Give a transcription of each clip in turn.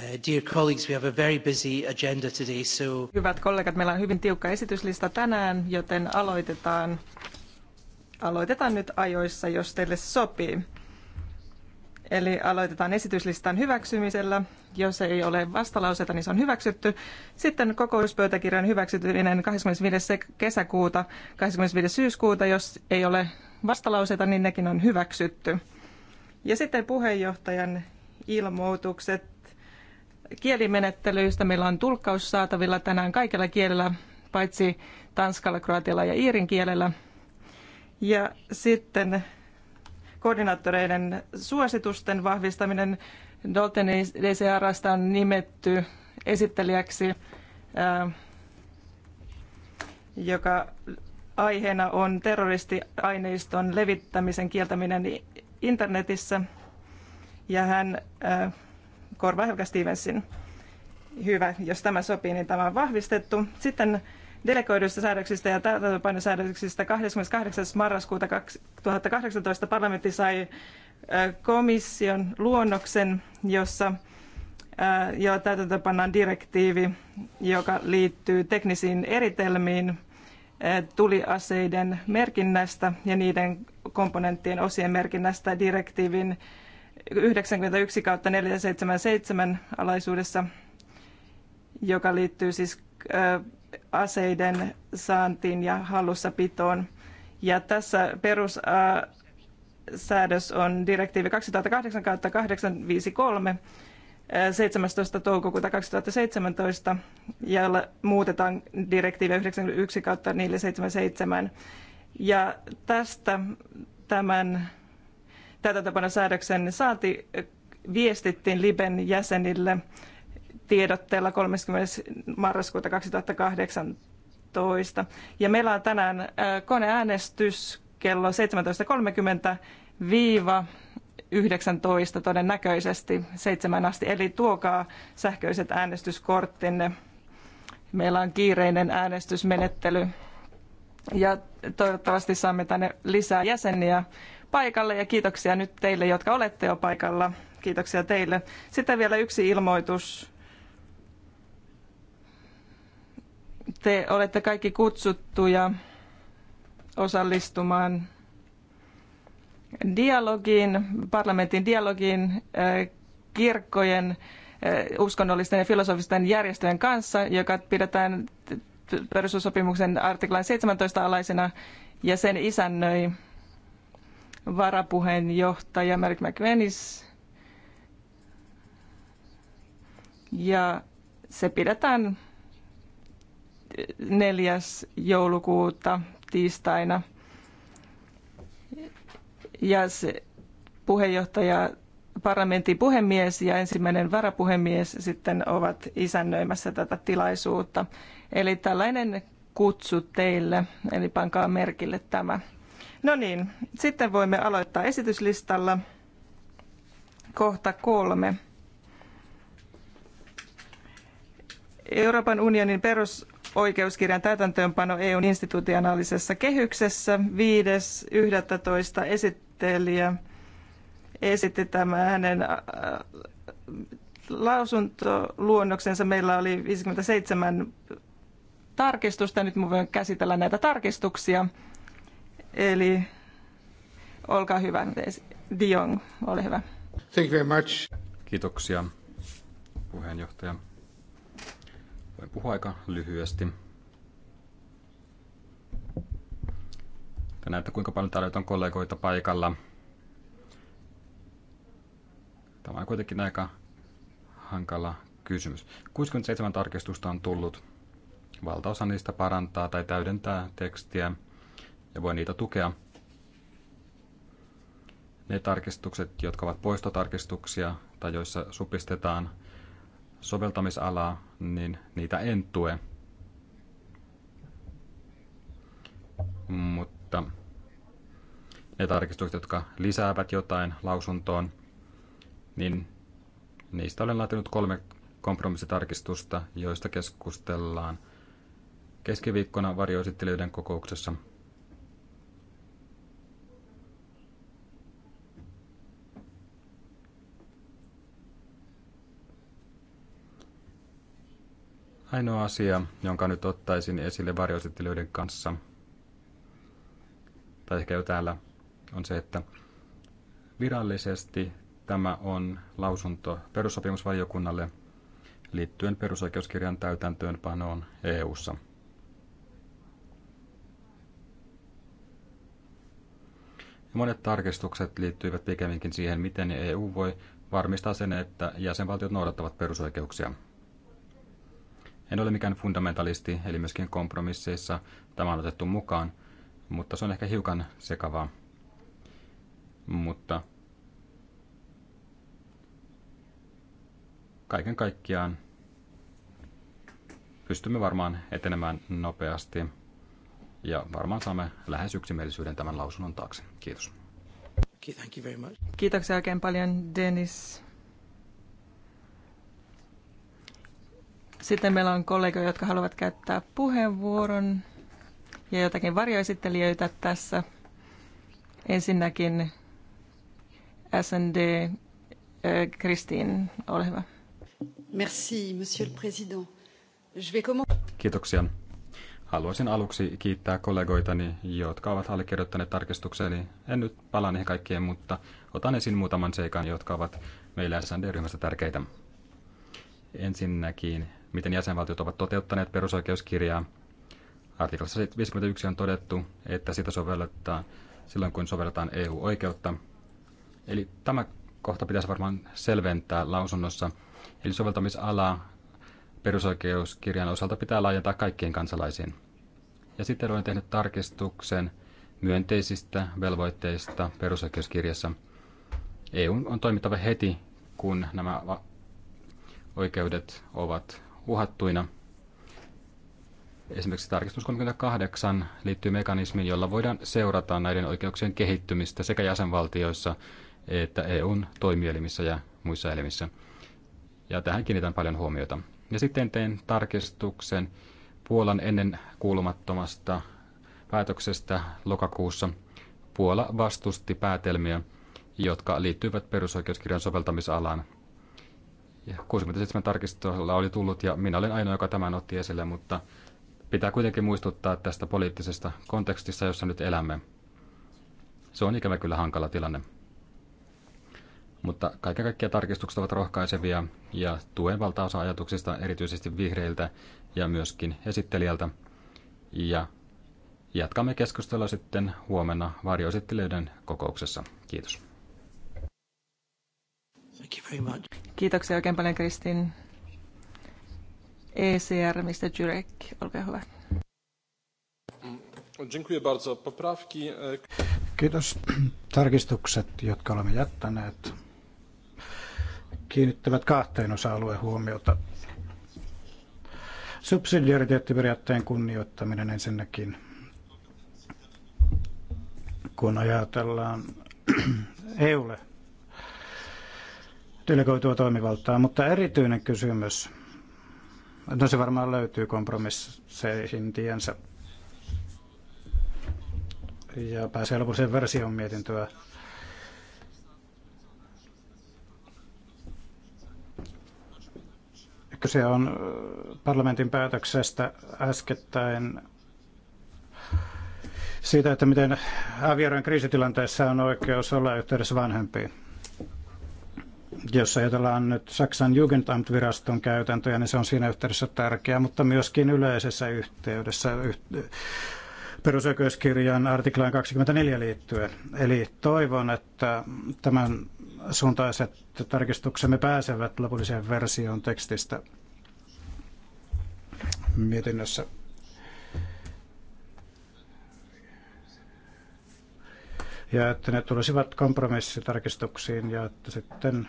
Uh, dear colleagues, we have a very busy agenda today, so... Hyvät kollegat, meillä on hyvin tiukka esityslista tänään, joten aloitetaan, aloitetaan nyt ajoissa, jos teille sopii. Eli aloitetaan esityslistan hyväksymisellä. Jos ei ole vastalauseita, niin se on hyväksytty. Sitten kokouspöytäkirjan hyväksytyminen 25. kesäkuuta, 25. syyskuuta. Jos ei ole vastalauseita, niin nekin on hyväksytty. Ja sitten puheenjohtajan ilmoitukset kielimenettelyistä. Meillä on tulkkaus saatavilla tänään kaikilla kielellä, paitsi tanskalla, kroatialla ja iirin kielellä. Ja sitten koordinaattoreiden suositusten vahvistaminen. Dalton DCRasta on nimetty esittelijäksi, äh, joka aiheena on terroristiaineiston levittämisen kieltäminen internetissä. Ja hän äh, korva Helga Stevensin. Hyvä, jos tämä sopii, niin tämä on vahvistettu. Sitten delegoiduista säädöksistä ja täytäntöpainosäädöksistä 28. marraskuuta 2018 parlamentti sai komission luonnoksen, jossa jo täytäntöönpannaan direktiivi, joka liittyy teknisiin eritelmiin tuliaseiden merkinnästä ja niiden komponenttien osien merkinnästä direktiivin 91 kautta 477 alaisuudessa, joka liittyy siis aseiden saantiin ja hallussapitoon. Ja tässä perussäädös on direktiivi 2008 kautta 853 17. toukokuuta 2017, jolla muutetaan direktiivi 91 kautta 477. Ja tästä tämän Tätä täytäntöpanosäädöksen saati eh, viestittiin Liben jäsenille tiedotteella 30. marraskuuta 2018. Ja meillä on tänään eh, koneäänestys kello 17.30 viiva 19 todennäköisesti seitsemän asti. Eli tuokaa sähköiset äänestyskorttinne. Meillä on kiireinen äänestysmenettely. Ja toivottavasti saamme tänne lisää jäseniä paikalle ja kiitoksia nyt teille, jotka olette jo paikalla. Kiitoksia teille. Sitten vielä yksi ilmoitus. Te olette kaikki kutsuttuja osallistumaan dialogiin, parlamentin dialogiin eh, kirkkojen, eh, uskonnollisten ja filosofisten järjestöjen kanssa, joka pidetään perustussopimuksen artiklan 17 alaisena ja sen isännöi varapuheenjohtaja Merrick McVenis. Ja se pidetään 4. joulukuuta tiistaina. Ja se puheenjohtaja, parlamentin puhemies ja ensimmäinen varapuhemies sitten ovat isännöimässä tätä tilaisuutta. Eli tällainen kutsu teille, eli pankaa merkille tämä. No niin, sitten voimme aloittaa esityslistalla kohta kolme. Euroopan unionin perusoikeuskirjan täytäntöönpano EUn institutionaalisessa kehyksessä 5.11. esittelijä esitti tämän hänen äh, lausuntoluonnoksensa. Meillä oli 57 tarkistusta. Nyt me voin käsitellä näitä tarkistuksia. Eli olkaa hyvä, Dion, ole hyvä. Thank you very much. Kiitoksia, puheenjohtaja. Voin puhua aika lyhyesti. Te näette, kuinka paljon täällä on kollegoita paikalla. Tämä on kuitenkin aika hankala kysymys. 67 tarkistusta on tullut. Valtaosa niistä parantaa tai täydentää tekstiä, ja voi niitä tukea. Ne tarkistukset, jotka ovat poistotarkistuksia tai joissa supistetaan soveltamisalaa, niin niitä en tue. Mutta ne tarkistukset, jotka lisäävät jotain lausuntoon, niin niistä olen laatinut kolme kompromissitarkistusta, joista keskustellaan keskiviikkona varjoesittelijöiden kokouksessa – Ainoa asia, jonka nyt ottaisin esille varjoesittelijöiden kanssa, tai ehkä jo täällä, on se, että virallisesti tämä on lausunto perussopimusvaliokunnalle liittyen perusoikeuskirjan täytäntöönpanoon EU:ssa. Monet tarkistukset liittyivät pikemminkin siihen, miten EU voi varmistaa sen, että jäsenvaltiot noudattavat perusoikeuksia. En ole mikään fundamentalisti, eli myöskin kompromisseissa tämä on otettu mukaan, mutta se on ehkä hiukan sekavaa. Mutta kaiken kaikkiaan pystymme varmaan etenemään nopeasti ja varmaan saamme lähes yksimielisyyden tämän lausunnon taakse. Kiitos. Kiitoksia oikein paljon, Dennis. Sitten meillä on kollegoja, jotka haluavat käyttää puheenvuoron ja jotakin varjoesittelijöitä tässä. Ensinnäkin SND Kristiin, ole hyvä. Merci, monsieur le président. Je vais comment... Kiitoksia. Haluaisin aluksi kiittää kollegoitani, jotka ovat allekirjoittaneet tarkistukseni. En nyt palaa niihin kaikkien, mutta otan esiin muutaman seikan, jotka ovat meillä SND-ryhmästä tärkeitä. Ensinnäkin miten jäsenvaltiot ovat toteuttaneet perusoikeuskirjaa. Artiklassa 51 on todettu, että sitä sovelletaan silloin, kun sovelletaan EU-oikeutta. Eli tämä kohta pitäisi varmaan selventää lausunnossa. Eli soveltamisalaa perusoikeuskirjan osalta pitää laajentaa kaikkiin kansalaisiin. Ja sitten olen tehnyt tarkistuksen myönteisistä velvoitteista perusoikeuskirjassa. EU on toimittava heti, kun nämä oikeudet ovat uhattuina. Esimerkiksi tarkistus 38 liittyy mekanismiin, jolla voidaan seurata näiden oikeuksien kehittymistä sekä jäsenvaltioissa että EUn toimielimissä ja muissa elimissä. Ja tähän kiinnitän paljon huomiota. Ja sitten tein tarkistuksen Puolan ennen kuulumattomasta päätöksestä lokakuussa. Puola vastusti päätelmiä, jotka liittyvät perusoikeuskirjan soveltamisalaan 67 tarkistolla oli tullut ja minä olen ainoa, joka tämän otti esille, mutta pitää kuitenkin muistuttaa tästä poliittisesta kontekstissa, jossa nyt elämme. Se on ikävä kyllä hankala tilanne. Mutta kaiken kaikkiaan tarkistukset ovat rohkaisevia ja tuen valtaosa ajatuksista erityisesti vihreiltä ja myöskin esittelijältä. Ja jatkamme keskustelua sitten huomenna varjoesittelijöiden kokouksessa. Kiitos. Thank you very much. Kiitoksia oikein paljon Kristin. ECR, Mr. Jurek, olkaa hyvä. Mm, dziękuję bardzo. Poprawki. E, Kiitos. Tarkistukset, jotka olemme jättäneet, kiinnittävät kahteen osa-alueen huomiota. Subsidiariteettiperiaatteen kunnioittaminen ensinnäkin, kun ajatellaan EUlle delegoitua toimivaltaa, mutta erityinen kysymys, no se varmaan löytyy kompromisseihin tiensä. Ja pääsee lopulliseen version mietintöä. Kyse on parlamentin päätöksestä äskettäin siitä, että miten avioiden kriisitilanteessa on oikeus olla yhteydessä vanhempiin. Jos ajatellaan nyt Saksan Jugendamt-viraston käytäntöjä, niin se on siinä yhteydessä tärkeää, mutta myöskin yleisessä yhteydessä perusoikeuskirjan artiklaan 24 liittyen. Eli toivon, että tämän suuntaiset tarkistuksemme pääsevät lopulliseen versioon tekstistä mietinnössä. Ja että ne tulisivat kompromissitarkistuksiin ja että sitten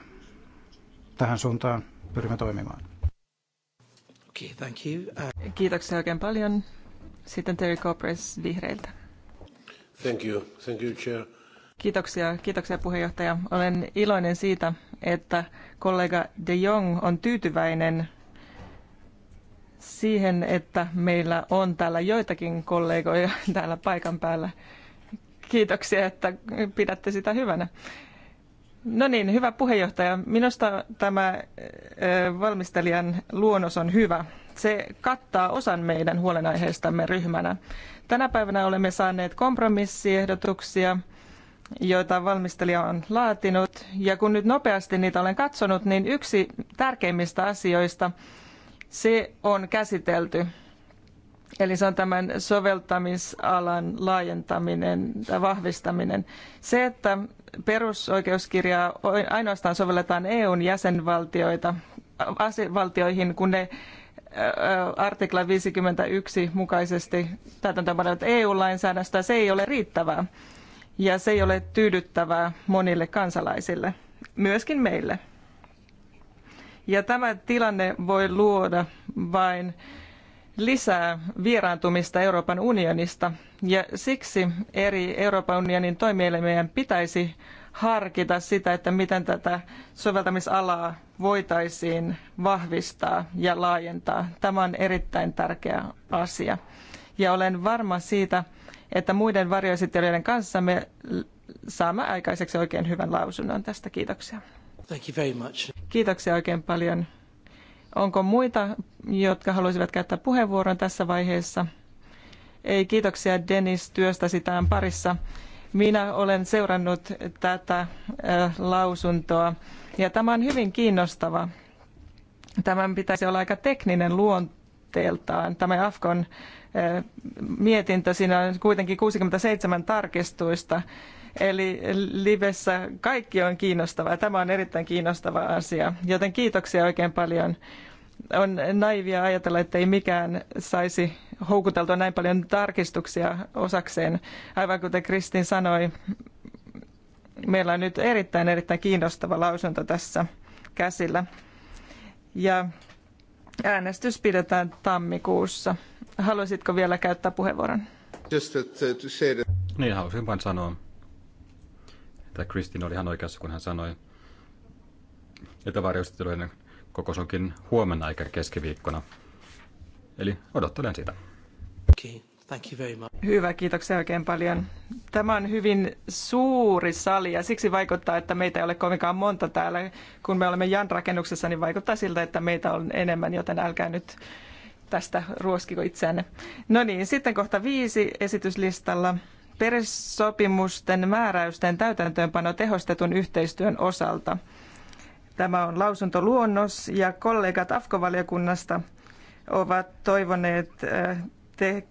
tähän suuntaan pyrimme toimimaan. Okay, thank you. Uh... Kiitoksia oikein paljon. Sitten Terry Copres vihreiltä. Thank you. Thank you, Chair. Kiitoksia, kiitoksia puheenjohtaja. Olen iloinen siitä, että kollega De Jong on tyytyväinen siihen, että meillä on täällä joitakin kollegoja täällä paikan päällä. Kiitoksia, että pidätte sitä hyvänä. No niin, hyvä puheenjohtaja. Minusta tämä äh, valmistelijan luonnos on hyvä. Se kattaa osan meidän huolenaiheistamme ryhmänä. Tänä päivänä olemme saaneet kompromissiehdotuksia, joita valmistelija on laatinut. Ja kun nyt nopeasti niitä olen katsonut, niin yksi tärkeimmistä asioista, se on käsitelty. Eli se on tämän soveltamisalan laajentaminen ja vahvistaminen. Se, että perusoikeuskirjaa ainoastaan sovelletaan EUn jäsenvaltioita valtioihin, kun ne artikla 51 mukaisesti täytäntöönpanevat eu lainsäädäntöä se ei ole riittävää ja se ei ole tyydyttävää monille kansalaisille, myöskin meille. Ja tämä tilanne voi luoda vain lisää vieraantumista Euroopan unionista ja siksi eri Euroopan unionin toimielimien pitäisi harkita sitä, että miten tätä soveltamisalaa voitaisiin vahvistaa ja laajentaa. Tämä on erittäin tärkeä asia. Ja olen varma siitä, että muiden varjoesittelijöiden kanssa me saamme aikaiseksi oikein hyvän lausunnon tästä. Kiitoksia. Kiitoksia oikein paljon. Onko muita, jotka haluaisivat käyttää puheenvuoron tässä vaiheessa? Ei, kiitoksia Dennis työstäsi tämän parissa. Minä olen seurannut tätä äh, lausuntoa ja tämä on hyvin kiinnostava. Tämän pitäisi olla aika tekninen luonteeltaan. Tämä Afkon äh, mietintö, siinä on kuitenkin 67 tarkistuista Eli livessä kaikki on kiinnostavaa. Tämä on erittäin kiinnostava asia, joten kiitoksia oikein paljon. On naivia ajatella, että ei mikään saisi houkuteltua näin paljon tarkistuksia osakseen. Aivan kuten Kristin sanoi, meillä on nyt erittäin erittäin kiinnostava lausunto tässä käsillä. Ja äänestys pidetään tammikuussa. Haluaisitko vielä käyttää puheenvuoron? Niin, haluaisin vain sanoa, tai Kristin oli ihan oikeassa, kun hän sanoi, että varjostelujen kokous onkin huomenna eikä keskiviikkona. Eli odottelen sitä. Okay. Thank you very much. Hyvä, kiitoksia oikein paljon. Tämä on hyvin suuri sali ja siksi vaikuttaa, että meitä ei ole kovinkaan monta täällä. Kun me olemme Jan rakennuksessa, niin vaikuttaa siltä, että meitä on enemmän, joten älkää nyt tästä ruoskiko itseänne. No niin, sitten kohta viisi esityslistalla peressopimusten määräysten täytäntöönpano tehostetun yhteistyön osalta. Tämä on lausuntoluonnos ja kollegat AFKO-valiokunnasta ovat toivoneet, äh, te,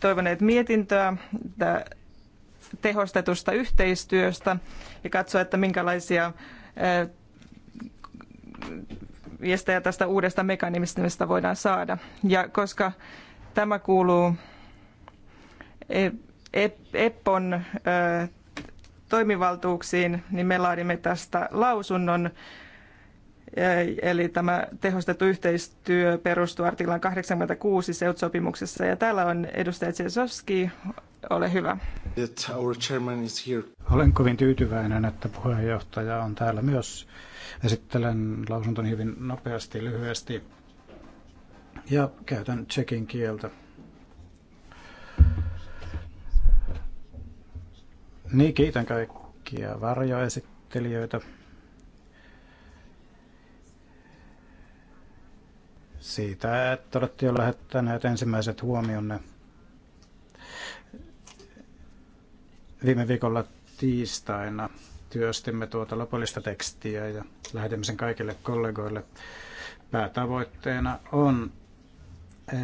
toivoneet mietintöä tehostetusta yhteistyöstä ja katsoa, että minkälaisia äh, viestejä tästä uudesta mekanismista voidaan saada. Ja koska tämä kuuluu EPPON toimivaltuuksiin, niin me laadimme tästä lausunnon. Eli tämä tehostettu yhteistyö perustuu artiklaan 86 SEUT-sopimuksessa. Ja täällä on edustaja Tsesovski. Ole hyvä. Olen kovin tyytyväinen, että puheenjohtaja on täällä myös. Esittelen lausuntoni hyvin nopeasti, lyhyesti ja käytän tsekin kieltä. Niin, kiitän kaikkia varjoesittelijöitä. Siitä, että olette jo lähettäneet ensimmäiset huomionne viime viikolla tiistaina työstimme tuota lopullista tekstiä ja lähetimme sen kaikille kollegoille. Päätavoitteena on,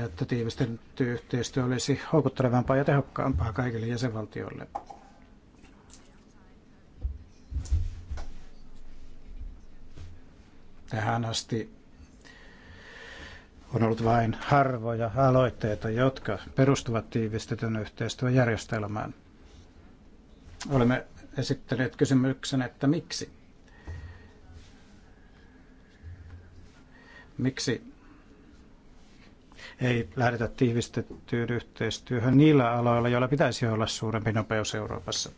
että tiivistetty yhteistyö olisi houkuttelevampaa ja tehokkaampaa kaikille jäsenvaltioille. Tähän asti on ollut vain harvoja aloitteita, jotka perustuvat tiivistetyn yhteistyön järjestelmään. Olemme esittäneet kysymyksen, että miksi? Miksi ei lähdetä tiivistettyyn yhteistyöhön niillä aloilla, joilla pitäisi olla suurempi nopeus Euroopassa?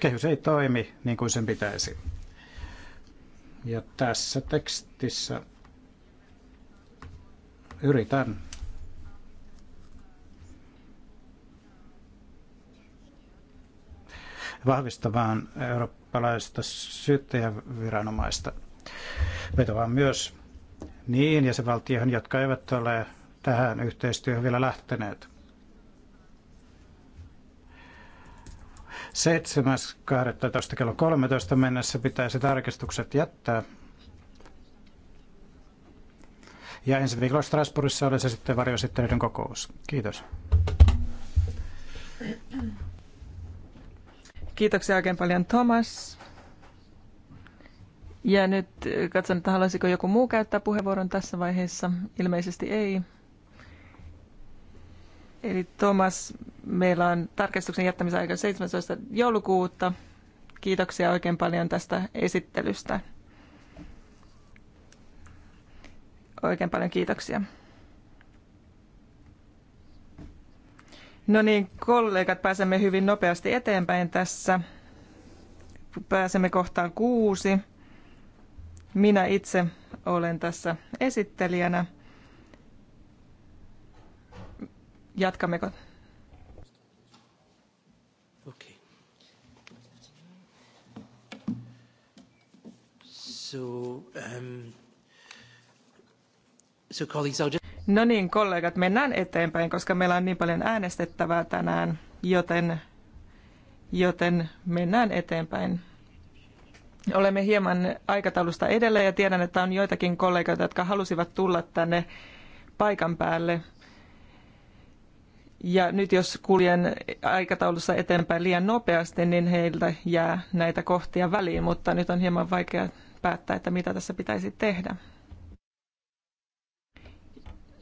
Kehys ei toimi niin kuin sen pitäisi. Ja tässä tekstissä yritän vahvistamaan eurooppalaista syyttäjäviranomaista. Vetoan myös niin jäsenvaltioihin, jotka eivät ole tähän yhteistyöhön vielä lähteneet. 7.12. kello 13 mennessä pitäisi tarkistukset jättää. Ja ensi viikolla Strasbourgissa olisi sitten varjoesittelyiden kokous. Kiitos. Kiitoksia oikein paljon Thomas. Ja nyt katson, että haluaisiko joku muu käyttää puheenvuoron tässä vaiheessa. Ilmeisesti ei. Eli Thomas, Meillä on tarkistuksen jättämisaika 17. joulukuuta. Kiitoksia oikein paljon tästä esittelystä. Oikein paljon kiitoksia. No niin, kollegat, pääsemme hyvin nopeasti eteenpäin tässä. Pääsemme kohtaan kuusi. Minä itse olen tässä esittelijänä. Jatkammeko? Um, no niin, kollegat, mennään eteenpäin, koska meillä on niin paljon äänestettävää tänään, joten, joten mennään eteenpäin. Olemme hieman aikataulusta edellä ja tiedän, että on joitakin kollegoita, jotka halusivat tulla tänne paikan päälle. Ja nyt jos kuljen aikataulussa eteenpäin liian nopeasti, niin heiltä jää näitä kohtia väliin, mutta nyt on hieman vaikea päättää, että mitä tässä pitäisi tehdä.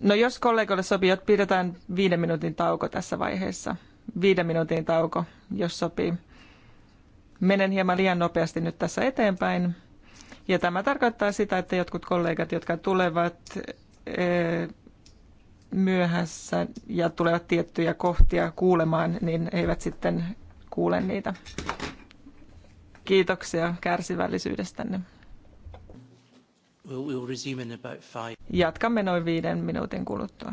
No jos kollegoille sopii, että pidetään viiden minuutin tauko tässä vaiheessa. Viiden minuutin tauko, jos sopii. Menen hieman liian nopeasti nyt tässä eteenpäin. Ja tämä tarkoittaa sitä, että jotkut kollegat, jotka tulevat eh, myöhässä ja tulevat tiettyjä kohtia kuulemaan, niin eivät sitten kuule niitä. Kiitoksia kärsivällisyydestänne. Jatkamme noin viiden minuutin kuluttua.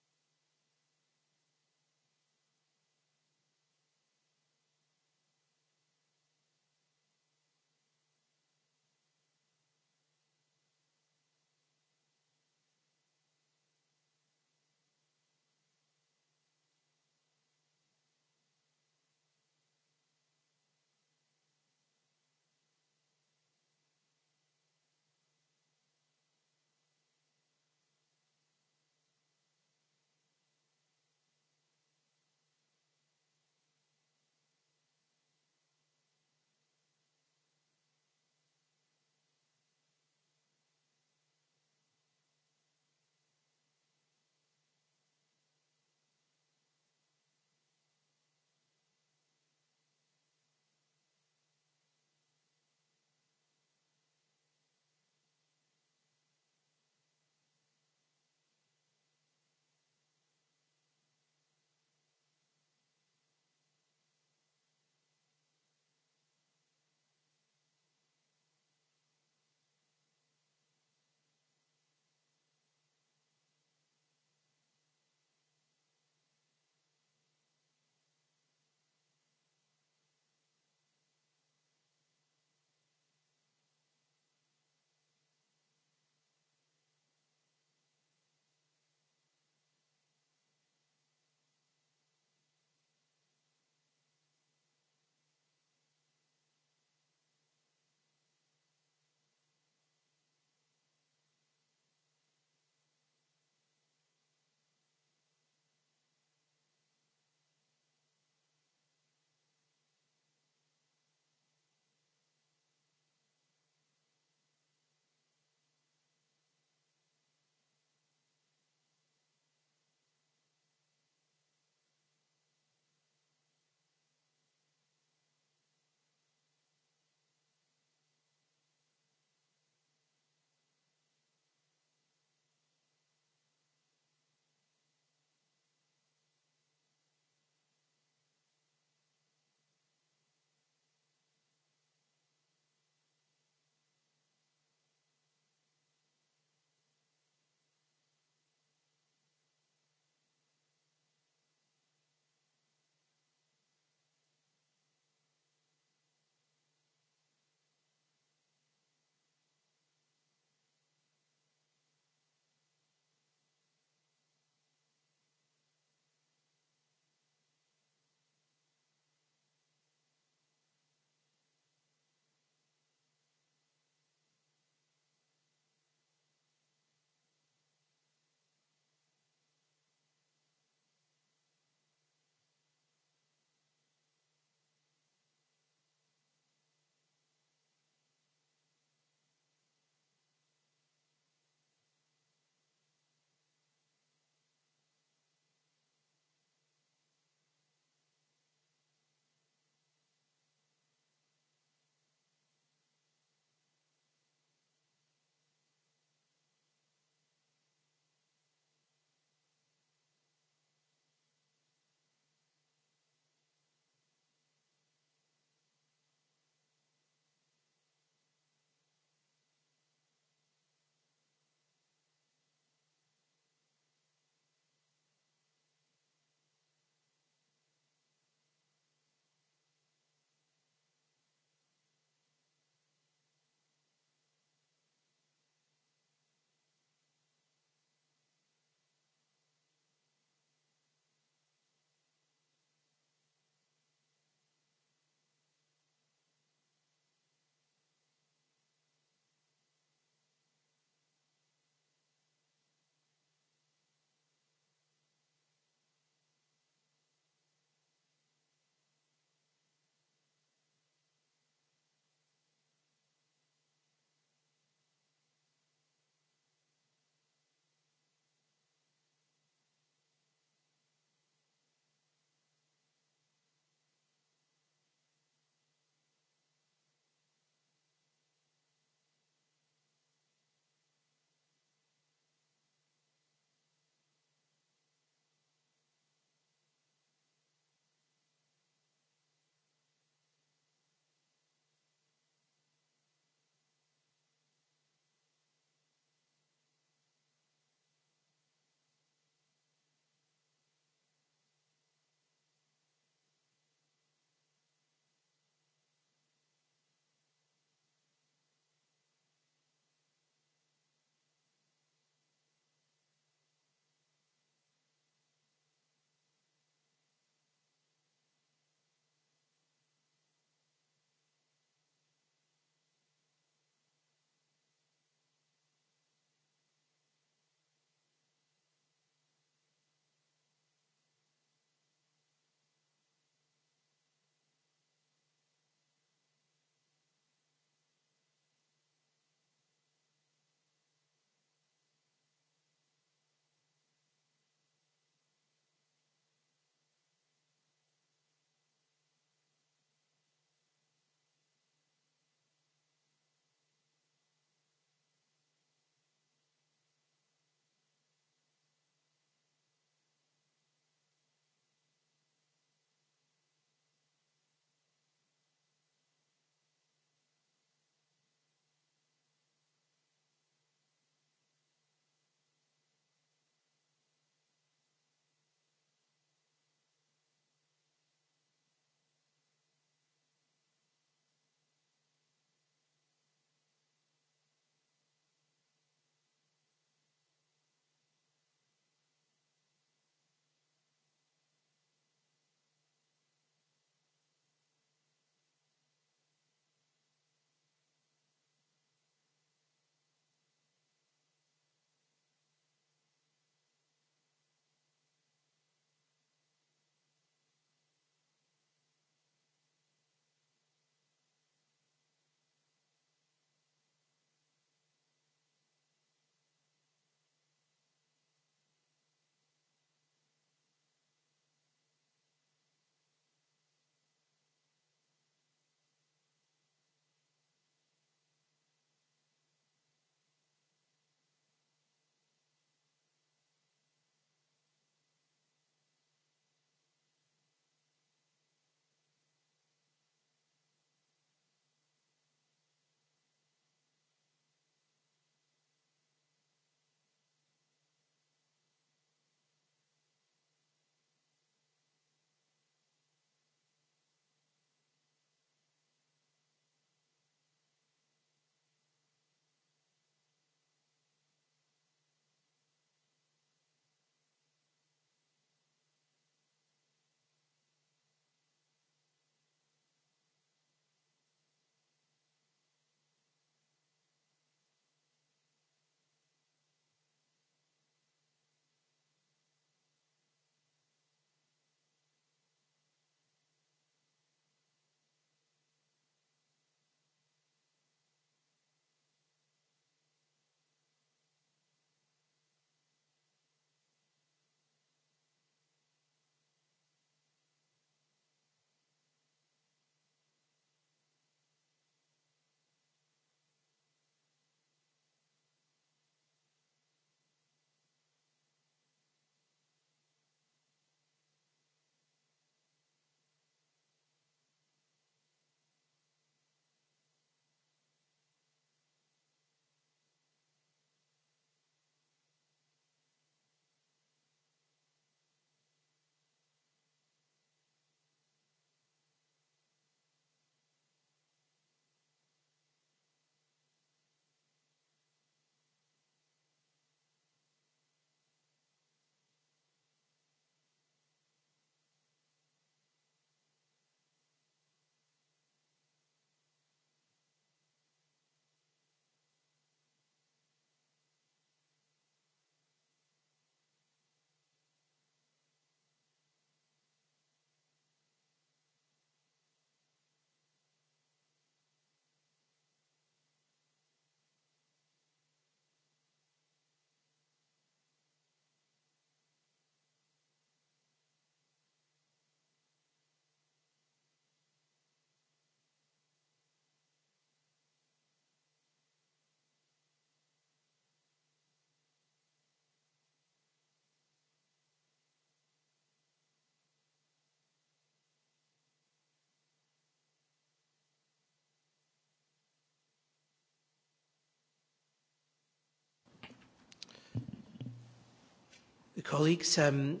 Um,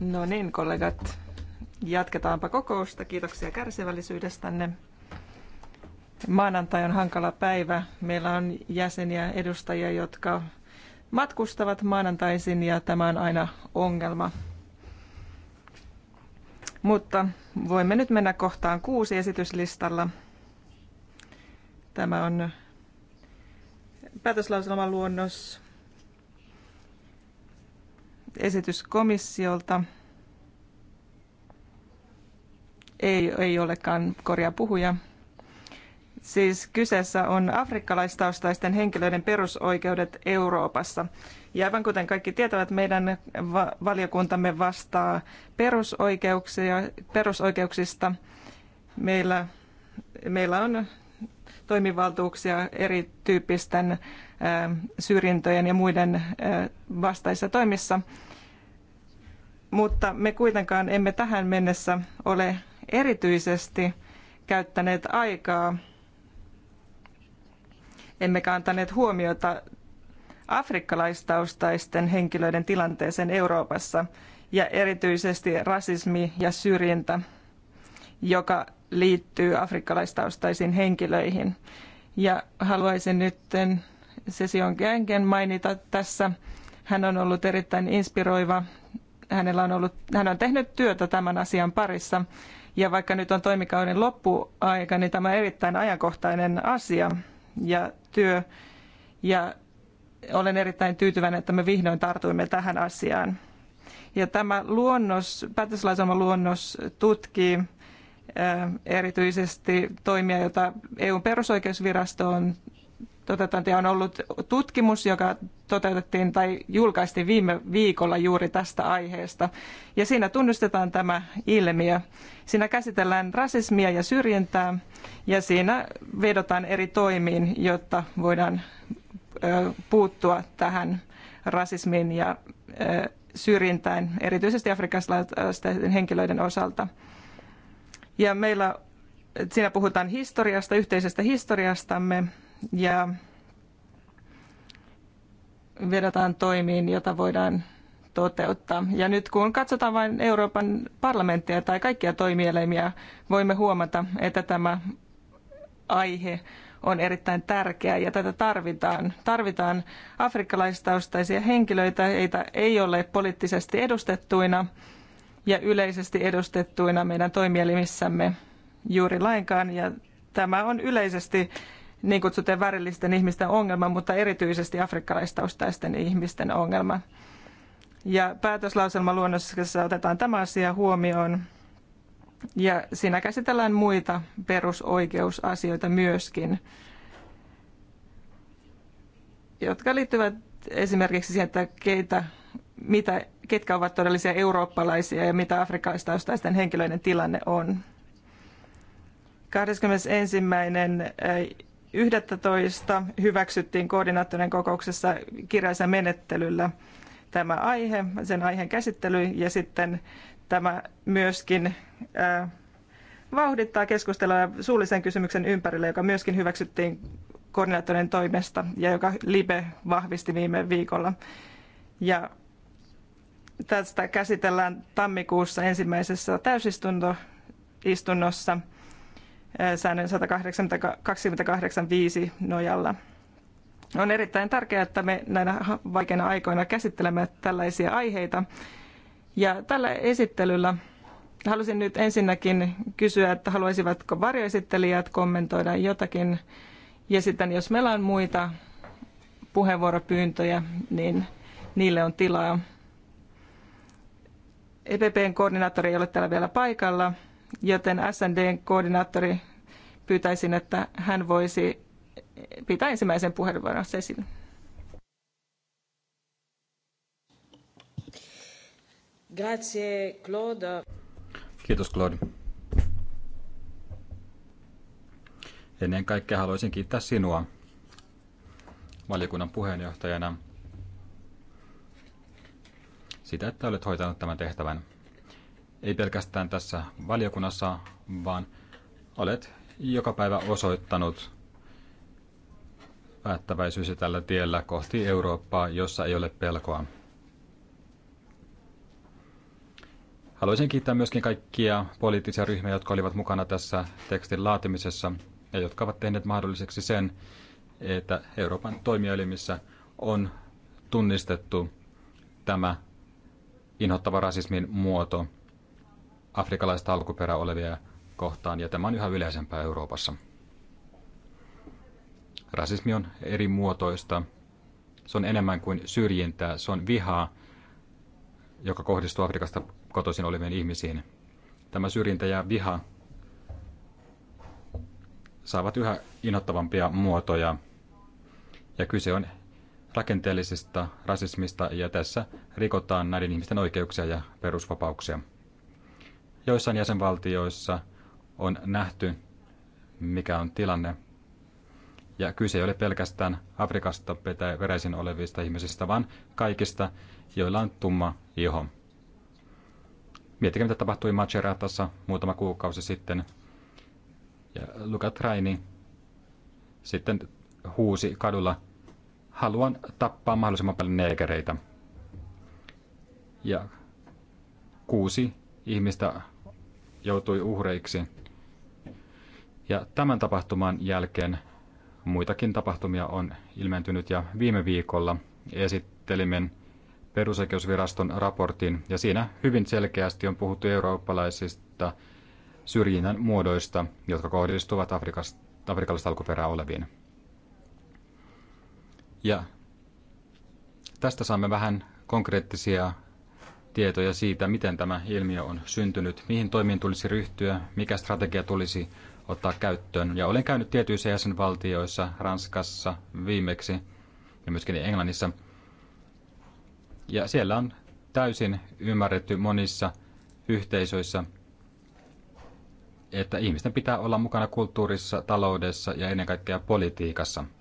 no niin, kollegat. Jatketaanpa kokousta. Kiitoksia kärsivällisyydestänne. Maanantai on hankala päivä. Meillä on jäseniä, edustajia, jotka matkustavat maanantaisin ja tämä on aina ongelma. Mutta voimme nyt mennä kohtaan kuusi esityslistalla. Tämä on päätöslauselman luonnos esitys komissiolta ei, ei olekaan korjaa puhuja. Siis kyseessä on afrikkalaistaustaisten henkilöiden perusoikeudet Euroopassa. Ja aivan kuten kaikki tietävät, meidän va- valiokuntamme vastaa perusoikeuksia, perusoikeuksista. Meillä, meillä on toimivaltuuksia erityyppisten syrjintöjen ja muiden vastaissa toimissa. Mutta me kuitenkaan emme tähän mennessä ole erityisesti käyttäneet aikaa, emmekä antaneet huomiota afrikkalaistaustaisten henkilöiden tilanteeseen Euroopassa ja erityisesti rasismi ja syrjintä, joka liittyy afrikkalaistaustaisiin henkilöihin. Ja haluaisin nyt Session Gengen mainita tässä. Hän on ollut erittäin inspiroiva. Hänellä on ollut, hän on tehnyt työtä tämän asian parissa. Ja vaikka nyt on toimikauden loppuaika, niin tämä on erittäin ajankohtainen asia ja työ. Ja olen erittäin tyytyväinen, että me vihdoin tartuimme tähän asiaan. Ja tämä luonnos, päätöslaisoma luonnos tutkii erityisesti toimia, jota EUn perusoikeusvirasto on toteutettu. Ja on ollut tutkimus, joka toteutettiin tai julkaistiin viime viikolla juuri tästä aiheesta. Ja siinä tunnustetaan tämä ilmiö. Siinä käsitellään rasismia ja syrjintää ja siinä vedotaan eri toimiin, jotta voidaan puuttua tähän rasismiin ja syrjintään, erityisesti afrikkalaisten henkilöiden osalta. Ja meillä, siinä puhutaan historiasta, yhteisestä historiastamme ja vedotaan toimiin, jota voidaan toteuttaa. Ja nyt kun katsotaan vain Euroopan parlamenttia tai kaikkia toimielimiä, voimme huomata, että tämä aihe on erittäin tärkeä ja tätä tarvitaan. Tarvitaan afrikkalaistaustaisia henkilöitä, joita ei ole poliittisesti edustettuina ja yleisesti edustettuina meidän toimielimissämme juuri lainkaan. Ja tämä on yleisesti niin kutsuttujen värillisten ihmisten ongelma, mutta erityisesti afrikkalaistaustaisten ihmisten ongelma. Ja päätöslauselmaluonnoksessa otetaan tämä asia huomioon. Ja siinä käsitellään muita perusoikeusasioita myöskin, jotka liittyvät esimerkiksi siihen, että keitä mitä, ketkä ovat todellisia eurooppalaisia ja mitä afrikkalaistaustaisten henkilöiden tilanne on. 21.11. Eh, hyväksyttiin koordinaattorien kokouksessa kirjaisen menettelyllä tämä aihe, sen aiheen käsittely ja sitten tämä myöskin äh, vauhdittaa keskustelua suullisen kysymyksen ympärille, joka myöskin hyväksyttiin koordinaattorien toimesta ja joka Libe vahvisti viime viikolla. Ja Tästä käsitellään tammikuussa ensimmäisessä täysistunnossa säännön 128.5 nojalla. On erittäin tärkeää, että me näinä vaikeina aikoina käsittelemme tällaisia aiheita. Ja tällä esittelyllä halusin nyt ensinnäkin kysyä, että haluaisivatko varjoesittelijät kommentoida jotakin. Ja sitten jos meillä on muita puheenvuoropyyntöjä, niin niille on tilaa. EPPn koordinaattori ei ole täällä vielä paikalla, joten SNDn koordinaattori pyytäisin, että hän voisi pitää ensimmäisen puheenvuoron esille. Grazie, Claude. Kiitos, Claude. Ennen kaikkea haluaisin kiittää sinua valiokunnan puheenjohtajana siitä, että olet hoitanut tämän tehtävän. Ei pelkästään tässä valiokunnassa, vaan olet joka päivä osoittanut päättäväisyysi tällä tiellä kohti Eurooppaa, jossa ei ole pelkoa. Haluaisin kiittää myöskin kaikkia poliittisia ryhmiä, jotka olivat mukana tässä tekstin laatimisessa ja jotka ovat tehneet mahdolliseksi sen, että Euroopan toimielimissä on tunnistettu tämä inhottava rasismin muoto afrikalaista alkuperää olevia kohtaan, ja tämä on yhä yleisempää Euroopassa. Rasismi on eri muotoista. Se on enemmän kuin syrjintää, se on vihaa, joka kohdistuu Afrikasta kotoisin oleviin ihmisiin. Tämä syrjintä ja viha saavat yhä inhottavampia muotoja, ja kyse on rakenteellisesta rasismista ja tässä rikotaan näiden ihmisten oikeuksia ja perusvapauksia. Joissain jäsenvaltioissa on nähty, mikä on tilanne. Ja kyse ei ole pelkästään Afrikasta veräisin olevista ihmisistä, vaan kaikista, joilla on tumma iho. Miettikää, mitä tapahtui Maceratassa muutama kuukausi sitten. Ja Luca Traini sitten huusi kadulla haluan tappaa mahdollisimman paljon neekereitä. Ja kuusi ihmistä joutui uhreiksi. Ja tämän tapahtuman jälkeen muitakin tapahtumia on ilmentynyt ja viime viikolla esittelimme perusoikeusviraston raportin ja siinä hyvin selkeästi on puhuttu eurooppalaisista syrjinnän muodoista, jotka kohdistuvat Afrikasta, afrikallista alkuperää oleviin. Ja tästä saamme vähän konkreettisia tietoja siitä, miten tämä ilmiö on syntynyt, mihin toimiin tulisi ryhtyä, mikä strategia tulisi ottaa käyttöön. Ja olen käynyt tietyissä jäsenvaltioissa, Ranskassa viimeksi ja myöskin Englannissa. Ja siellä on täysin ymmärretty monissa yhteisöissä, että ihmisten pitää olla mukana kulttuurissa, taloudessa ja ennen kaikkea politiikassa –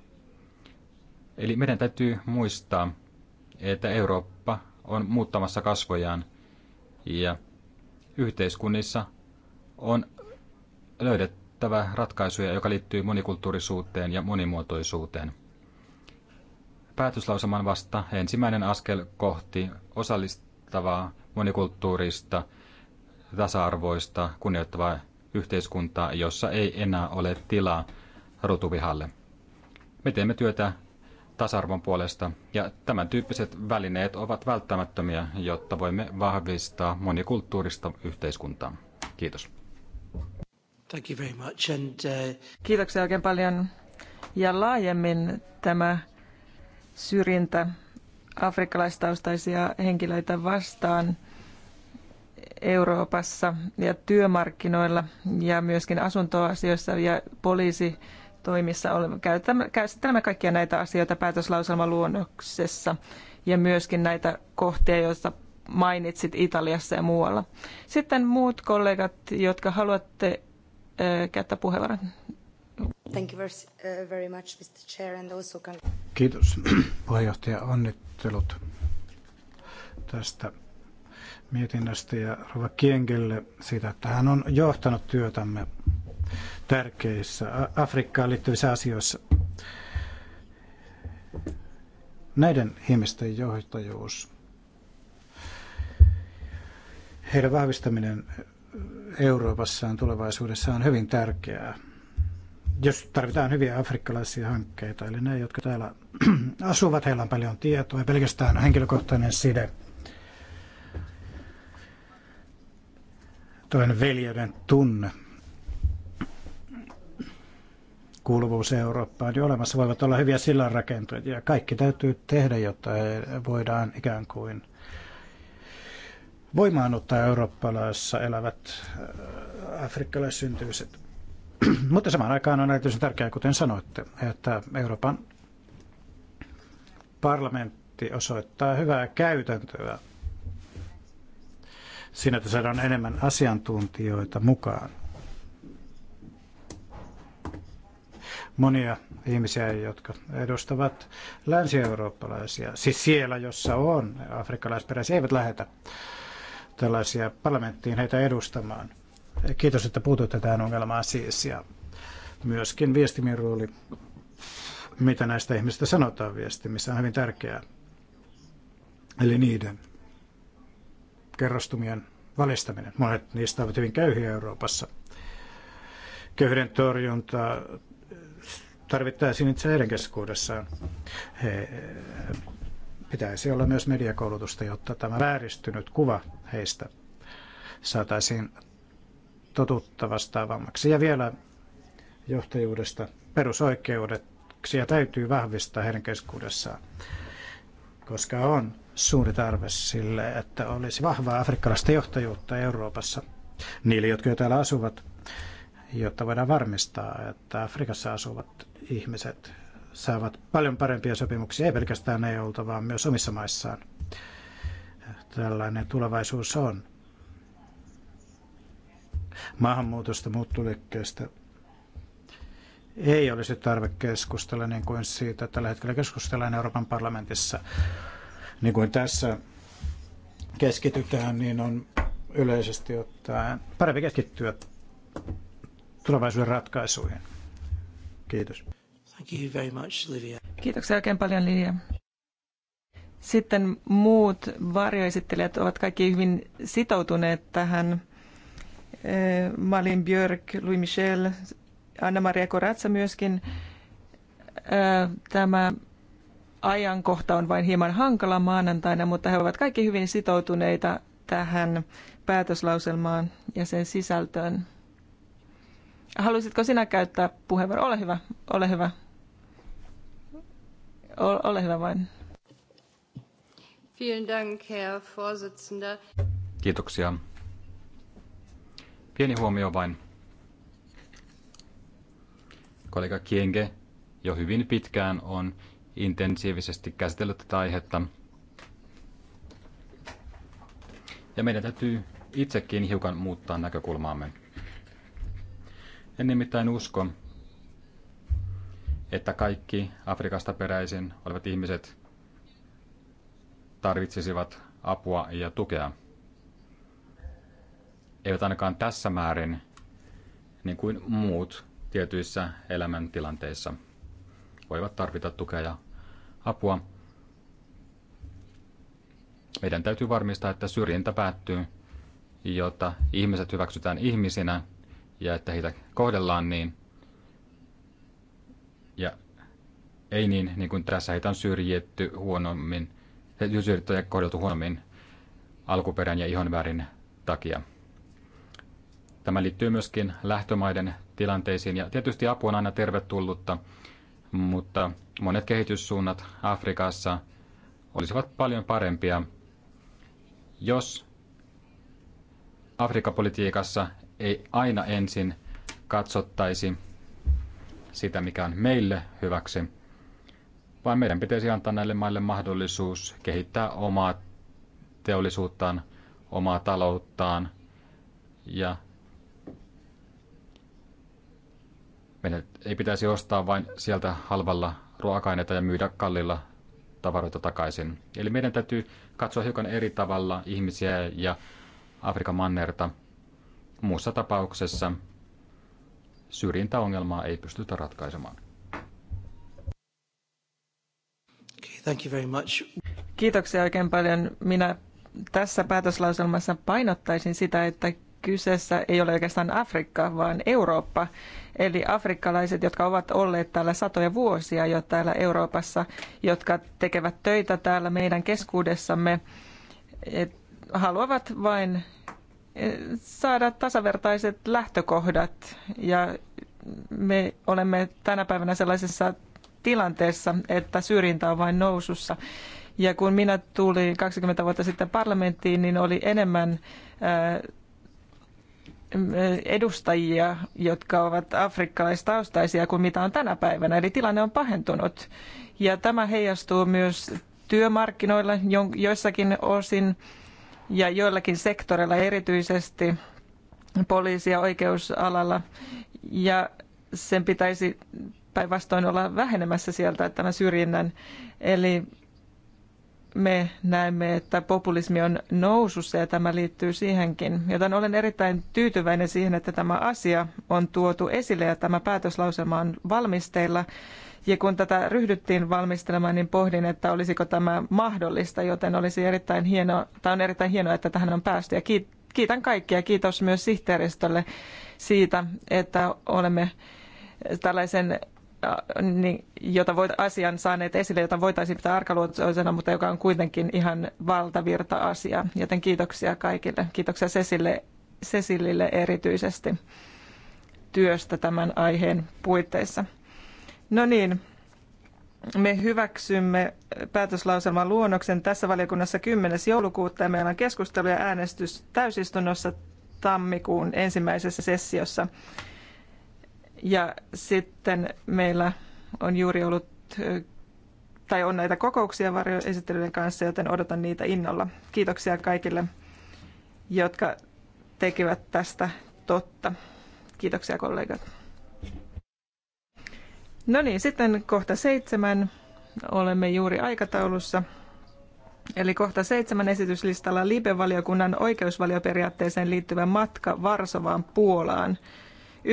Eli meidän täytyy muistaa, että Eurooppa on muuttamassa kasvojaan ja yhteiskunnissa on löydettävä ratkaisuja, joka liittyy monikulttuurisuuteen ja monimuotoisuuteen. Päätöslausaman vasta ensimmäinen askel kohti osallistavaa, monikulttuurista, tasa-arvoista, kunnioittavaa yhteiskuntaa, jossa ei enää ole tilaa rotuvihalle. Me teemme työtä tasa-arvon puolesta. Ja tämän tyyppiset välineet ovat välttämättömiä, jotta voimme vahvistaa monikulttuurista yhteiskuntaa. Kiitos. Thank you very much. And, uh... Kiitoksia oikein paljon. Ja laajemmin tämä syrjintä afrikkalaistaustaisia henkilöitä vastaan Euroopassa ja työmarkkinoilla ja myöskin asuntoasioissa ja poliisi toimissa olemme, käsittelemme kaikkia näitä asioita päätöslauselmaluonnoksessa ja myöskin näitä kohtia, joista mainitsit Italiassa ja muualla. Sitten muut kollegat, jotka haluatte käyttää puheenvuoron. Thank you very much, Mr. and also... Kiitos puheenjohtaja. Onnittelut tästä mietinnöstä ja Rova Kiengelle siitä, että hän on johtanut työtämme tärkeissä Afrikkaan liittyvissä asioissa. Näiden ihmisten johtajuus, heidän vahvistaminen Euroopassa on tulevaisuudessa on hyvin tärkeää. Jos tarvitaan hyviä afrikkalaisia hankkeita, eli ne, jotka täällä asuvat, heillä on paljon tietoa ja pelkästään henkilökohtainen side toinen veljeyden tunne kuuluvuus Eurooppaan jo olemassa voivat olla hyviä sillanrakentajia. Kaikki täytyy tehdä, jotta voidaan ikään kuin voimaannuttaa eurooppalaisessa elävät äh, afrikkalaissyntyviset. Mutta samaan aikaan on erityisen tärkeää, kuten sanoitte, että Euroopan parlamentti osoittaa hyvää käytäntöä siinä, että saadaan enemmän asiantuntijoita mukaan monia ihmisiä, jotka edustavat länsi-eurooppalaisia, siis siellä, jossa on afrikkalaisperäisiä, eivät lähetä tällaisia parlamenttiin heitä edustamaan. Kiitos, että puututte tähän ongelmaan siis ja myöskin viestimin rooli, mitä näistä ihmistä sanotaan viestimissä, on hyvin tärkeää. Eli niiden kerrostumien valistaminen. Monet niistä ovat hyvin köyhiä Euroopassa. Köyhyyden torjunta, tarvittaisiin itse heidän keskuudessaan. He, pitäisi olla myös mediakoulutusta, jotta tämä vääristynyt kuva heistä saataisiin totuutta vastaavammaksi. Ja vielä johtajuudesta ja täytyy vahvistaa heidän keskuudessaan, koska on suuri tarve sille, että olisi vahvaa afrikkalaista johtajuutta Euroopassa niille, jotka jo täällä asuvat, jotta voidaan varmistaa, että Afrikassa asuvat ihmiset saavat paljon parempia sopimuksia, ei pelkästään EUlta, vaan myös omissa maissaan. Tällainen tulevaisuus on. Maahanmuutosta, muuttoliikkeestä ei olisi tarve keskustella niin kuin siitä tällä hetkellä keskustellaan Euroopan parlamentissa. Niin kuin tässä keskitytään, niin on yleisesti ottaen parempi keskittyä tulevaisuuden ratkaisuihin. Kiitos. Thank you very much, Livia. Kiitoksia oikein paljon, Livia. Sitten muut varjoesittelijät ovat kaikki hyvin sitoutuneet tähän. Eh, Malin Björk, Louis Michel, Anna-Maria Koratsa myöskin. Eh, tämä ajankohta on vain hieman hankala maanantaina, mutta he ovat kaikki hyvin sitoutuneita tähän päätöslauselmaan ja sen sisältöön. Haluaisitko sinä käyttää puheenvuoron? Ole hyvä, ole hyvä. Ole hyvä vain. Vielen Dank, Herr Vorsitzender. Kiitoksia. Pieni huomio vain. Kollega Kienge jo hyvin pitkään on intensiivisesti käsitellyt tätä aihetta. Ja meidän täytyy itsekin hiukan muuttaa näkökulmaamme. En nimittäin usko, että kaikki Afrikasta peräisin olevat ihmiset tarvitsisivat apua ja tukea. Eivät ainakaan tässä määrin, niin kuin muut tietyissä elämäntilanteissa voivat tarvita tukea ja apua. Meidän täytyy varmistaa, että syrjintä päättyy, jotta ihmiset hyväksytään ihmisinä ja että heitä kohdellaan niin. Ja ei niin, niin kuin tässä heitä on syrjitty huonommin, syrjitty ja kohdeltu huonommin alkuperän ja ihonvärin takia. Tämä liittyy myöskin lähtömaiden tilanteisiin ja tietysti apu on aina tervetullutta, mutta monet kehityssuunnat Afrikassa olisivat paljon parempia, jos Afrikapolitiikassa ei aina ensin katsottaisi sitä, mikä on meille hyväksi, vaan meidän pitäisi antaa näille maille mahdollisuus kehittää omaa teollisuuttaan, omaa talouttaan ja meidän ei pitäisi ostaa vain sieltä halvalla ruoka-aineita ja myydä kallilla tavaroita takaisin. Eli meidän täytyy katsoa hiukan eri tavalla ihmisiä ja Afrikan mannerta – Muussa tapauksessa syrjintäongelmaa ei pystytä ratkaisemaan. Thank you very much. Kiitoksia oikein paljon. Minä tässä päätöslauselmassa painottaisin sitä, että kyseessä ei ole oikeastaan Afrikka, vaan Eurooppa. Eli afrikkalaiset, jotka ovat olleet täällä satoja vuosia jo täällä Euroopassa, jotka tekevät töitä täällä meidän keskuudessamme, haluavat vain saada tasavertaiset lähtökohdat ja me olemme tänä päivänä sellaisessa tilanteessa, että syrjintä on vain nousussa. Ja kun minä tulin 20 vuotta sitten parlamenttiin, niin oli enemmän edustajia, jotka ovat afrikkalaistaustaisia kuin mitä on tänä päivänä. Eli tilanne on pahentunut. Ja tämä heijastuu myös työmarkkinoilla joissakin osin ja joillakin sektoreilla erityisesti poliisi- ja oikeusalalla. Ja sen pitäisi päinvastoin olla vähenemässä sieltä tämä syrjinnän. Eli me näemme, että populismi on nousussa ja tämä liittyy siihenkin. Joten olen erittäin tyytyväinen siihen, että tämä asia on tuotu esille ja tämä päätöslauselma on valmisteilla. Ja kun tätä ryhdyttiin valmistelemaan, niin pohdin, että olisiko tämä mahdollista, joten olisi erittäin hienoa, tai on erittäin hienoa, että tähän on päästy. Ja kiitän kaikkia. Kiitos myös sihteeristölle siitä, että olemme tällaisen äh, niin, jota voit, asian saaneet esille, jota voitaisiin pitää arkaluontoisena, mutta joka on kuitenkin ihan valtavirta asia. Joten kiitoksia kaikille. Kiitoksia Cecille, Cecilille erityisesti työstä tämän aiheen puitteissa. No niin, me hyväksymme päätöslauselman luonnoksen tässä valiokunnassa 10. joulukuuta ja meillä on keskustelu ja äänestys täysistunnossa tammikuun ensimmäisessä sessiossa. Ja sitten meillä on juuri ollut tai on näitä kokouksia varjoesittelyiden kanssa, joten odotan niitä innolla. Kiitoksia kaikille, jotka tekivät tästä totta. Kiitoksia kollegat. No niin, sitten kohta seitsemän. Olemme juuri aikataulussa. Eli kohta seitsemän esityslistalla Libe-valiokunnan oikeusvalioperiaatteeseen liittyvä matka Varsovaan Puolaan 19-21.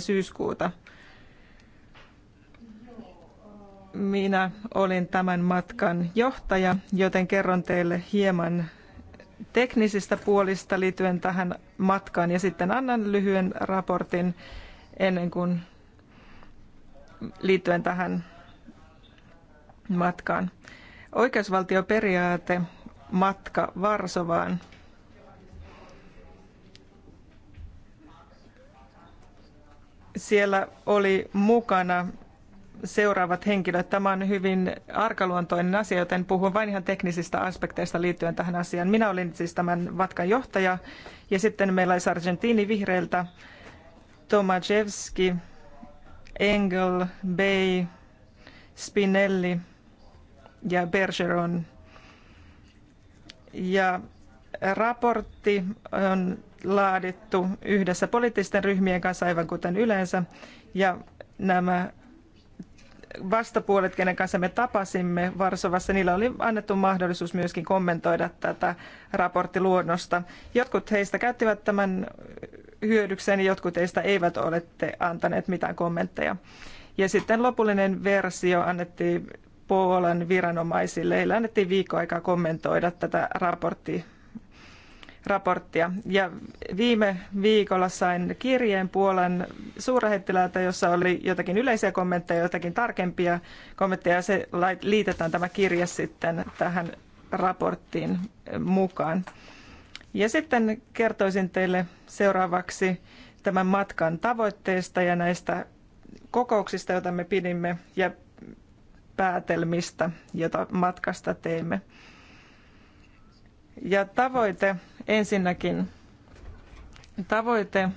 syyskuuta. Minä olin tämän matkan johtaja, joten kerron teille hieman teknisistä puolista liittyen tähän matkaan ja sitten annan lyhyen raportin ennen kuin liittyen tähän matkaan. Oikeusvaltioperiaate matka Varsovaan. Siellä oli mukana seuraavat henkilöt. Tämä on hyvin arkaluontoinen asia, joten puhun vain ihan teknisistä aspekteista liittyen tähän asiaan. Minä olin siis tämän matkan johtaja ja sitten meillä oli Sargentini vihreiltä, Tomaszewski, Engel, Bay, Spinelli ja Bergeron. Ja raportti on laadittu yhdessä poliittisten ryhmien kanssa aivan kuten yleensä. Ja nämä vastapuolet, kenen kanssa me tapasimme Varsovassa, niillä oli annettu mahdollisuus myöskin kommentoida tätä raporttiluonnosta. Jotkut heistä käyttivät tämän hyödykseni. Jotkut teistä eivät ole antaneet mitään kommentteja. Ja sitten lopullinen versio annettiin Puolan viranomaisille. Heille annettiin viikko aikaa kommentoida tätä raporttia raporttia. Ja viime viikolla sain kirjeen Puolan suurlähettiläältä, jossa oli jotakin yleisiä kommentteja, jotakin tarkempia kommentteja. Se liitetään tämä kirje sitten tähän raporttiin mukaan. Ja sitten kertoisin teille seuraavaksi tämän matkan tavoitteista ja näistä kokouksista, joita me pidimme ja päätelmistä, jota matkasta teimme. Ja tavoite ensinnäkin, tavoite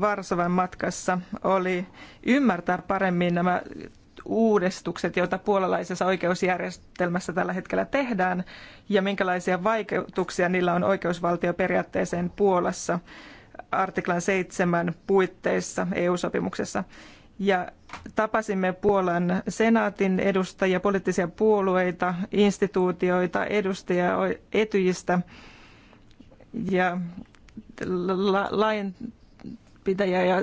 Varsovan matkassa oli ymmärtää paremmin nämä uudistukset, joita puolalaisessa oikeusjärjestelmässä tällä hetkellä tehdään, ja minkälaisia vaikutuksia niillä on oikeusvaltioperiaatteeseen Puolassa artiklan 7 puitteissa EU-sopimuksessa. Ja tapasimme Puolan senaatin edustajia, poliittisia puolueita, instituutioita, edustajia etyjistä ja la- lainpitäjä ja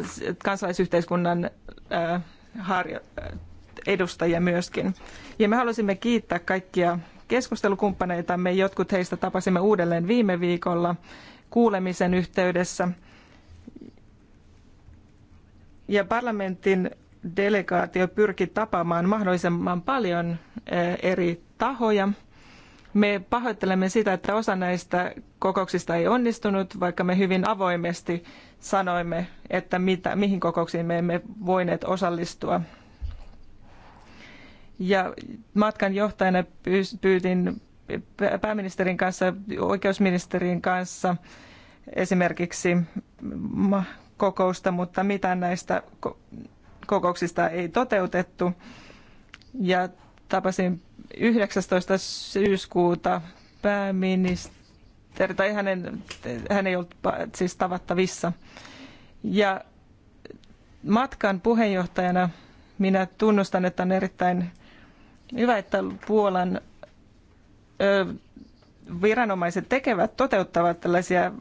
kansalaisyhteiskunnan ää, harjo- edustajia myöskin. Ja me halusimme kiittää kaikkia keskustelukumppaneitamme. Jotkut heistä tapasimme uudelleen viime viikolla kuulemisen yhteydessä. Ja parlamentin delegaatio pyrki tapaamaan mahdollisimman paljon eh, eri tahoja. Me pahoittelemme sitä, että osa näistä kokouksista ei onnistunut, vaikka me hyvin avoimesti sanoimme, että mitä, mihin kokouksiin me emme voineet osallistua ja matkan johtajana pyytin pääministerin kanssa, oikeusministerin kanssa esimerkiksi kokousta, mutta mitään näistä kokouksista ei toteutettu. Ja tapasin 19. syyskuuta pääministeri, tai hänen, hän ei ollut siis tavattavissa. Ja matkan puheenjohtajana minä tunnustan, että on erittäin Hyvä, että Puolan viranomaiset tekevät, toteuttavat tällaisia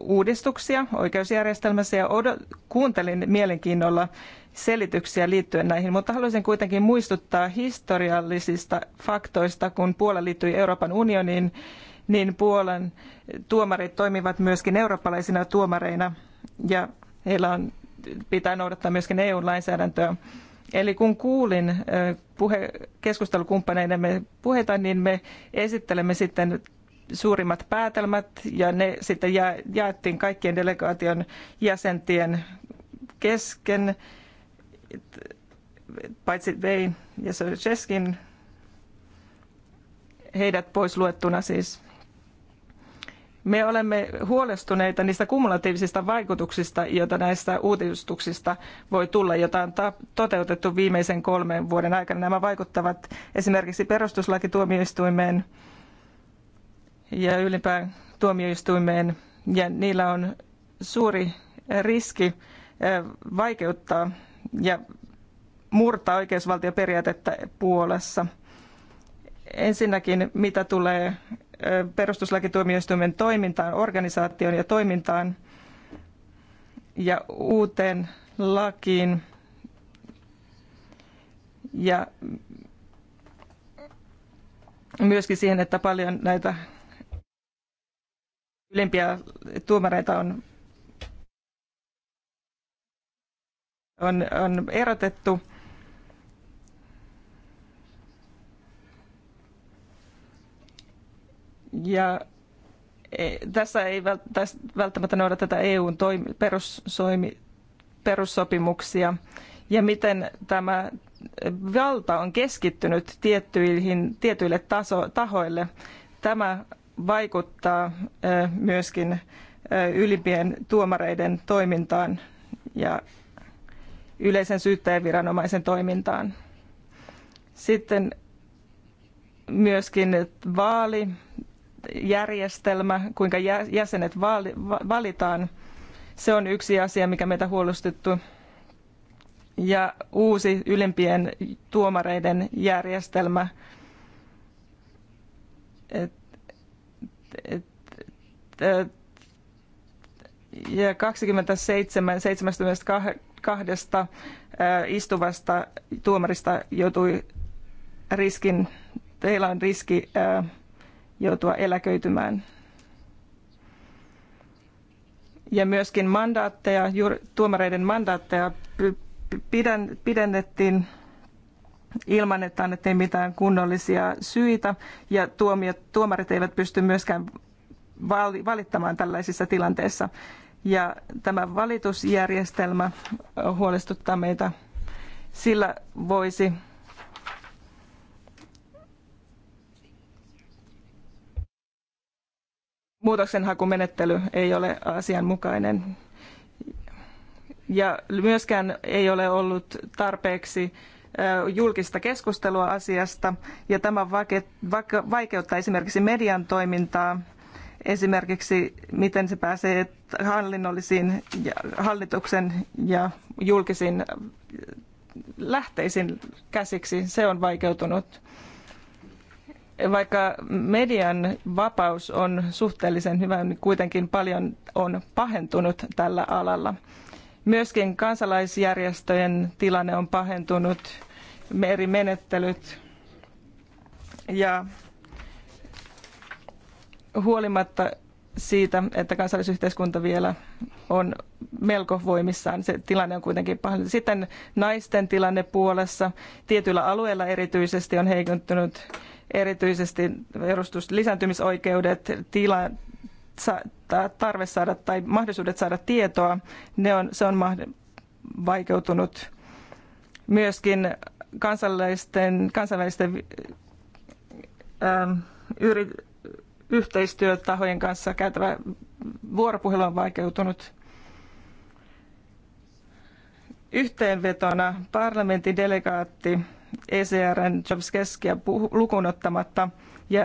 uudistuksia oikeusjärjestelmässä ja odot- kuuntelin mielenkiinnolla selityksiä liittyen näihin, mutta haluaisin kuitenkin muistuttaa historiallisista faktoista, kun Puola liittyi Euroopan unioniin, niin Puolan tuomarit toimivat myöskin eurooppalaisina tuomareina ja heillä on, pitää noudattaa myöskin EU-lainsäädäntöä. Eli kun kuulin puhe, keskustelukumppaneidemme puheita, niin me esittelemme sitten suurimmat päätelmät ja ne sitten ja, jaettiin kaikkien delegaation jäsentien kesken, paitsi Vein ja Sörjeskin, heidät pois luettuna siis. Me olemme huolestuneita niistä kumulatiivisista vaikutuksista, joita näistä uudistuksista voi tulla, jota on toteutettu viimeisen kolmen vuoden aikana. Nämä vaikuttavat esimerkiksi perustuslakituomioistuimeen ja ylimpään tuomioistuimeen, ja niillä on suuri riski vaikeuttaa ja murtaa oikeusvaltioperiaatetta Puolassa. Ensinnäkin, mitä tulee perustuslakituomioistuimen toimintaan, organisaatioon ja toimintaan ja uuteen lakiin. Ja myöskin siihen, että paljon näitä ylempiä tuomareita on, on, on erotettu – Ja e, tässä ei välttämättä noudateta EUn perussopimuksia ja miten tämä valta on keskittynyt tiettyihin, tietyille taso, tahoille. Tämä vaikuttaa e, myöskin e, ylimpien tuomareiden toimintaan ja yleisen syyttäjäviranomaisen toimintaan. Sitten myöskin vaali järjestelmä, kuinka jäsenet valitaan, se on yksi asia, mikä meitä huolestuttu. Ja uusi ylimpien tuomareiden järjestelmä. Et, et, et, ja 27, 72 istuvasta tuomarista joutui riskin, heillä on riski joutua eläköitymään. Ja myöskin mandaatteja, tuomareiden mandaatteja pidennettiin ilman, että annettiin mitään kunnollisia syitä, ja tuomarit eivät pysty myöskään valittamaan tällaisissa tilanteissa. Ja tämä valitusjärjestelmä huolestuttaa meitä. Sillä voisi muutoksenhakumenettely ei ole asianmukainen. Ja myöskään ei ole ollut tarpeeksi julkista keskustelua asiasta, ja tämä vaikeuttaa esimerkiksi median toimintaa, esimerkiksi miten se pääsee hallinnollisiin ja hallituksen ja julkisiin lähteisiin käsiksi, se on vaikeutunut vaikka median vapaus on suhteellisen hyvä, niin kuitenkin paljon on pahentunut tällä alalla. Myöskin kansalaisjärjestöjen tilanne on pahentunut, eri menettelyt ja huolimatta siitä, että kansallisyhteiskunta vielä on melko voimissaan. Se tilanne on kuitenkin pahoin. Sitten naisten tilanne puolessa. Tietyillä alueilla erityisesti on heikentynyt erityisesti edustus, lisääntymisoikeudet, tila, tarve saada tai mahdollisuudet saada tietoa, ne on, se on vaikeutunut. Myöskin kansalaisten, kansainvälisten ähm, yri, yhteistyötahojen kanssa käytävä vuoropuhelu on vaikeutunut. Yhteenvetona parlamentin delegaatti ECRn Jobs lukunottamatta lukuun ottamatta ja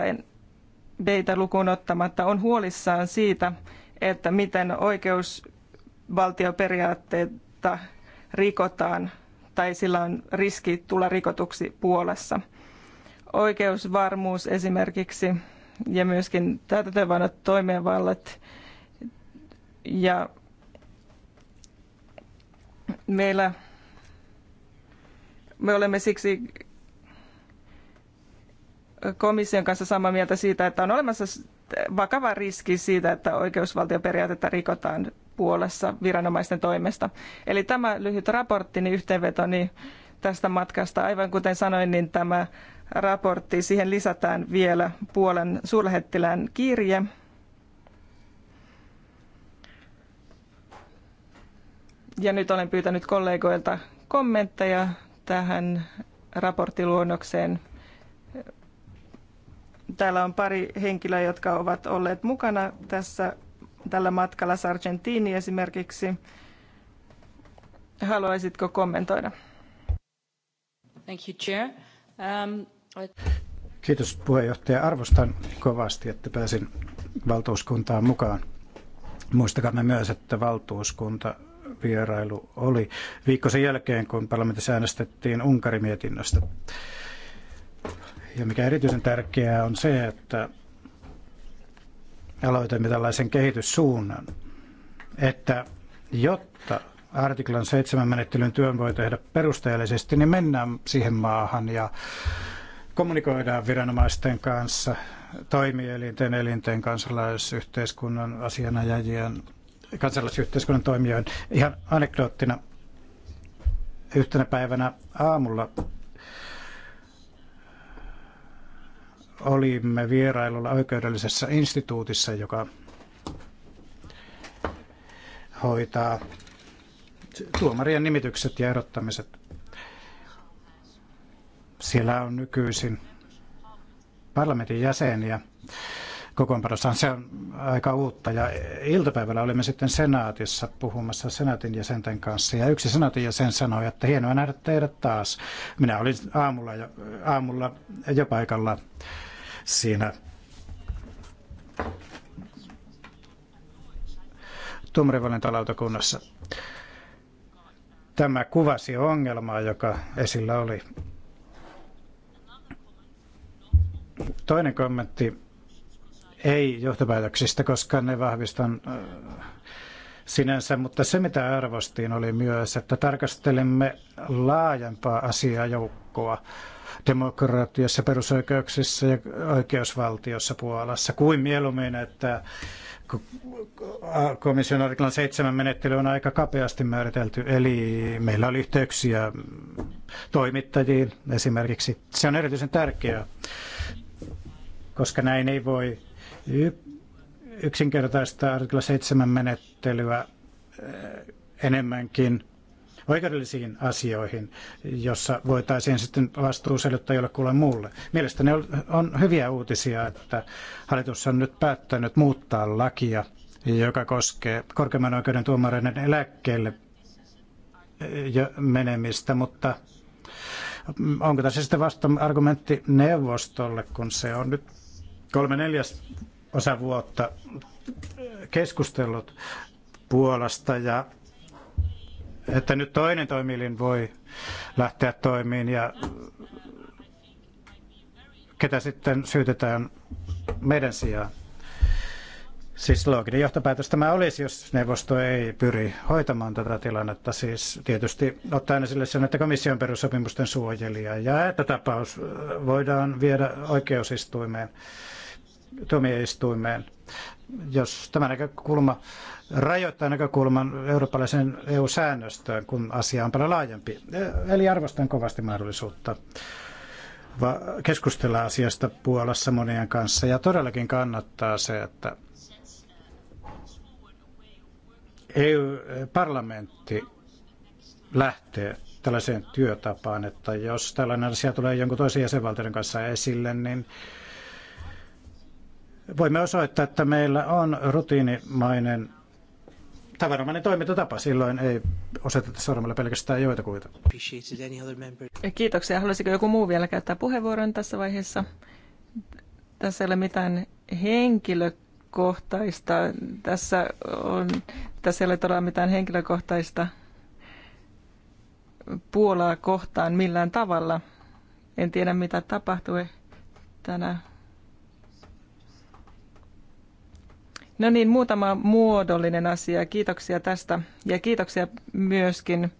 Beitä lukuun ottamatta on huolissaan siitä, että miten oikeusvaltioperiaatteita rikotaan tai sillä on riski tulla rikotuksi puolessa. Oikeusvarmuus esimerkiksi ja myöskin täytäntöönpanot toimeenvallat ja meillä me olemme siksi komission kanssa samaa mieltä siitä, että on olemassa vakava riski siitä, että oikeusvaltioperiaatetta rikotaan puolessa viranomaisten toimesta. Eli tämä lyhyt raportti, niin yhteenvetoni tästä matkasta. Aivan kuten sanoin, niin tämä raportti, siihen lisätään vielä Puolen suurlähettilään kirje. Ja nyt olen pyytänyt kollegoilta kommentteja tähän raporttiluonnokseen. Täällä on pari henkilöä, jotka ovat olleet mukana tässä tällä matkalla, Sargentini esimerkiksi. Haluaisitko kommentoida? Thank you, Chair. Um, I... Kiitos puheenjohtaja. Arvostan kovasti, että pääsin valtuuskuntaan mukaan. Muistakaa myös, että valtuuskunta vierailu oli viikko sen jälkeen, kun parlamentissa äänestettiin Unkarin mietinnöstä. Ja mikä erityisen tärkeää on se, että aloitamme tällaisen kehityssuunnan, että jotta artiklan 7 menettelyn työn voi tehdä perusteellisesti, niin mennään siihen maahan ja kommunikoidaan viranomaisten kanssa, toimielinten, elinten, kansalaisyhteiskunnan, asianajajien kansalaisyhteiskunnan toimijoihin. Ihan anekdoottina yhtenä päivänä aamulla olimme vierailulla oikeudellisessa instituutissa, joka hoitaa tuomarien nimitykset ja erottamiset. Siellä on nykyisin parlamentin jäseniä, kokoonpanosta. Se on aika uutta. Ja iltapäivällä olimme sitten senaatissa puhumassa senaatin jäsenten kanssa. Ja yksi senaatin jäsen sanoi, että hienoa nähdä teidät taas. Minä olin aamulla jo, aamulla jo paikalla siinä tumrivalintalautakunnassa. Tämä kuvasi ongelmaa, joka esillä oli. Toinen kommentti ei johtopäätöksistä, koska ne vahvistan äh, sinänsä, mutta se mitä arvostiin oli myös, että tarkastelimme laajempaa asiajoukkoa demokratiassa, perusoikeuksissa ja oikeusvaltiossa Puolassa kuin mieluummin, että komission artiklan 7 menettely on aika kapeasti määritelty, eli meillä oli yhteyksiä toimittajiin esimerkiksi. Se on erityisen tärkeää, koska näin ei voi yksinkertaista artikla 7 menettelyä eh, enemmänkin oikeudellisiin asioihin, jossa voitaisiin sitten vastuu selittää jollekulle muulle. Mielestäni on hyviä uutisia, että hallitus on nyt päättänyt muuttaa lakia, joka koskee korkeimman oikeuden tuomareiden eläkkeelle eh, menemistä, mutta mm, onko tässä sitten vasta argumentti neuvostolle, kun se on nyt kolme neljäs osa vuotta keskustellut Puolasta ja että nyt toinen toimielin voi lähteä toimiin ja ketä sitten syytetään meidän sijaan. Siis looginen johtopäätös tämä olisi, jos neuvosto ei pyri hoitamaan tätä tilannetta. Siis tietysti ottaen esille sen, että komission perussopimusten suojelija ja että tapaus voidaan viedä oikeusistuimeen tuomioistuimeen. Jos tämä näkökulma rajoittaa näkökulman eurooppalaisen EU-säännöstöön, kun asia on paljon laajempi. Eli arvostan kovasti mahdollisuutta keskustella asiasta Puolassa monien kanssa ja todellakin kannattaa se, että EU-parlamentti lähtee tällaiseen työtapaan, että jos tällainen asia tulee jonkun toisen jäsenvaltion kanssa esille, niin voimme osoittaa, että meillä on rutiinimainen tavanomainen toimintatapa. Silloin ei osoiteta sormella pelkästään joitakuita. Eh, kiitoksia. Haluaisiko joku muu vielä käyttää puheenvuoron tässä vaiheessa? Tässä ei ole mitään henkilökohtaista. Tässä, on, tässä ei ole todella mitään henkilökohtaista Puolaa kohtaan millään tavalla. En tiedä, mitä tapahtui eh, tänä No niin, muutama muodollinen asia. Kiitoksia tästä ja kiitoksia myöskin.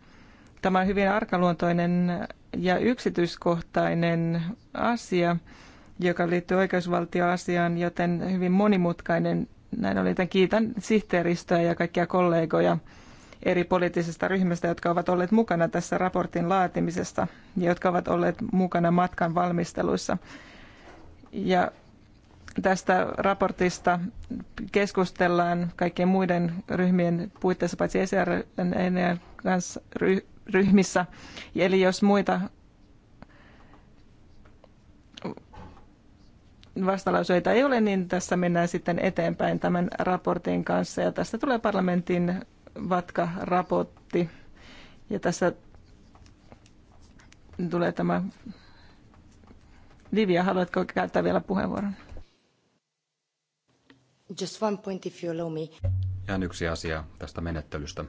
Tämä on hyvin arkaluontoinen ja yksityiskohtainen asia, joka liittyy oikeusvaltioasiaan, joten hyvin monimutkainen. Näin oli, että kiitän sihteeristöä ja kaikkia kollegoja eri poliittisista ryhmistä, jotka ovat olleet mukana tässä raportin laatimisessa ja jotka ovat olleet mukana matkan valmisteluissa. Ja tästä raportista keskustellaan kaikkien muiden ryhmien puitteissa, paitsi ECR kanssa ryhmissä. Eli jos muita vastalauseita ei ole, niin tässä mennään sitten eteenpäin tämän raportin kanssa. Ja tästä tulee parlamentin vatkaraportti. Ja tässä tulee tämä... Livia, haluatko käyttää vielä puheenvuoron? Just one point if you allow me. yksi asia tästä menettelystä.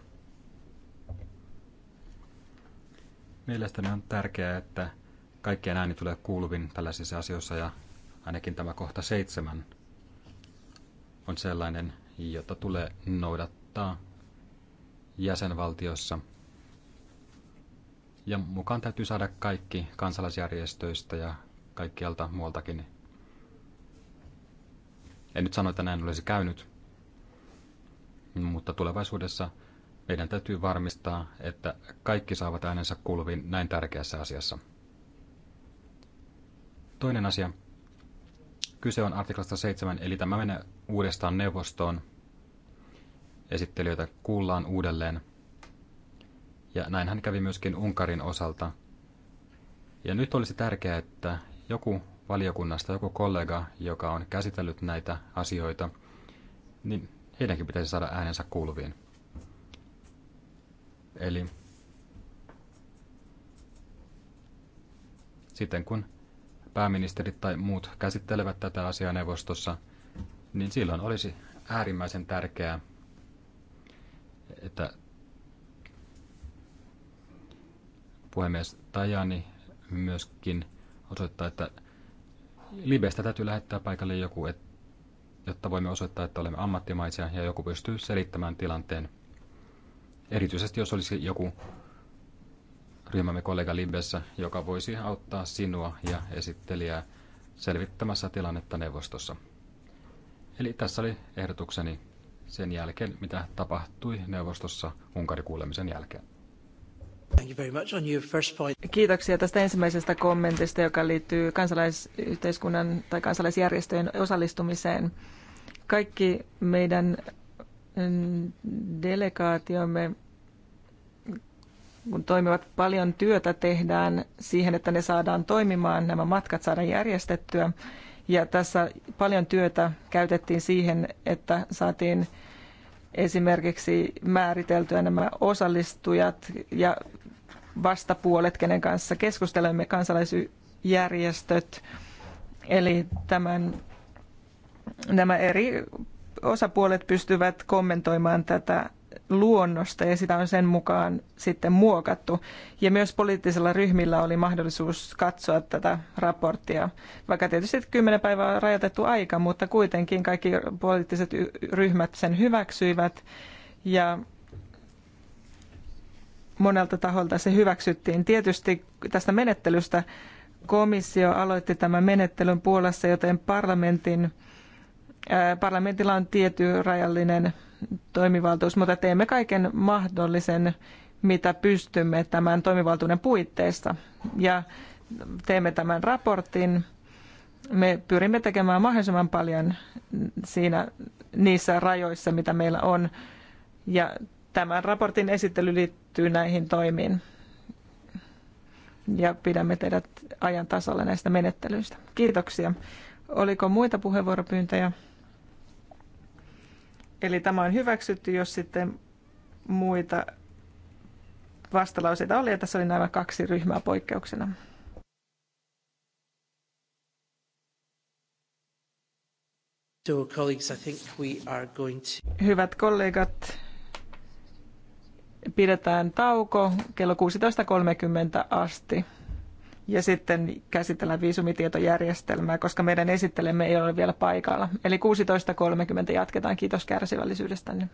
Mielestäni on tärkeää, että kaikkien ääni tulee kuuluvin tällaisissa asioissa ja ainakin tämä kohta seitsemän on sellainen, jota tulee noudattaa jäsenvaltiossa. Ja mukaan täytyy saada kaikki kansalaisjärjestöistä ja kaikkialta muualtakin en nyt sano, että näin olisi käynyt, mutta tulevaisuudessa meidän täytyy varmistaa, että kaikki saavat äänensä kuuluviin näin tärkeässä asiassa. Toinen asia. Kyse on artiklasta 7, eli tämä menee uudestaan neuvostoon. Esittelijöitä kuullaan uudelleen. Ja näinhän kävi myöskin Unkarin osalta. Ja nyt olisi tärkeää, että joku valiokunnasta joku kollega, joka on käsitellyt näitä asioita, niin heidänkin pitäisi saada äänensä kuuluviin. Eli sitten kun pääministerit tai muut käsittelevät tätä asiaa neuvostossa, niin silloin olisi äärimmäisen tärkeää, että puhemies Tajani myöskin osoittaa, että Libestä täytyy lähettää paikalle joku, et, jotta voimme osoittaa, että olemme ammattimaisia ja joku pystyy selittämään tilanteen. Erityisesti jos olisi joku ryhmämme kollega Libessä, joka voisi auttaa sinua ja esittelijää selvittämässä tilannetta neuvostossa. Eli tässä oli ehdotukseni sen jälkeen, mitä tapahtui neuvostossa Unkarikuulemisen kuulemisen jälkeen. Kiitoksia tästä ensimmäisestä kommentista, joka liittyy kansalaisyhteiskunnan tai kansalaisjärjestöjen osallistumiseen. Kaikki meidän mm, delegaatiomme kun toimivat paljon työtä tehdään siihen, että ne saadaan toimimaan, nämä matkat saadaan järjestettyä. Ja tässä paljon työtä käytettiin siihen, että saatiin esimerkiksi määriteltyä nämä osallistujat ja vastapuolet, kenen kanssa keskustelemme, kansalaisjärjestöt, eli tämän, nämä eri osapuolet pystyvät kommentoimaan tätä luonnosta ja sitä on sen mukaan sitten muokattu. Ja myös poliittisilla ryhmillä oli mahdollisuus katsoa tätä raporttia, vaikka tietysti kymmenen päivää on rajoitettu aika, mutta kuitenkin kaikki poliittiset ryhmät sen hyväksyivät. Ja monelta taholta se hyväksyttiin. Tietysti tästä menettelystä komissio aloitti tämän menettelyn Puolassa, joten parlamentin, ää, parlamentilla on tietty rajallinen toimivaltuus, mutta teemme kaiken mahdollisen, mitä pystymme tämän toimivaltuuden puitteissa. Ja teemme tämän raportin. Me pyrimme tekemään mahdollisimman paljon siinä, niissä rajoissa, mitä meillä on. Ja Tämän raportin esittely liittyy näihin toimiin. Ja pidämme teidät ajan tasalla näistä menettelyistä. Kiitoksia. Oliko muita puheenvuoropyyntöjä? Eli tämä on hyväksytty, jos sitten muita vastalauseita oli, ja tässä oli nämä kaksi ryhmää poikkeuksena. Hyvät kollegat, pidetään tauko kello 16.30 asti ja sitten käsitellään viisumitietojärjestelmää, koska meidän esittelemme ei ole vielä paikalla. Eli 16.30 jatketaan. Kiitos kärsivällisyydestänne.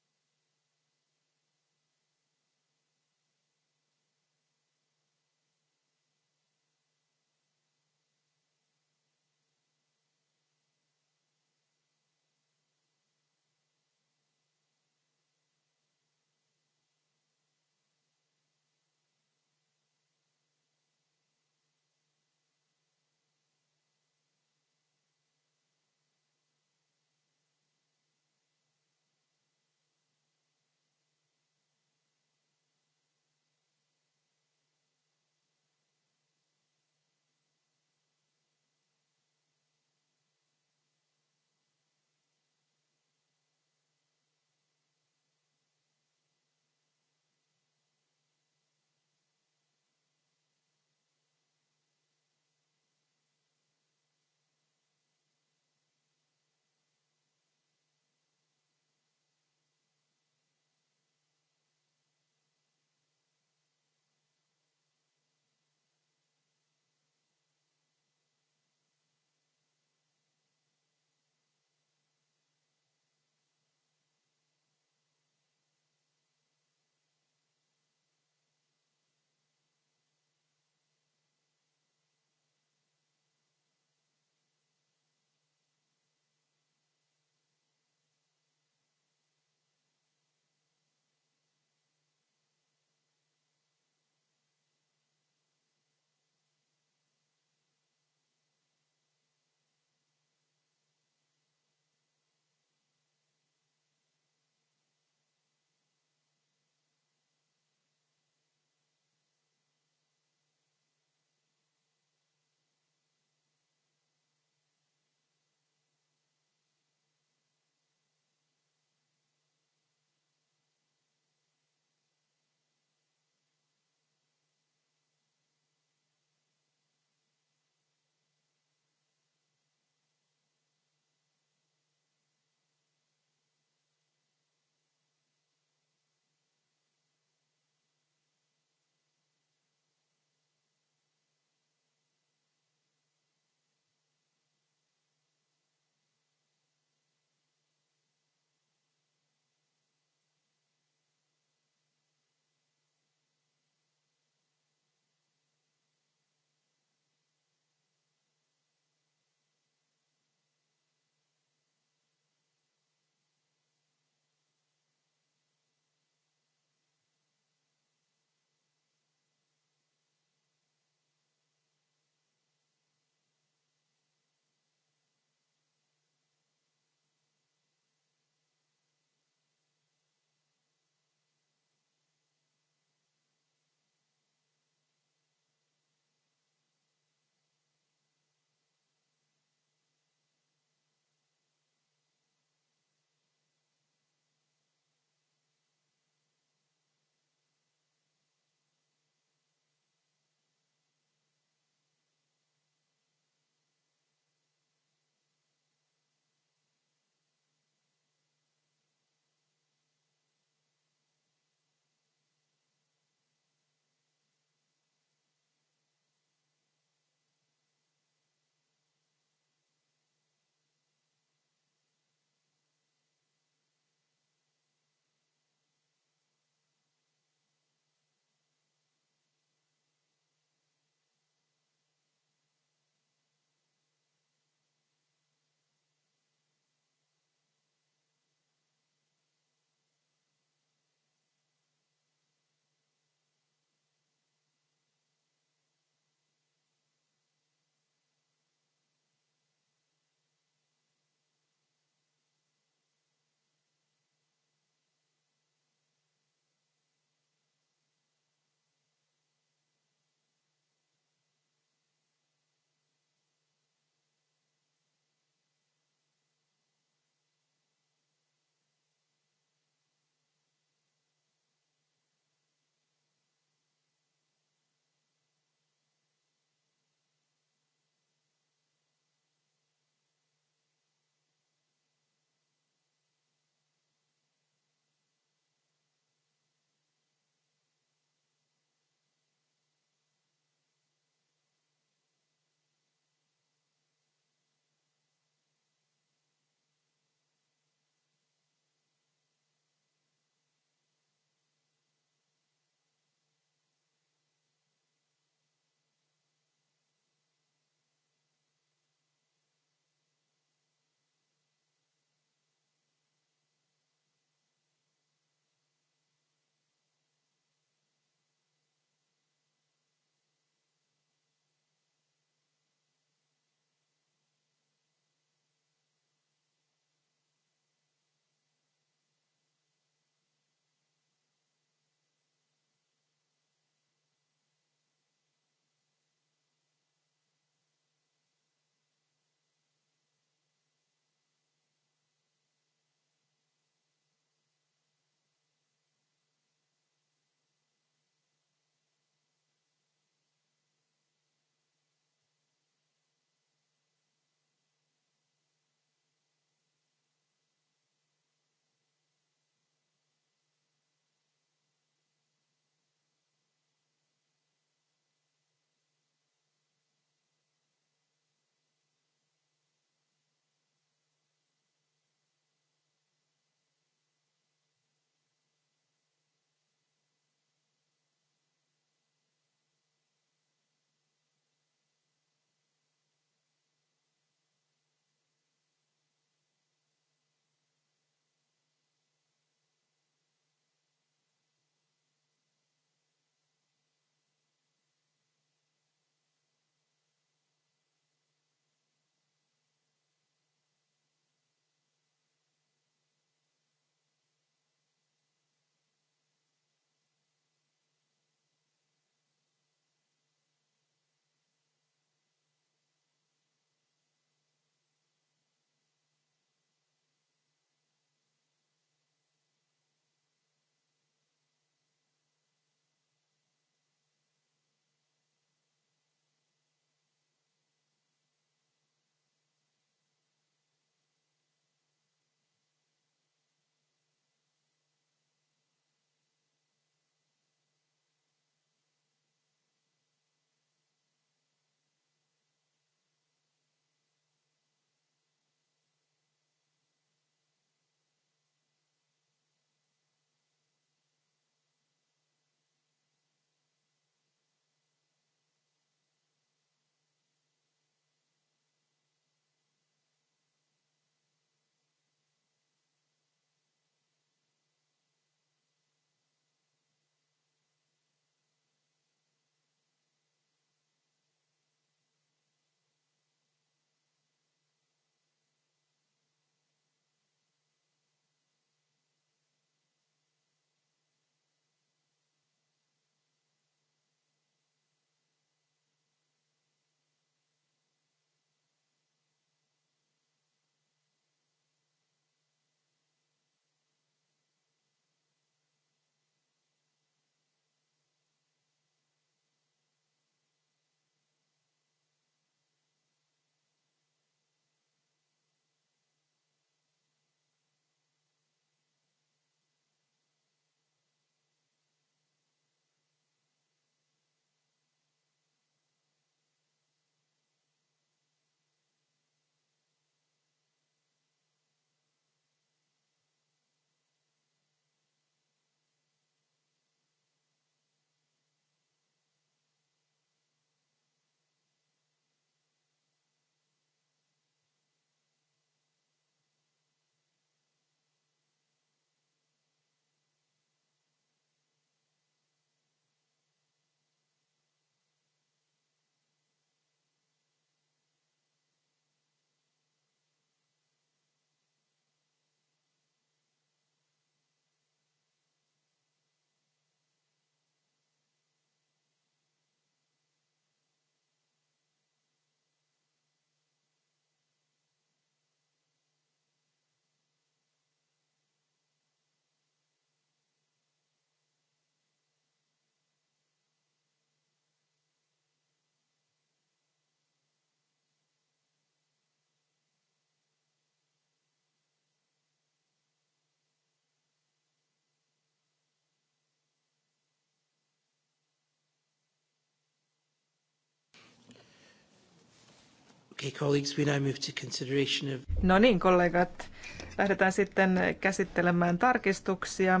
Okay, colleagues, we now move to consideration of... No niin, kollegat. Lähdetään sitten käsittelemään tarkistuksia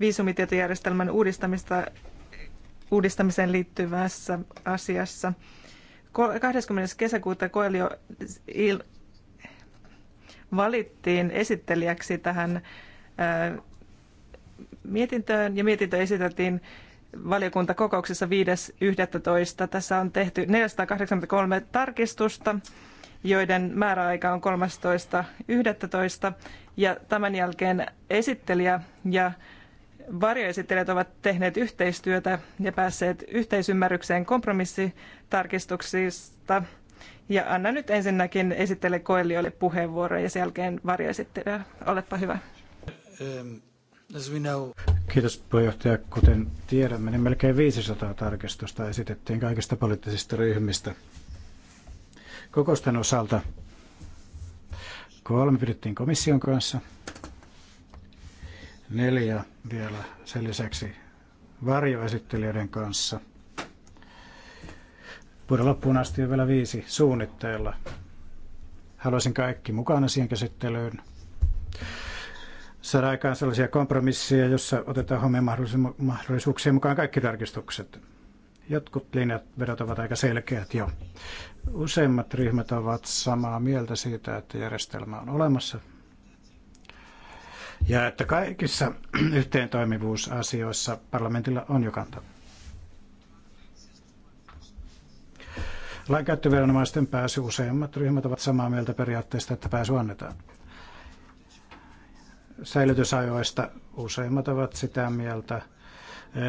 viisumitietojärjestelmän uudistamista, uudistamiseen liittyvässä asiassa. 20. kesäkuuta Koelio valittiin esittelijäksi tähän mietintöön ja mietintö esiteltiin valiokuntakokouksessa 5.11. Tässä on tehty 483 tarkistusta, joiden määräaika on 13.11. Ja tämän jälkeen esittelijä ja varjoesittelijät ovat tehneet yhteistyötä ja päässeet yhteisymmärrykseen kompromissitarkistuksista. Ja anna nyt ensinnäkin esittele Koeliolle puheenvuoro ja sen jälkeen varjoesittelijä. Olepa hyvä. Ähm. Kiitos puheenjohtaja. Kuten tiedämme, niin melkein 500 tarkistusta esitettiin kaikista poliittisista ryhmistä. Kokousten osalta kolme pidettiin komission kanssa, neljä vielä sen lisäksi varjoesittelijöiden kanssa. Vuoden loppuun asti on vielä viisi suunnitteilla. Haluaisin kaikki mukaan asian käsittelyyn saada aikaan sellaisia kompromisseja, jossa otetaan huomioon mahdollisuuksien mukaan kaikki tarkistukset. Jotkut linjat vedot ovat aika selkeät jo. Useimmat ryhmät ovat samaa mieltä siitä, että järjestelmä on olemassa. Ja että kaikissa yhteentoimivuusasioissa parlamentilla on jo kanta. Lainkäyttöviranomaisten pääsy useimmat ryhmät ovat samaa mieltä periaatteesta, että pääsy annetaan säilytysajoista. Useimmat ovat sitä mieltä,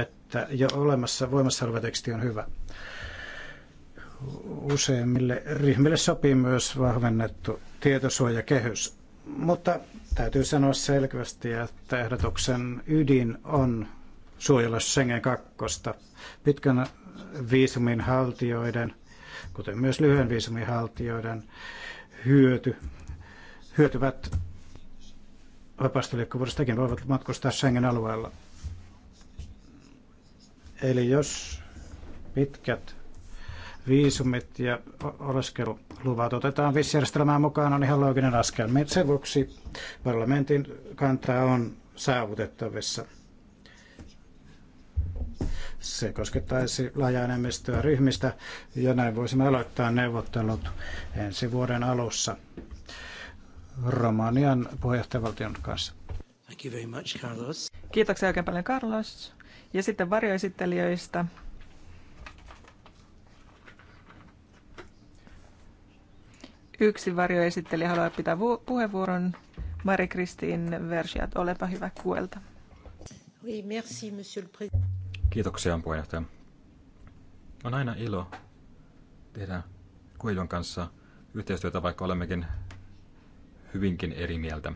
että jo olemassa voimassa oleva teksti on hyvä. Useimmille ryhmille sopii myös vahvennettu tietosuojakehys. Mutta täytyy sanoa selvästi, että ehdotuksen ydin on suojella Schengen kakkosta pitkän viisumin haltijoiden, kuten myös lyhyen viisumin haltijoiden hyöty, hyötyvät vapaasta liikkuvuudestakin voivat matkustaa Schengen-alueella. Eli jos pitkät viisumit ja oleskeluluvat otetaan vissijärjestelmään mukaan, on ihan looginen askel. Sen vuoksi parlamentin kanta on saavutettavissa. Se koskettaisi laaja enemmistöä ryhmistä ja näin voisimme aloittaa neuvottelut ensi vuoden alussa Romanian puheenjohtajavaltion kanssa. Thank you very much, Carlos. Kiitoksia oikein paljon, Carlos. Ja sitten varjoesittelijöistä. Yksi varjoesittelijä haluaa pitää puheenvuoron. Mari-Kristiin Versiat, olepa hyvä kuelta. Oui, merci, monsieur le président. Kiitoksia, puheenjohtaja. On aina ilo tehdä Kuijon kanssa yhteistyötä, vaikka olemmekin hyvinkin eri mieltä.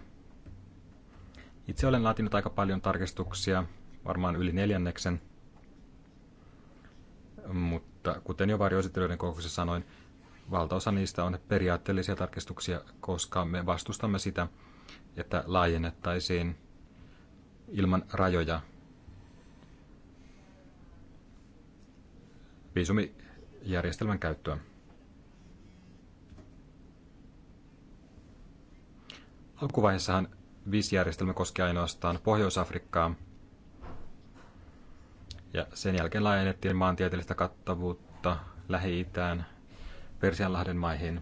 Itse olen laatinut aika paljon tarkistuksia, varmaan yli neljänneksen, mutta kuten jo varjoesittelyiden kokouksessa sanoin, valtaosa niistä on periaatteellisia tarkistuksia, koska me vastustamme sitä, että laajennettaisiin ilman rajoja viisumijärjestelmän käyttöä. Alkuvaiheessahan viisijärjestelmä koski ainoastaan Pohjois-Afrikkaa, ja sen jälkeen laajennettiin maantieteellistä kattavuutta Lähi-Itään, Persianlahden maihin,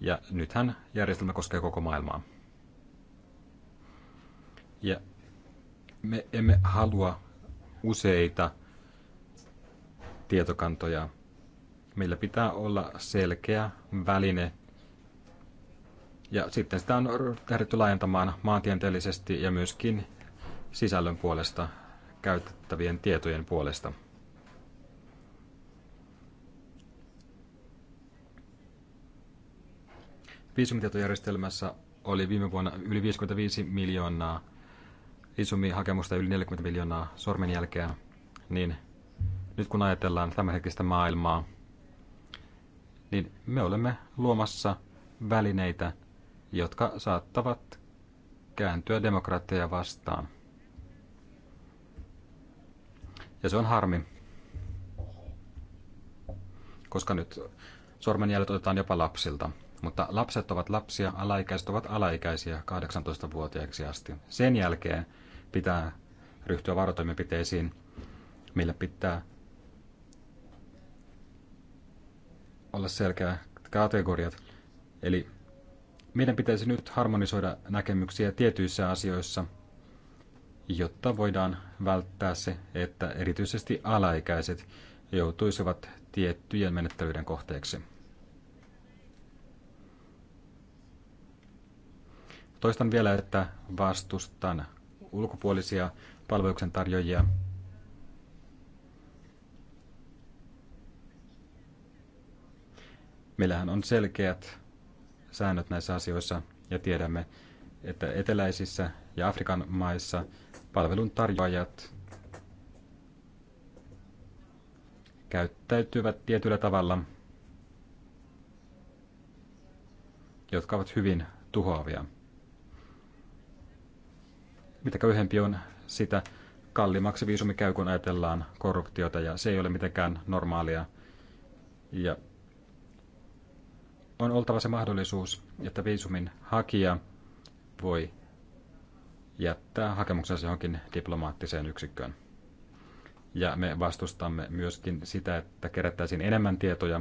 ja nythän järjestelmä koskee koko maailmaa. Ja me emme halua useita tietokantoja. Meillä pitää olla selkeä väline ja sitten sitä on lähdetty laajentamaan maantieteellisesti ja myöskin sisällön puolesta käytettävien tietojen puolesta. Viisumitietojärjestelmässä oli viime vuonna yli 55 miljoonaa viisumihakemusta yli 40 miljoonaa sormenjälkeä, niin nyt kun ajatellaan tämänhetkistä maailmaa, niin me olemme luomassa välineitä – jotka saattavat kääntyä demokraatteja vastaan. Ja se on harmi, koska nyt sormenjäljet otetaan jopa lapsilta. Mutta lapset ovat lapsia, alaikäiset ovat alaikäisiä 18-vuotiaiksi asti. Sen jälkeen pitää ryhtyä varotoimenpiteisiin, millä pitää olla selkeät kategoriat. Eli meidän pitäisi nyt harmonisoida näkemyksiä tietyissä asioissa, jotta voidaan välttää se, että erityisesti alaikäiset joutuisivat tiettyjen menettelyiden kohteeksi. Toistan vielä, että vastustan ulkopuolisia palveluksen tarjoajia. Meillähän on selkeät säännöt näissä asioissa ja tiedämme, että eteläisissä ja Afrikan maissa palvelun tarjoajat käyttäytyvät tietyllä tavalla, jotka ovat hyvin tuhoavia. Mitä köyhempi on, sitä kalliimmaksi viisumi käy, kun ajatellaan korruptiota, ja se ei ole mitenkään normaalia. Ja on oltava se mahdollisuus, että viisumin hakija voi jättää hakemuksensa johonkin diplomaattiseen yksikköön. Ja me vastustamme myöskin sitä, että kerättäisiin enemmän tietoja,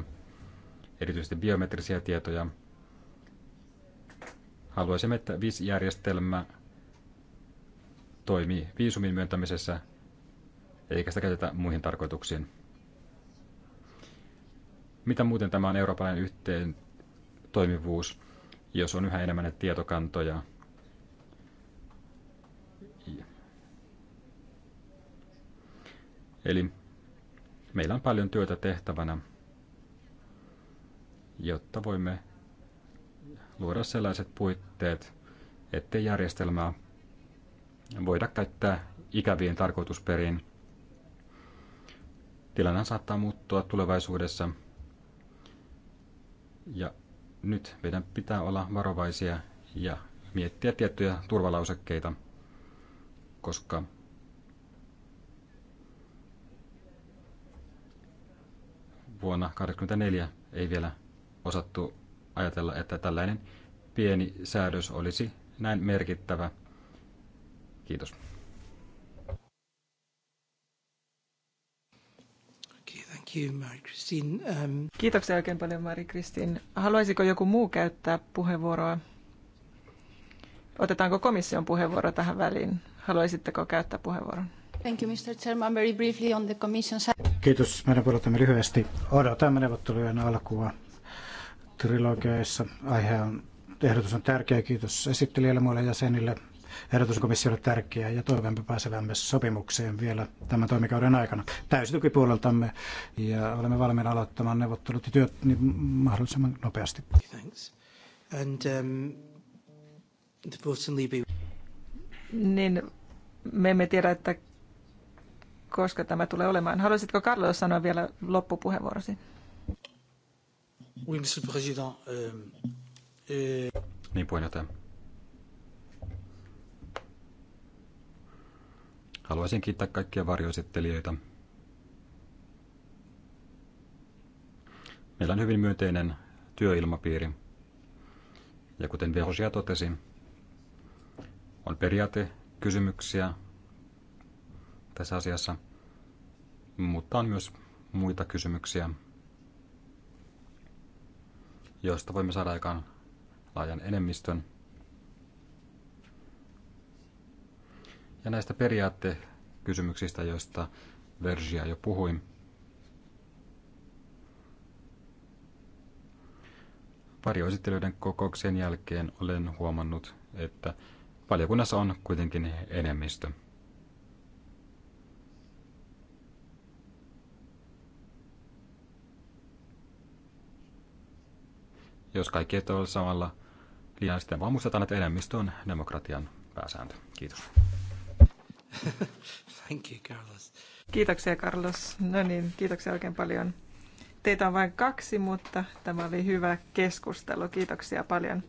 erityisesti biometrisiä tietoja. Haluaisimme, että VIS-järjestelmä toimii viisumin myöntämisessä, eikä sitä käytetä muihin tarkoituksiin. Mitä muuten tämä on eurooppalainen yhteen toimivuus, jos on yhä enemmän tietokantoja. Eli meillä on paljon työtä tehtävänä, jotta voimme luoda sellaiset puitteet, ettei järjestelmää voida käyttää ikäviin tarkoitusperiin. Tilanne saattaa muuttua tulevaisuudessa ja nyt meidän pitää olla varovaisia ja miettiä tiettyjä turvalausekkeita, koska vuonna 1984 ei vielä osattu ajatella, että tällainen pieni säädös olisi näin merkittävä. Kiitos. Thank you, Marie-Christine. Um... Kiitoksia oikein paljon, Marie kristin Haluaisiko joku muu käyttää puheenvuoroa? Otetaanko komission puheenvuoro tähän väliin? Haluaisitteko käyttää puheenvuoron? Thank you, Mr. Chairman. Very briefly on the commission side. Kiitos. Meidän puolestamme lyhyesti. Odotamme neuvottelujen alkua trilogeissa. Aihe on, ehdotus on tärkeä. Kiitos esittelijälle muille jäsenille ehdotus komissiolle tärkeä ja toivomme pääsevämme sopimukseen vielä tämän toimikauden aikana täysitukipuoleltamme ja olemme valmiina aloittamaan neuvottelut ja työt niin mahdollisimman nopeasti. Thanks. And, um, the vote in Libya. Niin me emme tiedä, että koska tämä tulee olemaan. Haluaisitko Carlos sanoa vielä loppupuheenvuorosi? Oui, monsieur le président. Euh, euh... Niin puheenjohtaja. Haluaisin kiittää kaikkia varjoesittelijöitä. Meillä on hyvin myönteinen työilmapiiri. Ja kuten Vehosia totesi, on kysymyksiä tässä asiassa, mutta on myös muita kysymyksiä, joista voimme saada aikaan laajan enemmistön – Ja näistä periaattekysymyksistä, joista Vergia jo pari esittelyiden kokouksen jälkeen olen huomannut, että valiokunnassa on kuitenkin enemmistö. Jos kaikki et ole samalla niin sitten vaan muistetaan, että enemmistö on demokratian pääsääntö. Kiitos. Thank you, Carlos. Kiitoksia, Carlos. No niin, kiitoksia oikein paljon. Teitä on vain kaksi, mutta tämä oli hyvä keskustelu. Kiitoksia paljon.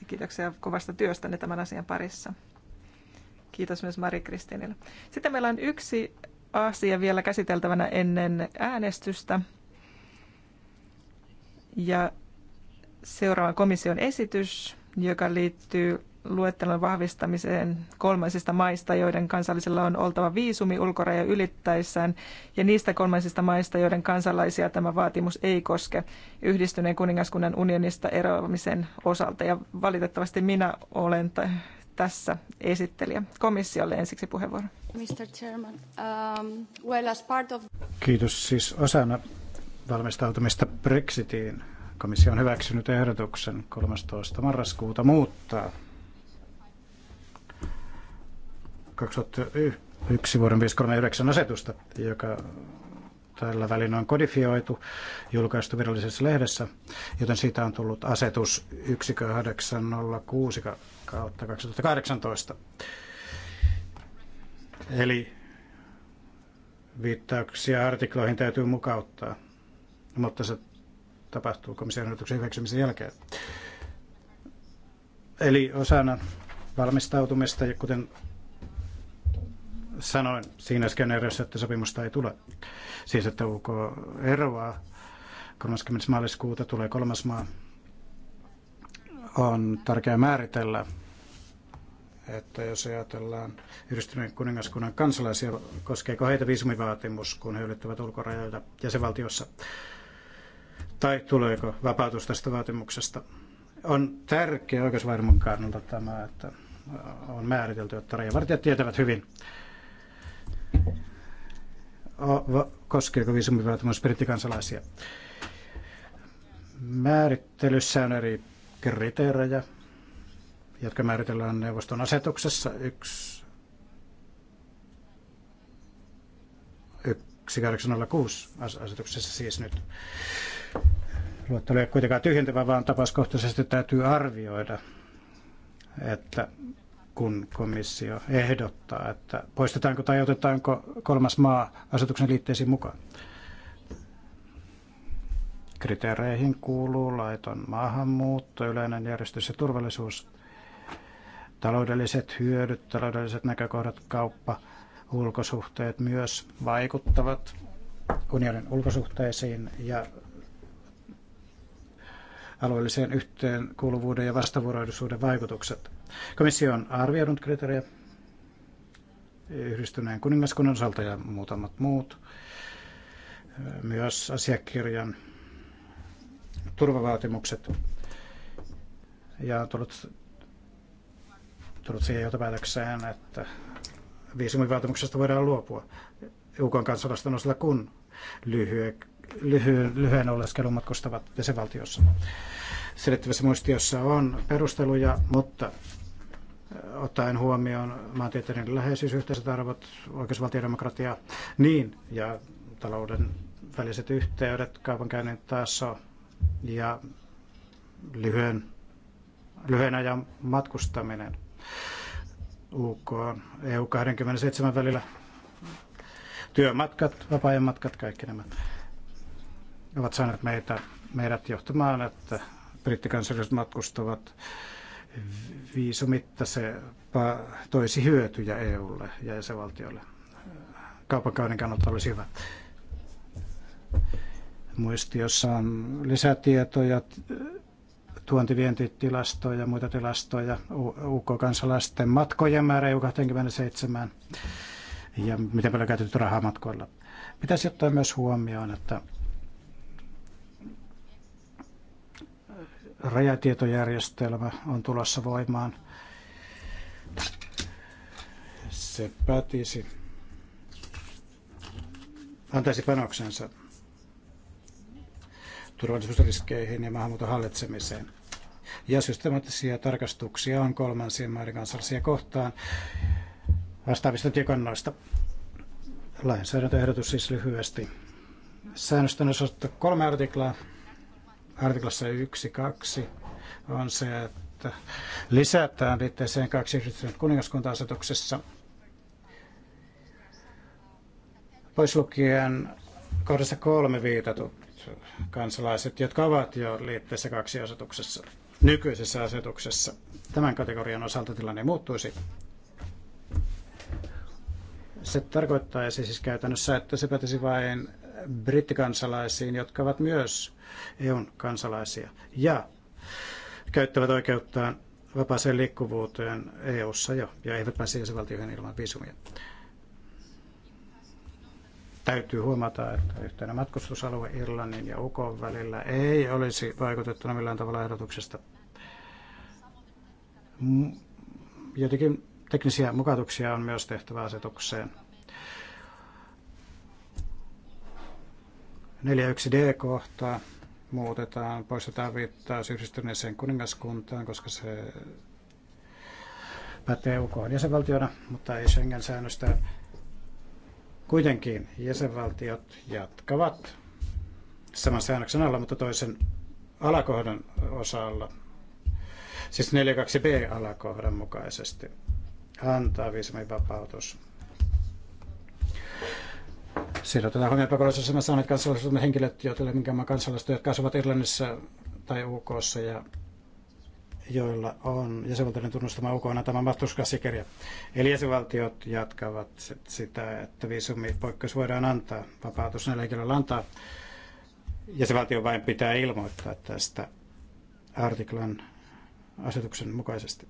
Ja kiitoksia kovasta työstänne tämän asian parissa. Kiitos myös Mari Kristinille. Sitten meillä on yksi asia vielä käsiteltävänä ennen äänestystä. Ja seuraava komission esitys, joka liittyy luettelon vahvistamiseen kolmansista maista, joiden kansallisilla on oltava viisumi ulkoraja ylittäessään, ja niistä kolmansista maista, joiden kansalaisia tämä vaatimus ei koske yhdistyneen kuningaskunnan unionista eroamisen osalta. Ja valitettavasti minä olen tässä esittelijä. Komissiolle ensiksi puheenvuoro. Mr. Chairman, um, well as part of... Kiitos siis osana valmistautumista Brexitiin. Komissio on hyväksynyt ehdotuksen 13. marraskuuta muuttaa 2001 vuoden 539 asetusta, joka tällä välin on kodifioitu, julkaistu virallisessa lehdessä, joten siitä on tullut asetus 1806 kautta 2018. Eli viittauksia artikloihin täytyy mukauttaa, mutta se tapahtuu komission ehdotuksen hyväksymisen jälkeen. Eli osana valmistautumista, kuten sanoin siinä skeneeriössä, että sopimusta ei tule. Siis, että UK eroaa 30. maaliskuuta tulee kolmas maa. On tärkeää määritellä, että jos ajatellaan yhdistyneen kuningaskunnan kansalaisia, koskeeko heitä viisumivaatimus, kun he ylittävät ulkorajoja jäsenvaltiossa, tai tuleeko vapautus tästä vaatimuksesta. On tärkeä oikeusvarmuuden kannalta tämä, että on määritelty, että rajavartijat tietävät hyvin, koskeeko viisumivaatimus brittikansalaisia. Määrittelyssä on eri kriteerejä, jotka määritellään neuvoston asetuksessa. Yksi 1806 asetuksessa siis nyt Luottelu ei kuitenkaan tyhjentävä, vaan tapauskohtaisesti täytyy arvioida, että kun komissio ehdottaa, että poistetaanko tai otetaanko kolmas maa asetuksen liitteisiin mukaan. Kriteereihin kuuluu laiton maahanmuutto, yleinen järjestys ja turvallisuus, taloudelliset hyödyt, taloudelliset näkökohdat, kauppa, ulkosuhteet myös vaikuttavat unionin ulkosuhteisiin ja alueelliseen yhteenkuuluvuuden ja vastavuoroisuuden vaikutukset. Komissio on arvioinut kriteerejä yhdistyneen kuningaskunnan osalta ja muutamat muut. Myös asiakirjan turvavaatimukset ja on tullut, tullut siihen johtopäätökseen, että viisumivaatimuksesta voidaan luopua UKon kansalaisten osalta, kun lyhyen, lyhyen, lyhyen oleskelun matkustavat jäsenvaltiossa. Selittävässä muistiossa on perusteluja, mutta ottaen huomioon maantieteellinen läheisyys, yhteiset arvot, oikeusvaltiodemokratia, niin, ja talouden väliset yhteydet, kaupankäynnin taso ja lyhyen, lyhyen ajan matkustaminen UK, EU27 välillä, työmatkat, vapaa-ajan matkat, kaikki nämä ovat saaneet meitä, meidät johtamaan, että brittikansalaiset matkustavat viisumitta se toisi hyötyjä EUlle ja jäsenvaltioille. Kaupankäynnin kannalta olisi hyvä. Muistiossa on lisätietoja, tuontivientitilastoja ja muita tilastoja, UK-kansalaisten matkojen määrä EU27 ja miten paljon käytetty rahaa matkoilla. Pitäisi ottaa myös huomioon, että rajatietojärjestelmä on tulossa voimaan. Se pätisi, antaisi panoksensa turvallisuusriskeihin ja maahanmuuton hallitsemiseen. Ja systemaattisia tarkastuksia on kolmansien maiden kansallisia kohtaan vastaavista tiekannoista. Lainsäädäntöehdotus siis lyhyesti. Säännöstön osalta kolme artiklaa artiklassa 1.2 on se, että lisätään liitteeseen kaksi kuningaskunta-asetuksessa poislukien kohdassa kolme viitatut kansalaiset, jotka ovat jo liitteessä kaksi asetuksessa, nykyisessä asetuksessa. Tämän kategorian osalta tilanne muuttuisi. Se tarkoittaisi siis käytännössä, että se pätisi vain brittikansalaisiin, jotka ovat myös EUn kansalaisia ja käyttävät oikeuttaan vapaaseen liikkuvuuteen EU:ssa jo ja eivät pääse jäsenvaltioihin ilman viisumia. Täytyy huomata, että yhteinen matkustusalue Irlannin ja UKon välillä ei olisi vaikutettuna millään tavalla ehdotuksesta. Jotenkin teknisiä mukautuksia on myös tehtävä asetukseen 41D kohtaa muutetaan, poistetaan viittaus yhdistyneeseen kuningaskuntaan, koska se pätee UK jäsenvaltiona, mutta ei Schengen-säännöstä. Kuitenkin jäsenvaltiot jatkavat saman säännöksen alla, mutta toisen alakohdan osalla, siis 42b-alakohdan mukaisesti, antaa vapautus otetaan huomioon pakolaisuusaseman saaneet kansalaisuuden henkilöt, joilla minkään kansalaiset, jotka asuvat Irlannissa tai UKssa ja joilla on jäsenvaltioiden tunnustama UK tämä matkustuskassikirja. Eli jäsenvaltiot jatkavat sitä, että viisumipoikkeus voidaan antaa, vapautus näillä henkilöillä antaa. Jäsenvaltio vain pitää ilmoittaa tästä artiklan asetuksen mukaisesti.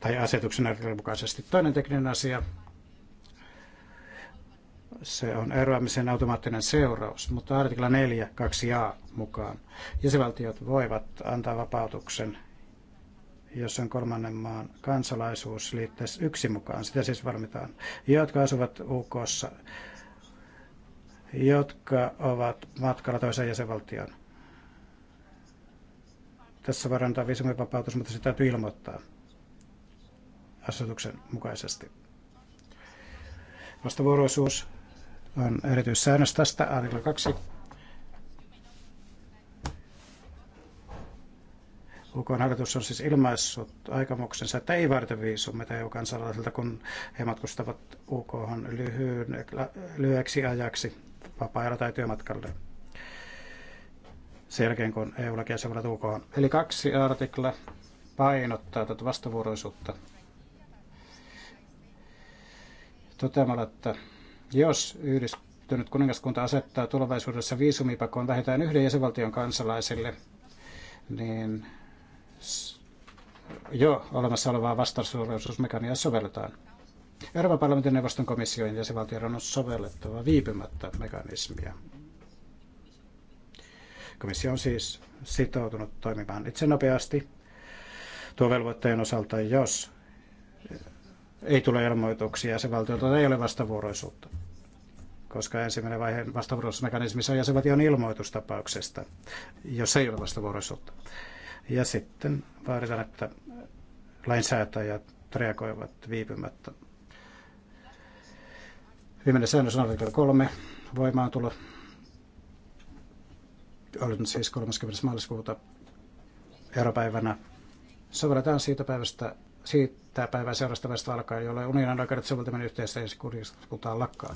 Tai asetuksen artiklan mukaisesti. Toinen tekninen asia se on eroamisen automaattinen seuraus, mutta artikla 4, 2a mukaan jäsenvaltiot voivat antaa vapautuksen, jos on kolmannen maan kansalaisuus liitteessä yksi mukaan, sitä siis varmitaan, jotka asuvat UKssa, jotka ovat matkalla toisen jäsenvaltion. Tässä voidaan antaa viisumivapautus, mutta sitä täytyy ilmoittaa asetuksen mukaisesti vastavuoroisuus on erityissäännös tästä, artikla 2. Ukon hallitus on siis ilmaissut aikamuksensa, että ei varten viisumeita EU-kansalaisilta, kun he matkustavat UK lyhyen, lyhyeksi ajaksi vapaa tai työmatkalle sen jälkeen, kun eu lakia jäsenvaltiot UK on. Eli kaksi artikla painottaa tätä vastavuoroisuutta toteamalla, että jos yhdistynyt kuningaskunta asettaa tulevaisuudessa viisumipakon vähintään yhden jäsenvaltion kansalaisille, niin jo olemassa olevaa vastaisuudellisuusmekaniaa sovelletaan. Euroopan parlamentin neuvoston komission jäsenvaltioiden on sovellettava viipymättä mekanismia. Komissio on siis sitoutunut toimimaan itse nopeasti tuo velvoitteen osalta, jos ei tule ilmoituksia se valtiolta ei ole vastavuoroisuutta, koska ensimmäinen vaihe vastavuoroisuusmekanismissa on jäsenvaltion ilmoitustapauksesta, jos ei ole vastavuoroisuutta. Ja sitten vaaditaan, että lainsäätäjät reagoivat viipymättä. Viimeinen säännös on artikla 3, voimaantulo. Olen siis 30. maaliskuuta europäivänä. Sovelletaan siitä päivästä siitä päivän seurastavasta alkaen, jolloin unionin oikeudet soveltaminen yhteistä ensikuntaan lakkaa.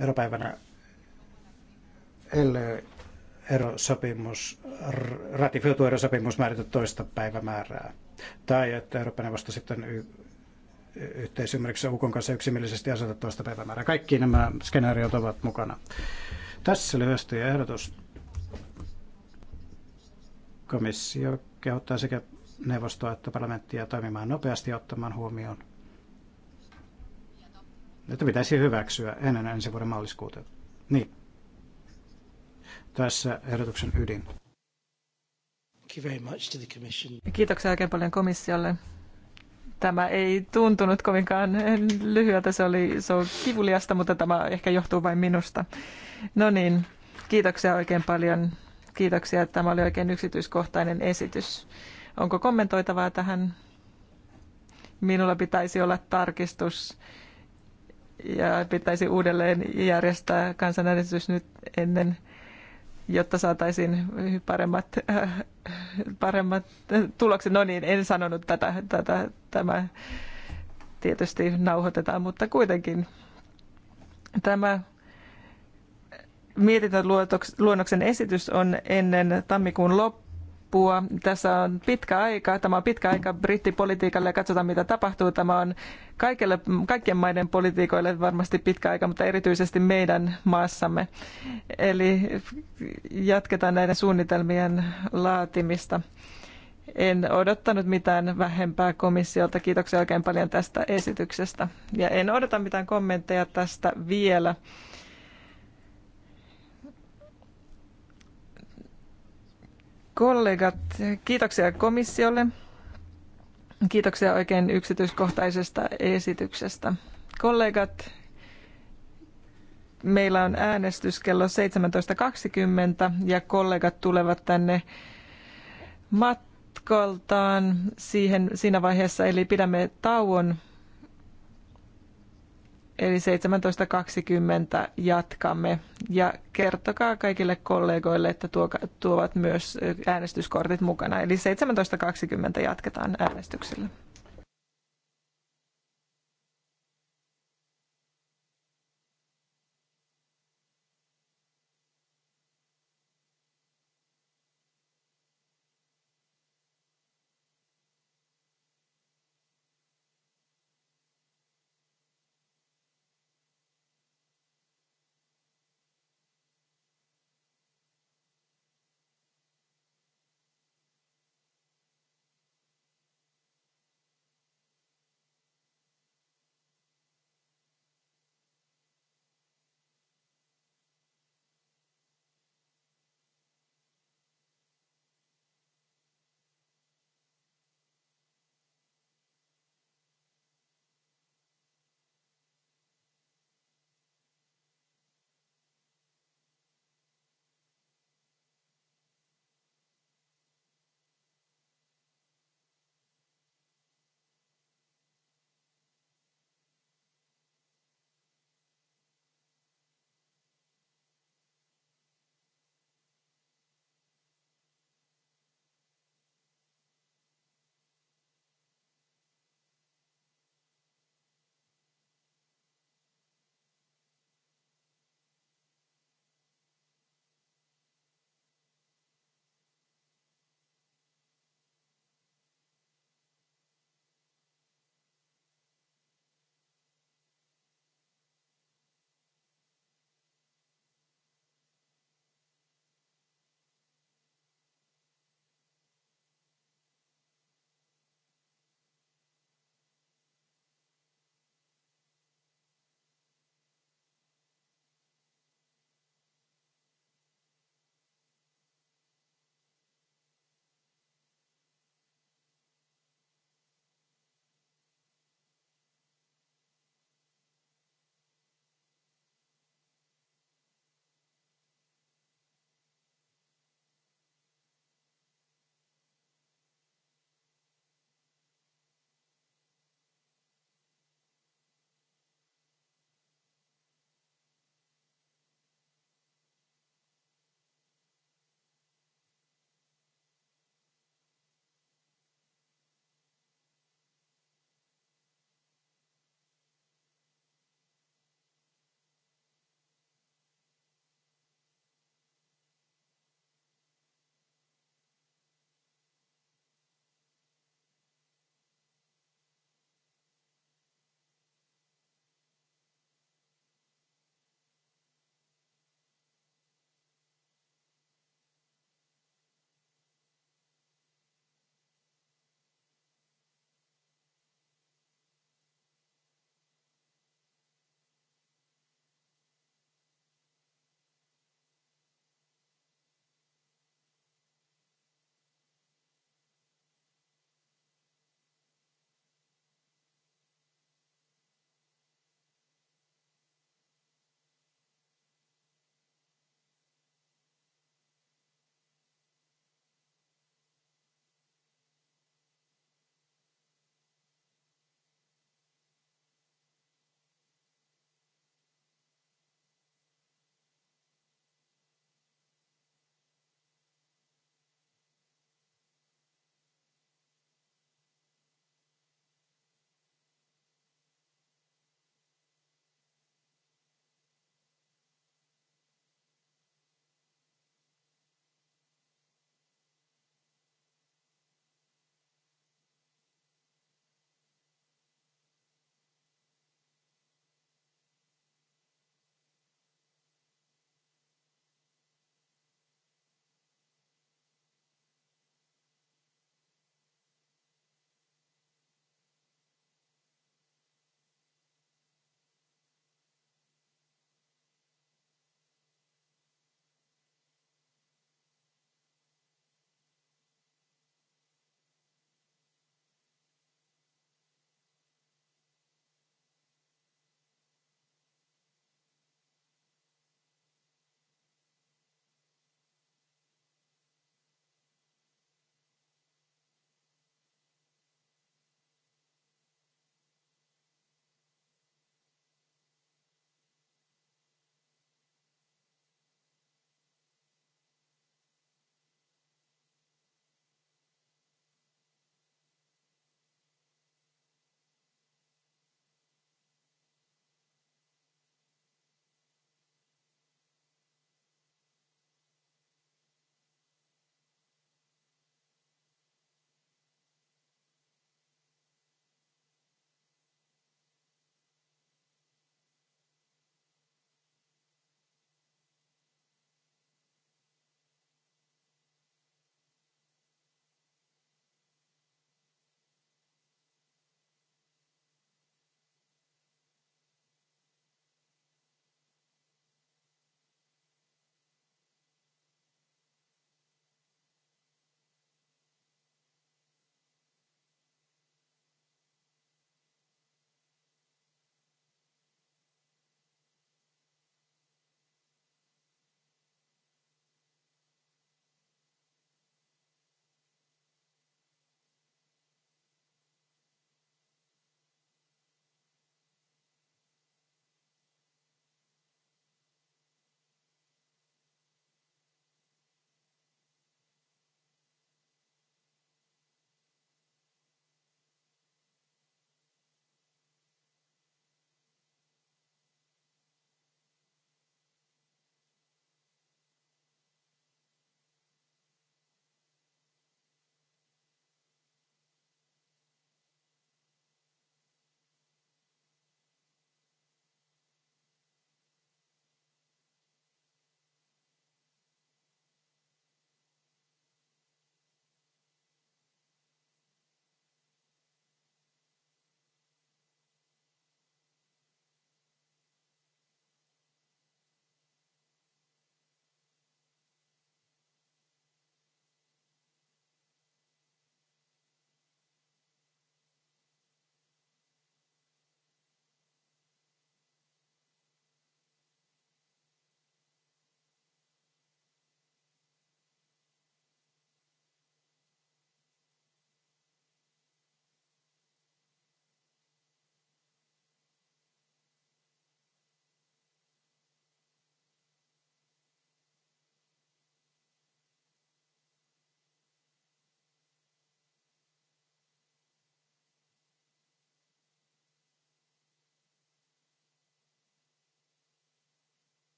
Eropäivänä ellei erosopimus, ratifioitu erosopimus määritä toista päivämäärää. Tai että Euroopan neuvosto sitten y- yhteisymmärryksessä UKon kanssa yksimielisesti aseta toista päivämäärää. Kaikki nämä skenaariot ovat mukana. Tässä lyhyesti ehdotus. Komissio kehottaa sekä neuvostoa että parlamenttia toimimaan nopeasti ottamaan huomioon, että pitäisi hyväksyä ennen ensi vuoden maaliskuuta. Niin. Tässä ehdotuksen ydin. Kiitoksia oikein paljon komissiolle. Tämä ei tuntunut kovinkaan lyhyeltä, se oli se on kivuliasta, mutta tämä ehkä johtuu vain minusta. No niin, kiitoksia oikein paljon. Kiitoksia, että tämä oli oikein yksityiskohtainen esitys. Onko kommentoitavaa tähän? Minulla pitäisi olla tarkistus ja pitäisi uudelleen järjestää kansanäänestys nyt ennen, jotta saataisiin paremmat, äh, paremmat tulokset. No niin, en sanonut tätä, tätä tämä tietysti nauhoitetaan, mutta kuitenkin tämä mietintöluonnoksen esitys on ennen tammikuun loppua loppua. Tässä on pitkä aika, tämä on pitkä aika brittipolitiikalle ja katsotaan mitä tapahtuu. Tämä on kaikille, kaikkien maiden politiikoille varmasti pitkä aika, mutta erityisesti meidän maassamme. Eli jatketaan näiden suunnitelmien laatimista. En odottanut mitään vähempää komissiolta. Kiitoksia oikein paljon tästä esityksestä. Ja en odota mitään kommentteja tästä vielä. kollegat, kiitoksia komissiolle. Kiitoksia oikein yksityiskohtaisesta esityksestä. Kollegat, meillä on äänestys kello 17.20 ja kollegat tulevat tänne matkaltaan siihen, siinä vaiheessa, eli pidämme tauon Eli 17.20 jatkamme. Ja kertokaa kaikille kollegoille, että tuovat myös äänestyskortit mukana. Eli 17.20 jatketaan äänestyksellä.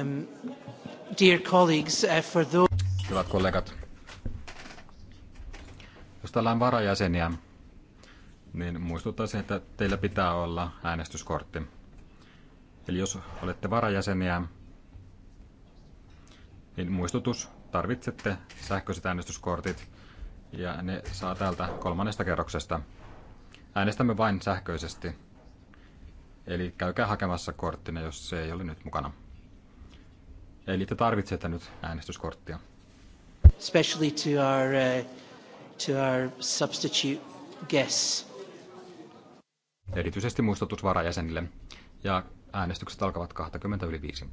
Um, uh, Hyvät kollegat, jos täällä on varajäseniä, niin muistuttaisin, että teillä pitää olla äänestyskortti. Eli jos olette varajäseniä, niin muistutus, tarvitsette sähköiset äänestyskortit ja ne saa täältä kolmannesta kerroksesta. Äänestämme vain sähköisesti. Eli käykää hakemassa korttina, jos se ei ole nyt mukana. Eli te tarvitsette nyt äänestyskorttia. Especially to our, uh, to our substitute guests. Erityisesti muistutus varajäsenille. Ja äänestykset alkavat 20 yli 5.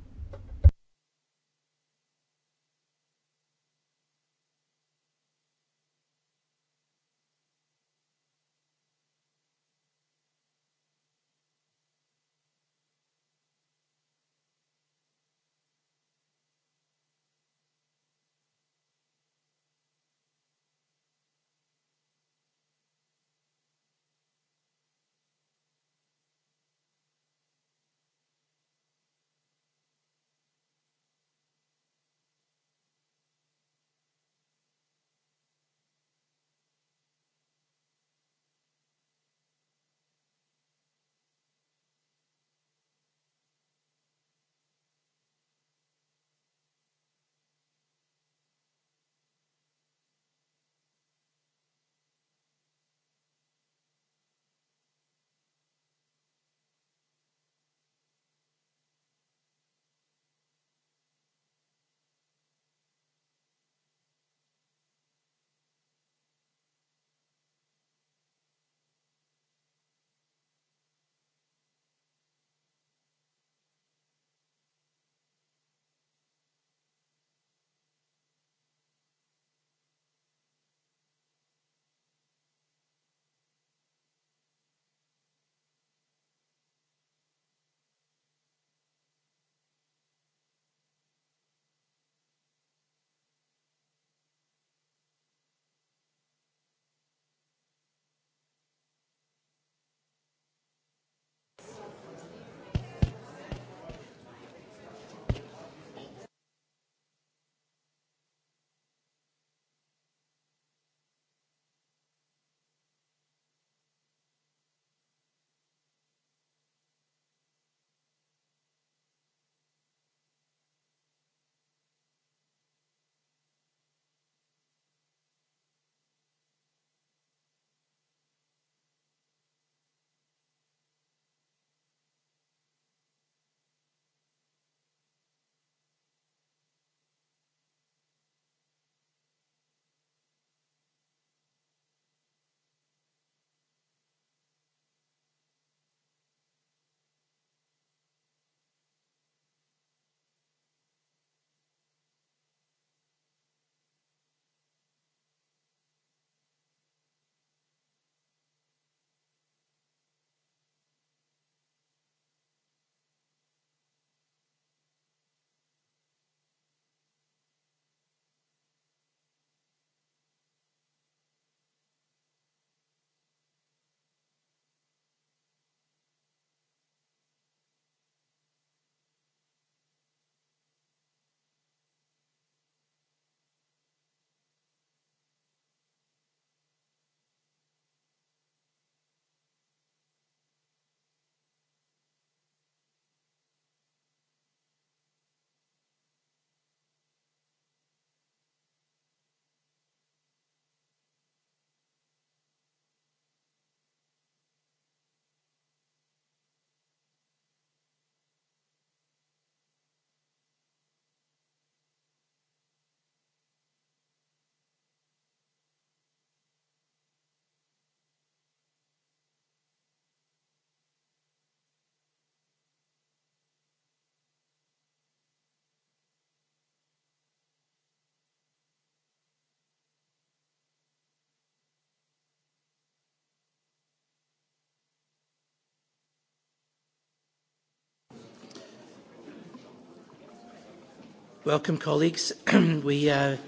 Welcome colleagues. We, uh...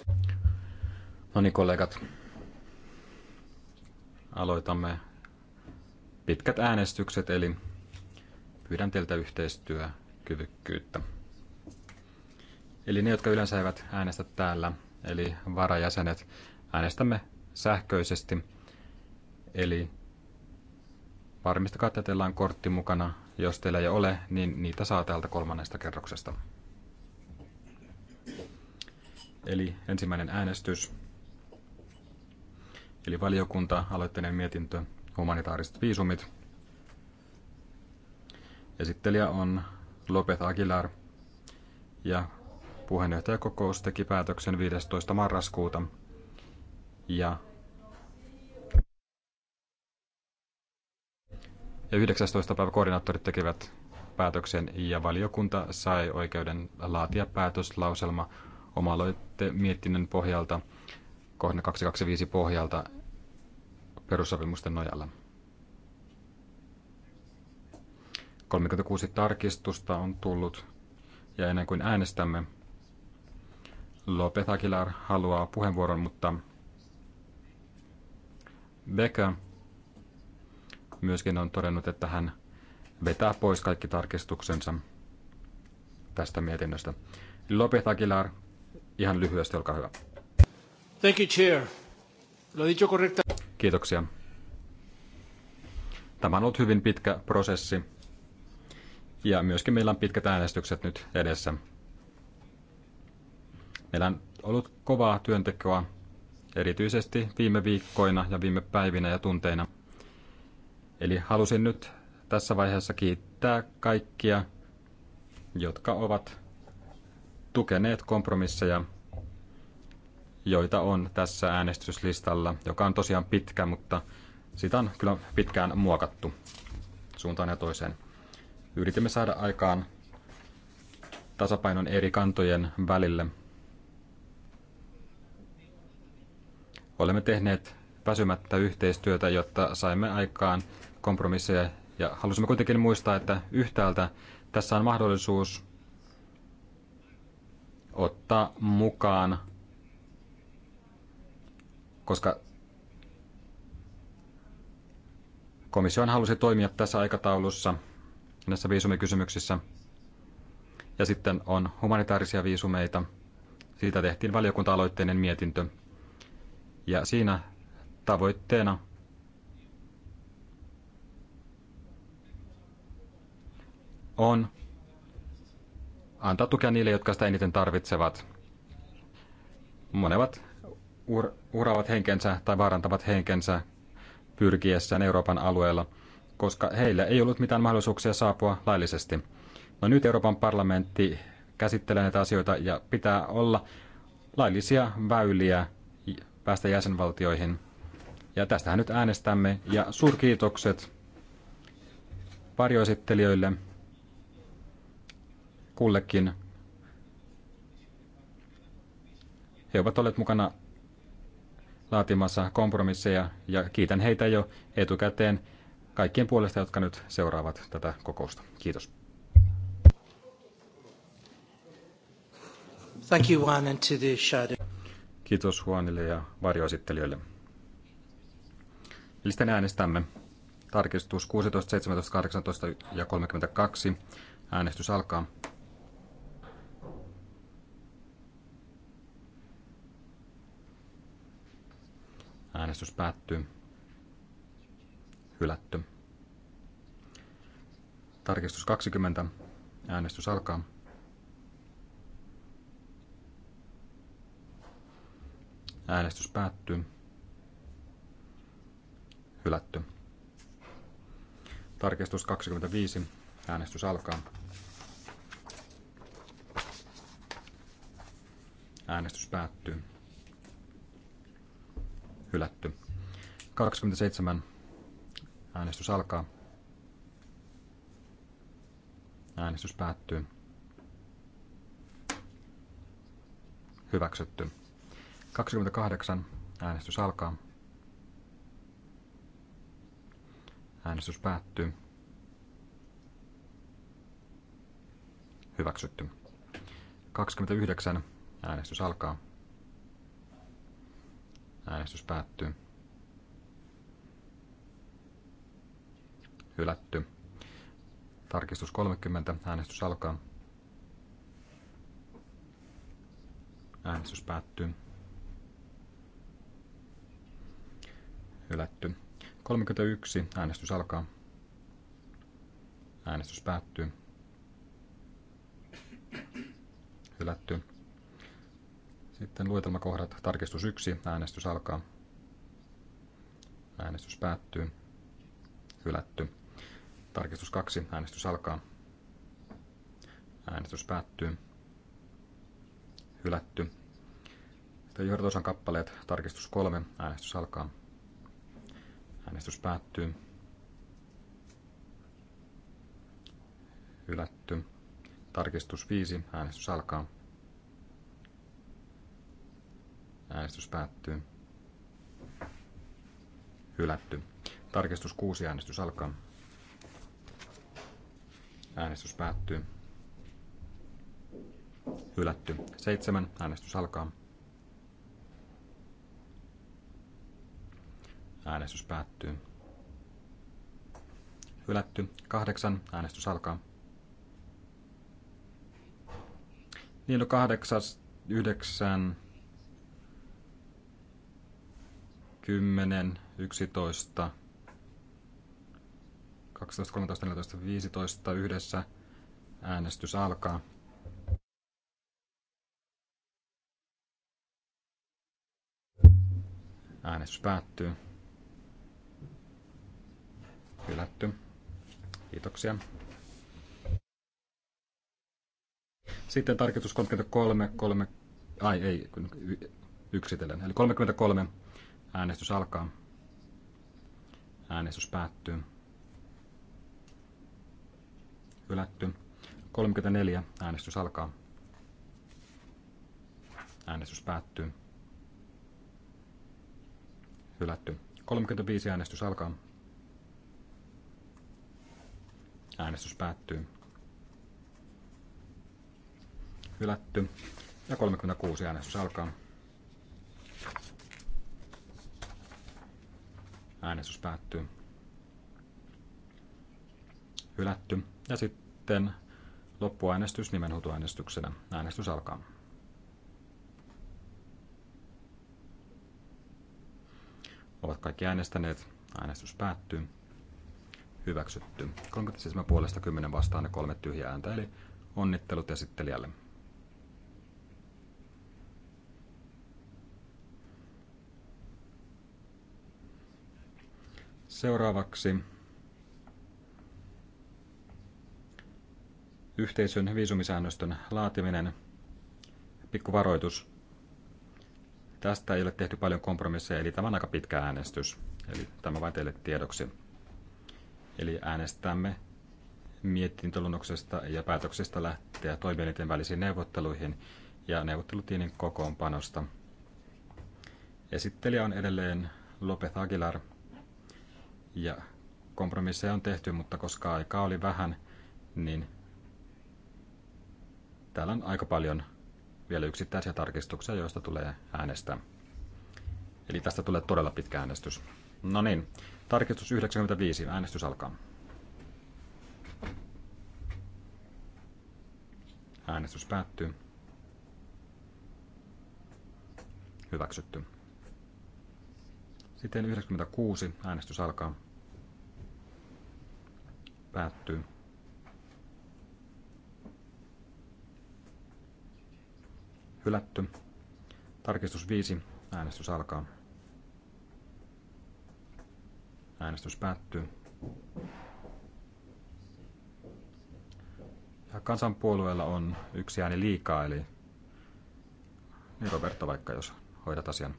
No niin, kollegat. Aloitamme pitkät äänestykset, eli pyydän teiltä yhteistyökyvykkyyttä. Eli ne, jotka yleensä eivät äänestä täällä, eli varajäsenet, äänestämme sähköisesti. Eli varmistakaa, että teillä on kortti mukana. Jos teillä ei ole, niin niitä saa täältä kolmannesta kerroksesta. Eli ensimmäinen äänestys. Eli valiokunta, aloitteinen mietintö, humanitaariset viisumit. Esittelijä on Lopez Aguilar ja puheenjohtajakokous teki päätöksen 15. marraskuuta ja ja 19. päivä koordinaattorit tekivät päätöksen ja valiokunta sai oikeuden laatia päätöslauselma oma mietinnön pohjalta, kohdan 225 pohjalta perussopimusten nojalla. 36 tarkistusta on tullut ja ennen kuin äänestämme, Lopet Aguilar haluaa puheenvuoron, mutta Becker myöskin on todennut, että hän vetää pois kaikki tarkistuksensa tästä mietinnöstä. Lopet Aguilar, Ihan lyhyesti, olkaa hyvä. Thank you, Chair. Lo dicho correcta. Kiitoksia. Tämä on ollut hyvin pitkä prosessi ja myöskin meillä on pitkät äänestykset nyt edessä. Meillä on ollut kovaa työntekoa erityisesti viime viikkoina ja viime päivinä ja tunteina. Eli halusin nyt tässä vaiheessa kiittää kaikkia, jotka ovat tukeneet kompromisseja, joita on tässä äänestyslistalla, joka on tosiaan pitkä, mutta sitä on kyllä pitkään muokattu suuntaan ja toiseen. Yritimme saada aikaan tasapainon eri kantojen välille. Olemme tehneet väsymättä yhteistyötä, jotta saimme aikaan kompromisseja ja halusimme kuitenkin muistaa, että yhtäältä tässä on mahdollisuus ottaa mukaan, koska komission halusi toimia tässä aikataulussa näissä viisumikysymyksissä. Ja sitten on humanitaarisia viisumeita. Siitä tehtiin valiokunta-aloitteinen mietintö. Ja siinä tavoitteena on antaa tukea niille, jotka sitä eniten tarvitsevat. Monevat ur- uraavat henkensä tai vaarantavat henkensä pyrkiessään Euroopan alueella, koska heillä ei ollut mitään mahdollisuuksia saapua laillisesti. No nyt Euroopan parlamentti käsittelee näitä asioita ja pitää olla laillisia väyliä päästä jäsenvaltioihin. Ja tästähän nyt äänestämme ja suurkiitokset varjoesittelijöille kullekin. He ovat olleet mukana laatimassa kompromisseja ja kiitän heitä jo etukäteen kaikkien puolesta, jotka nyt seuraavat tätä kokousta. Kiitos. Thank you, Juan, and to the shadow. Kiitos Juanille ja varjoesittelijöille. Eli sitten äänestämme. Tarkistus 16, 17, 18 ja 32. Äänestys alkaa. Äänestys päättyy. Hylätty. Tarkistus 20. Äänestys alkaa. Äänestys päättyy. Hylätty. Tarkistus 25. Äänestys alkaa. Äänestys päättyy hylätty. 27 äänestys alkaa. Äänestys päättyy. Hyväksytty. 28 äänestys alkaa. Äänestys päättyy. Hyväksytty. 29 äänestys alkaa. Äänestys päättyy. Hylätty. Tarkistus 30. Äänestys alkaa. Äänestys päättyy. Hylätty. 31. Äänestys alkaa. Äänestys päättyy. Hylätty. Sitten luetelmakohdat. Tarkistus 1. Äänestys alkaa. Äänestys päättyy. Hylätty. Tarkistus 2. Äänestys alkaa. Äänestys päättyy. Hylätty. Sitten johdotosan kappaleet. Tarkistus 3. Äänestys alkaa. Äänestys päättyy. Hylätty. Tarkistus 5. Äänestys alkaa. Äänestys päättyy. Hylätty. Tarkistus 6. Äänestys alkaa. Äänestys päättyy. Hylätty. 7. Äänestys alkaa. Äänestys päättyy. Hylätty. 8. Äänestys alkaa. Niin, no 8, 9, 10, 11, 12, 13, 14, 15 yhdessä äänestys alkaa. Äänestys päättyy. Hylätty. Kiitoksia. Sitten tarkistus 33, 3, ai ei, yksitellen. Eli 33 Äänestys alkaa. Äänestys päättyy. Hylätty. 34. Äänestys alkaa. Äänestys päättyy. Hylätty. 35. Äänestys alkaa. Äänestys päättyy. Hylätty. Ja 36. Äänestys alkaa. Äänestys päättyy. Hylätty. Ja sitten loppuäänestys nimenhuutoäänestyksenä. Äänestys alkaa. Ovat kaikki äänestäneet. Äänestys päättyy. Hyväksytty. 37 puolesta 10 vastaan ja kolme tyhjää ääntä, eli onnittelut esittelijälle. Seuraavaksi yhteisön viisumisäännöstön laatiminen. Pikku varoitus. Tästä ei ole tehty paljon kompromisseja, eli tämä on aika pitkä äänestys. Eli tämä vain teille tiedoksi. Eli äänestämme mietintöluonnoksesta ja päätöksestä lähteä toimielinten välisiin neuvotteluihin ja neuvottelutiinin kokoonpanosta. Esittelijä on edelleen Lopez Aguilar – ja kompromisseja on tehty, mutta koska aikaa oli vähän, niin täällä on aika paljon vielä yksittäisiä tarkistuksia, joista tulee äänestää. Eli tästä tulee todella pitkä äänestys. No niin, tarkistus 95, äänestys alkaa. Äänestys päättyy. Hyväksytty. Sitten 96 äänestys alkaa. Päättyy. Hylätty. Tarkistus 5. Äänestys alkaa. Äänestys päättyy. Ja kansanpuolueella on yksi ääni liikaa, eli niin Roberto vaikka, jos hoidat asian.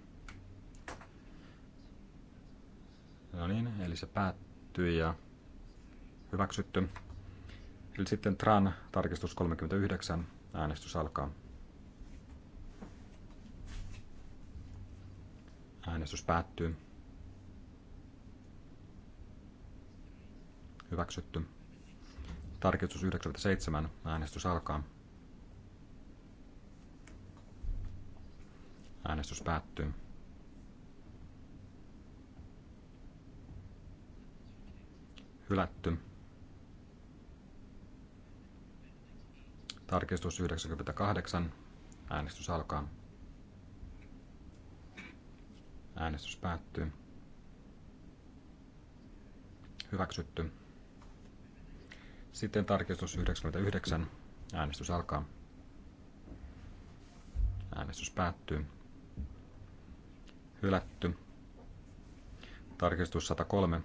No niin, eli se päättyi ja hyväksytty. Eli sitten TRAN tarkistus 39, äänestys alkaa. Äänestys päättyy. Hyväksytty. Tarkistus 97. Äänestys alkaa. Äänestys päättyy. Hylätty. Tarkistus 98. Äänestys alkaa. Äänestys päättyy. Hyväksytty. Sitten tarkistus 99. Äänestys alkaa. Äänestys päättyy. Hylätty. Tarkistus 103.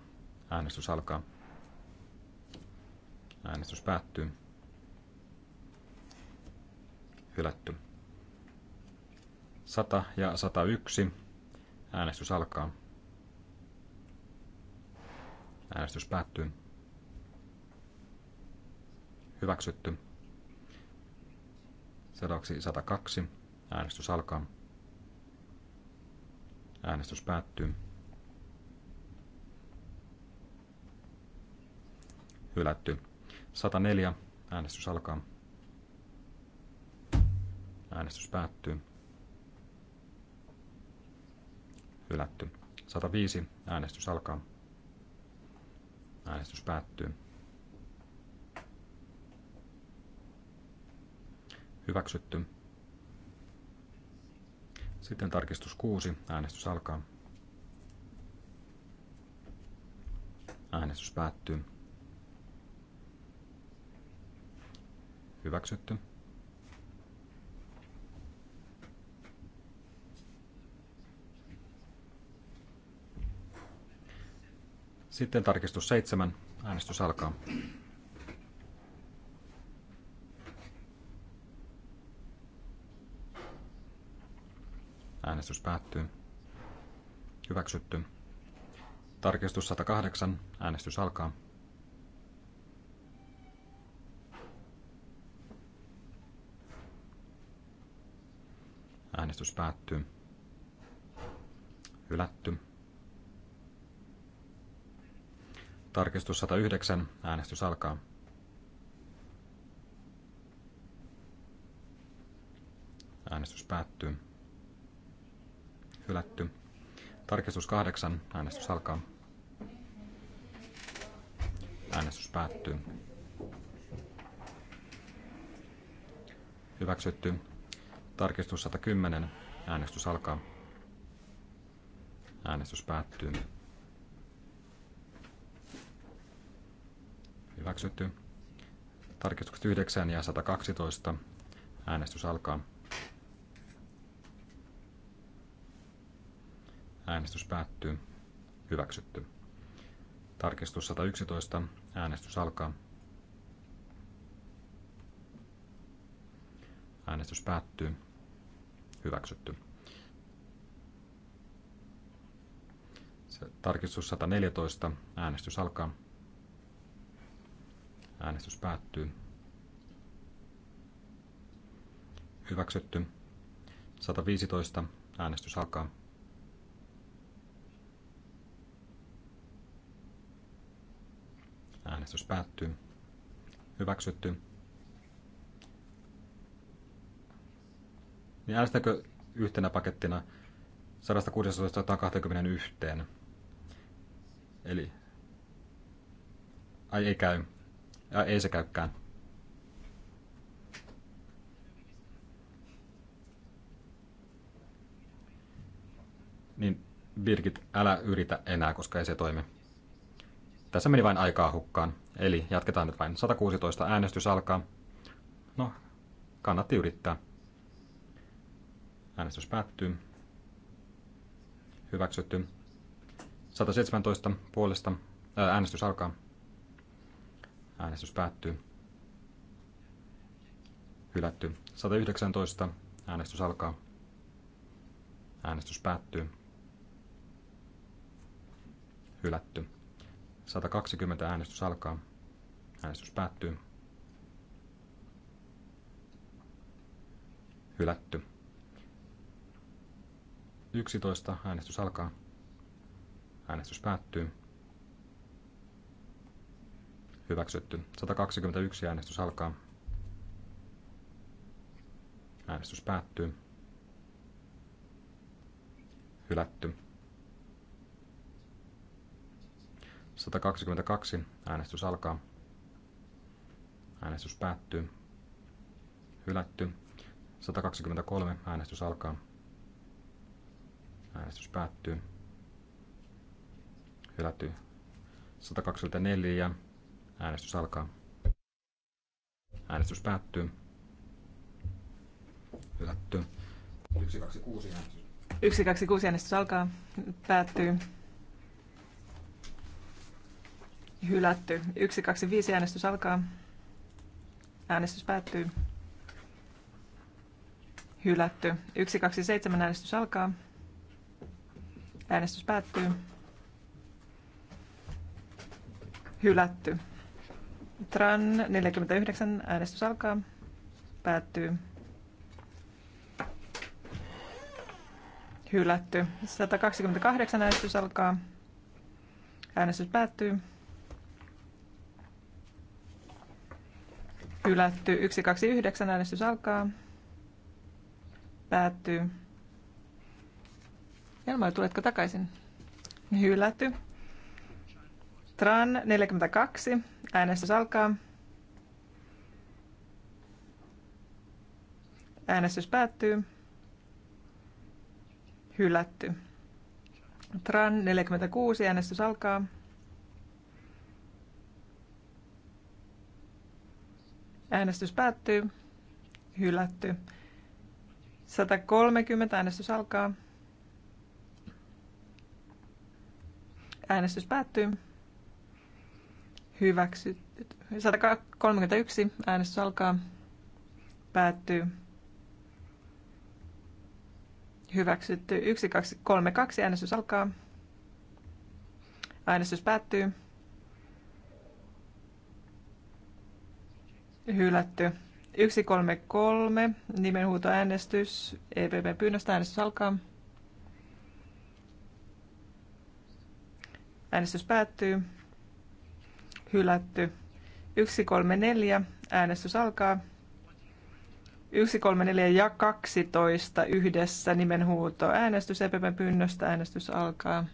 Äänestys alkaa. Äänestys päättyy. Hylätty. 100 ja 101. Äänestys alkaa. Äänestys päättyy. Hyväksytty. Seuraavaksi 102. Äänestys alkaa. Äänestys päättyy. Hylätty. 104. Äänestys alkaa. Äänestys päättyy. Hylätty. 105. Äänestys alkaa. Äänestys päättyy. Hyväksytty. Sitten tarkistus 6. Äänestys alkaa. Äänestys päättyy. Hyväksytty. Sitten tarkistus 7. Äänestys alkaa. Äänestys päättyy. Hyväksytty. Tarkistus 108. Äänestys alkaa. Äänestys päättyy. Hylätty. Tarkistus 109. Äänestys alkaa. Äänestys päättyy. Hylätty. Tarkistus 8. Äänestys alkaa. Äänestys päättyy. Hyväksytty. Tarkistus 110. Äänestys alkaa. Äänestys päättyy. Hyväksytty. Tarkistukset 9 ja 112. Äänestys alkaa. Äänestys päättyy. Hyväksytty. Tarkistus 111. Äänestys alkaa. Äänestys päättyy. Hyväksytty. Se, tarkistus 114. Äänestys alkaa. Äänestys päättyy. Hyväksytty. 115. Äänestys alkaa. Äänestys päättyy. Hyväksytty. niin äänestäkö yhtenä pakettina 116-121? Eli ai ei käy. Ai ei se käykään. Niin Birgit, älä yritä enää, koska ei se toimi. Tässä meni vain aikaa hukkaan. Eli jatketaan nyt vain. 116 äänestys alkaa. No, kannatti yrittää. Äänestys päättyy. Hyväksytty. 117 puolesta. Äänestys alkaa. Äänestys päättyy. Hylätty. 119. Äänestys alkaa. Äänestys päättyy. Hylätty. 120. Äänestys alkaa. Äänestys päättyy. Hylätty. 11. Äänestys alkaa. Äänestys päättyy. Hyväksytty. 121. Äänestys alkaa. Äänestys päättyy. Hylätty. 122. Äänestys alkaa. Äänestys päättyy. Hylätty. 123. Äänestys alkaa. Äänestys päättyy. Hylätty. 124. Äänestys alkaa. Äänestys päättyy. Hylätty. 126 äänestys. 126 äänestys alkaa. Päättyy. Hylätty. 125 äänestys alkaa. Äänestys päättyy. Hylätty. 127 äänestys alkaa. Äänestys päättyy. Hylätty. Tran 49. Äänestys alkaa. Päättyy. Hylätty. 128. Äänestys alkaa. Äänestys päättyy. Hylätty. 129. Äänestys alkaa. Päättyy. Elmar, tuletko takaisin? Hylätty. Tran 42. Äänestys alkaa. Äänestys päättyy. Hylätty. Tran 46. Äänestys alkaa. Äänestys päättyy. Hylätty. 130. Äänestys alkaa. Äänestys päättyy. Hyväksy. 131. Äänestys alkaa. Päättyy. Hyväksytty. 1, 2, 3, 2 Äänestys alkaa. Äänestys päättyy. Hylätty. 133. Nimenhuutoäänestys. EPP pyynnöstä äänestys alkaa. Äänestys päättyy. Hylätty. 134. Äänestys alkaa. 134 ja 12 yhdessä nimenhuuto. Äänestys EPPn pyynnöstä. Äänestys alkaa.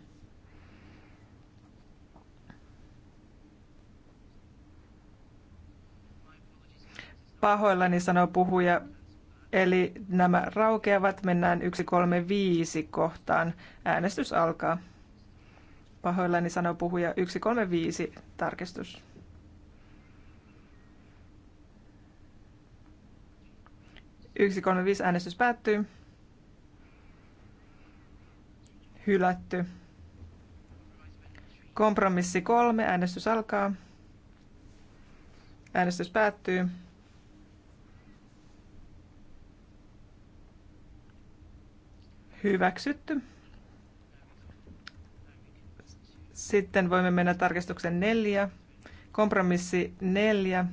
Pahoillani sanoo puhuja. Eli nämä raukeavat. Mennään 135 kohtaan. Äänestys alkaa. Pahoillani sanoo puhuja 135 tarkistus. Yksi kolme viisi äänestys päättyy. Hylätty. Kompromissi kolme. Äänestys alkaa. Äänestys päättyy. Hyväksytty. Sitten voimme mennä tarkistuksen neljä. Kompromissi neljä.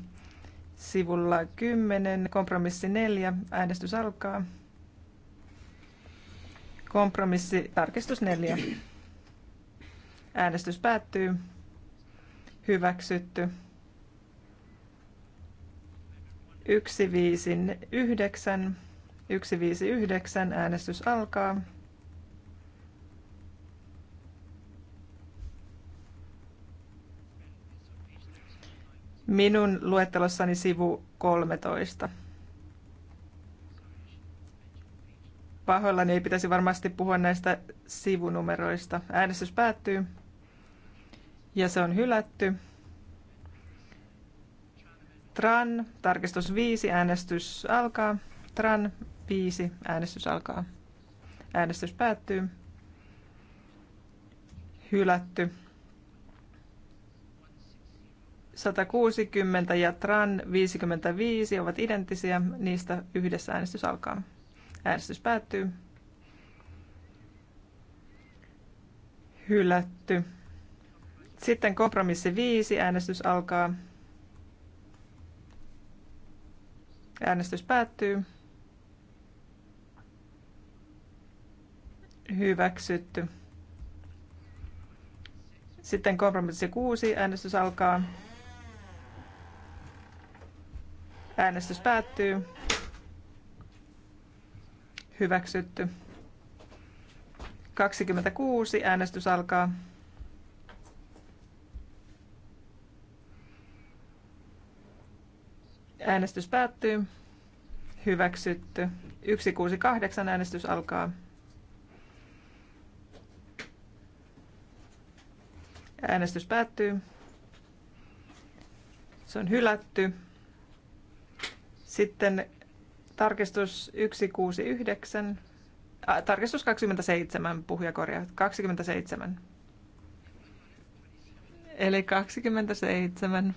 Sivulla 10. Kompromissi 4. Äänestys alkaa. Kompromissi tarkistus 4. Äänestys päättyy. Hyväksytty. 159. 159. Äänestys alkaa. minun luettelossani sivu 13. Pahoillani ei pitäisi varmasti puhua näistä sivunumeroista. Äänestys päättyy ja se on hylätty. Tran, tarkistus 5, äänestys alkaa. Tran 5, äänestys alkaa. Äänestys päättyy. Hylätty. 160 ja TRAN 55 ovat identtisiä. Niistä yhdessä äänestys alkaa. Äänestys päättyy. Hylätty. Sitten kompromissi 5. Äänestys alkaa. Äänestys päättyy. Hyväksytty. Sitten kompromissi 6. Äänestys alkaa. Äänestys päättyy. Hyväksytty. 26. Äänestys alkaa. Äänestys päättyy. Hyväksytty. 168 äänestys alkaa. Äänestys päättyy. Se on hylätty. Sitten tarkistus 169, äh, tarkistus 27, puhujakorja, 27. Eli 27.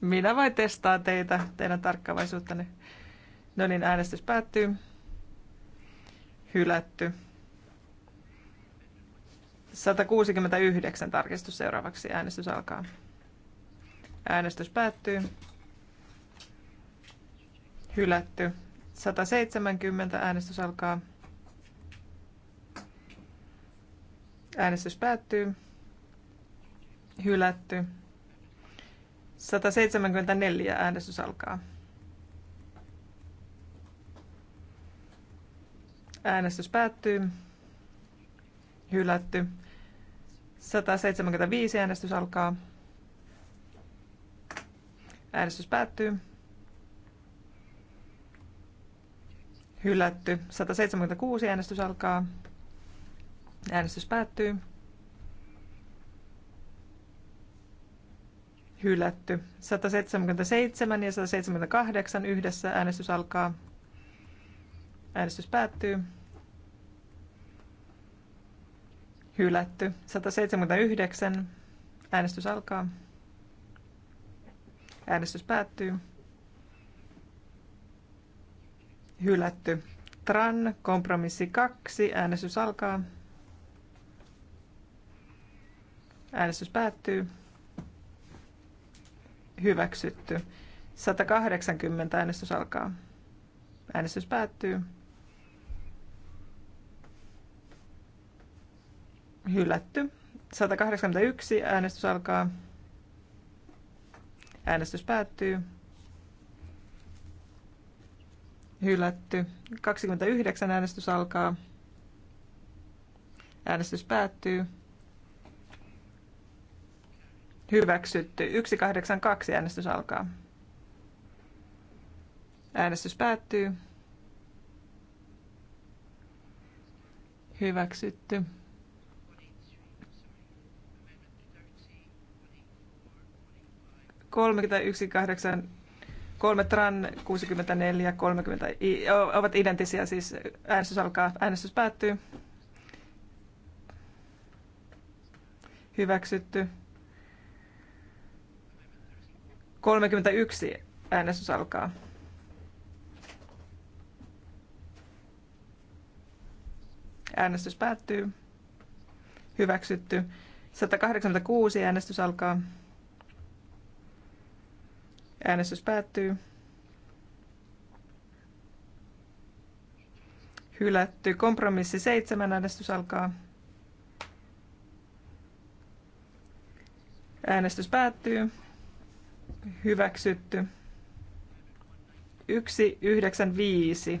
Minä vai testaa teitä, teidän tarkkaavaisuuttanne. No niin, äänestys päättyy. Hylätty. 169 tarkistus seuraavaksi. Äänestys alkaa. Äänestys päättyy hylätty. 170 äänestys alkaa. Äänestys päättyy. Hylätty. 174 äänestys alkaa. Äänestys päättyy. Hylätty. 175 äänestys alkaa. Äänestys päättyy. Hylätty. 176 äänestys alkaa. Äänestys päättyy. Hylätty. 177 ja 178 yhdessä äänestys alkaa. Äänestys päättyy. Hylätty. 179. Äänestys alkaa. Äänestys päättyy hylätty. Tran, kompromissi 2, äänestys alkaa. Äänestys päättyy. Hyväksytty. 180 äänestys alkaa. Äänestys päättyy. Hylätty. 181 äänestys alkaa. Äänestys päättyy. hylätty. 29 äänestys alkaa. Äänestys päättyy. Hyväksytty. 182 äänestys alkaa. Äänestys päättyy. Hyväksytty. Kolmekymmentä yksi kahdeksan kolme tran 64 30 ovat identisiä, siis äänestys alkaa, äänestys päättyy. Hyväksytty. 31 äänestys alkaa. Äänestys päättyy. Hyväksytty. 186 äänestys alkaa. Äänestys päättyy. Hylätty. Kompromissi 7. Äänestys alkaa. Äänestys päättyy. Hyväksytty. 195, 195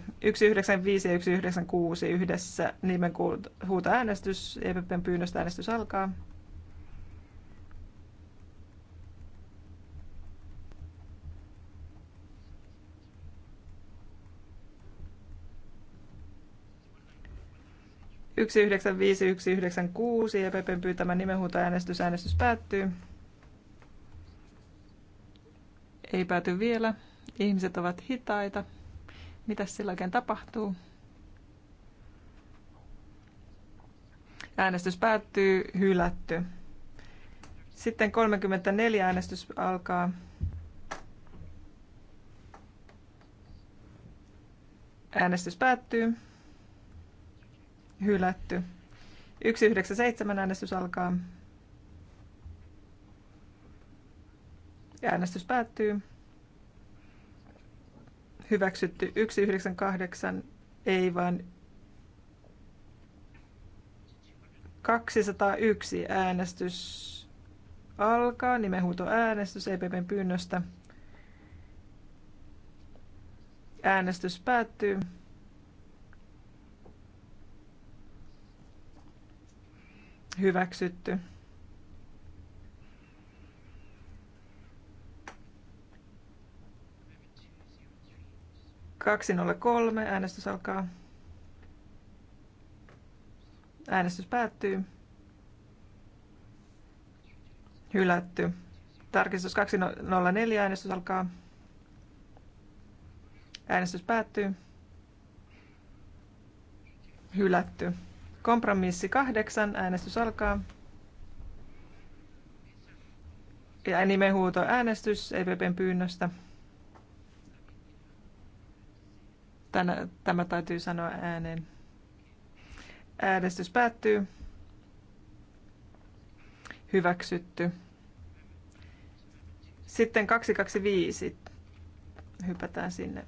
ja 196 yhdessä nimen huuta äänestys. EPPn pyynnöstä äänestys alkaa. 195196 ja Pepen pyytämä nimenhuuto Äänestys äänestys päättyy. Ei pääty vielä. Ihmiset ovat hitaita. Mitäs sillä oikein tapahtuu? Äänestys päättyy, hylätty. Sitten 34 äänestys alkaa. Äänestys päättyy hylätty. 197 äänestys alkaa. äänestys päättyy. Hyväksytty 198, ei vaan 201 äänestys alkaa, nimenhuuto äänestys EPPn pyynnöstä. Äänestys päättyy. hyväksytty. Kaksi nolla kolme, äänestys alkaa. Äänestys päättyy. Hylätty. Tarkistus 204, äänestys alkaa. Äänestys päättyy. Hylätty. Kompromissi kahdeksan, äänestys alkaa. Ja nimenhuuto äänestys EPPn pyynnöstä. Tänä, tämä täytyy sanoa ääneen. Äänestys päättyy. Hyväksytty. Sitten 225. Hypätään sinne.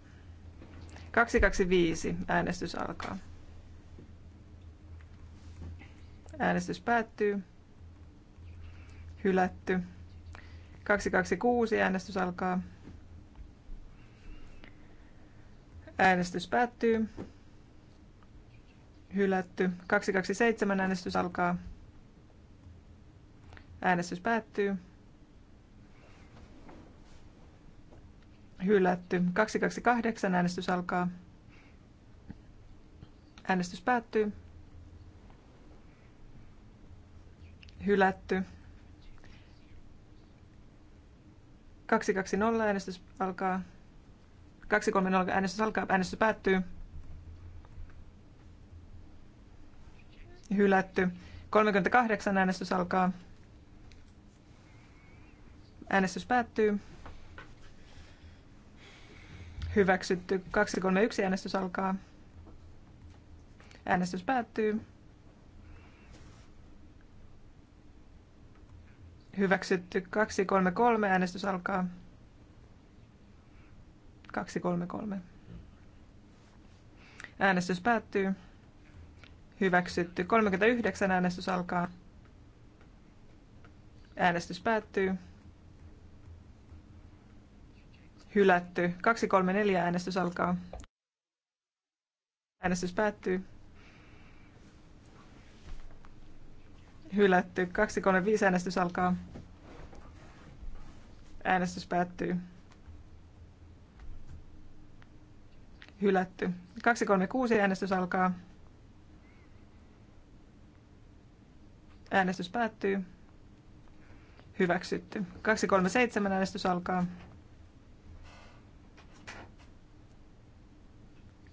225. Äänestys alkaa. Äänestys päättyy. Hylätty. 226 äänestys alkaa. Äänestys päättyy. Hylätty. 227 äänestys alkaa. Äänestys päättyy. Hylätty. 228 äänestys alkaa. Äänestys päättyy. hylätty. 220 äänestys alkaa. 230 äänestys alkaa, äänestys päättyy. Hylätty. 38 äänestys alkaa. Äänestys päättyy. Hyväksytty. 231 äänestys alkaa. Äänestys päättyy. Hyväksytty 233. Äänestys alkaa. 233. Äänestys päättyy. Hyväksytty 39. Äänestys alkaa. Äänestys päättyy. Hylätty 234. Äänestys alkaa. Äänestys päättyy. Hylätty 235. Äänestys alkaa. Äänestys päättyy. Hylätty. 236 äänestys alkaa. Äänestys päättyy. Hyväksytty. 237 äänestys alkaa.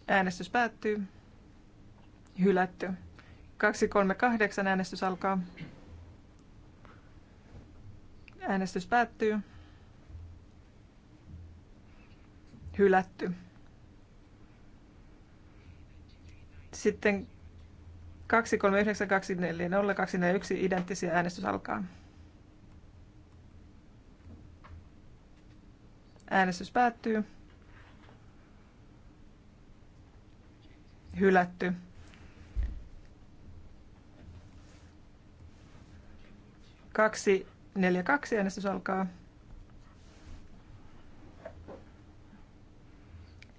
Äänestys päättyy. Hylätty. 238 äänestys alkaa. Äänestys päättyy. hylätty. Sitten 239, identtisiä äänestys alkaa. Äänestys päättyy. Hylätty. Kaksi, neljä, kaksi äänestys alkaa.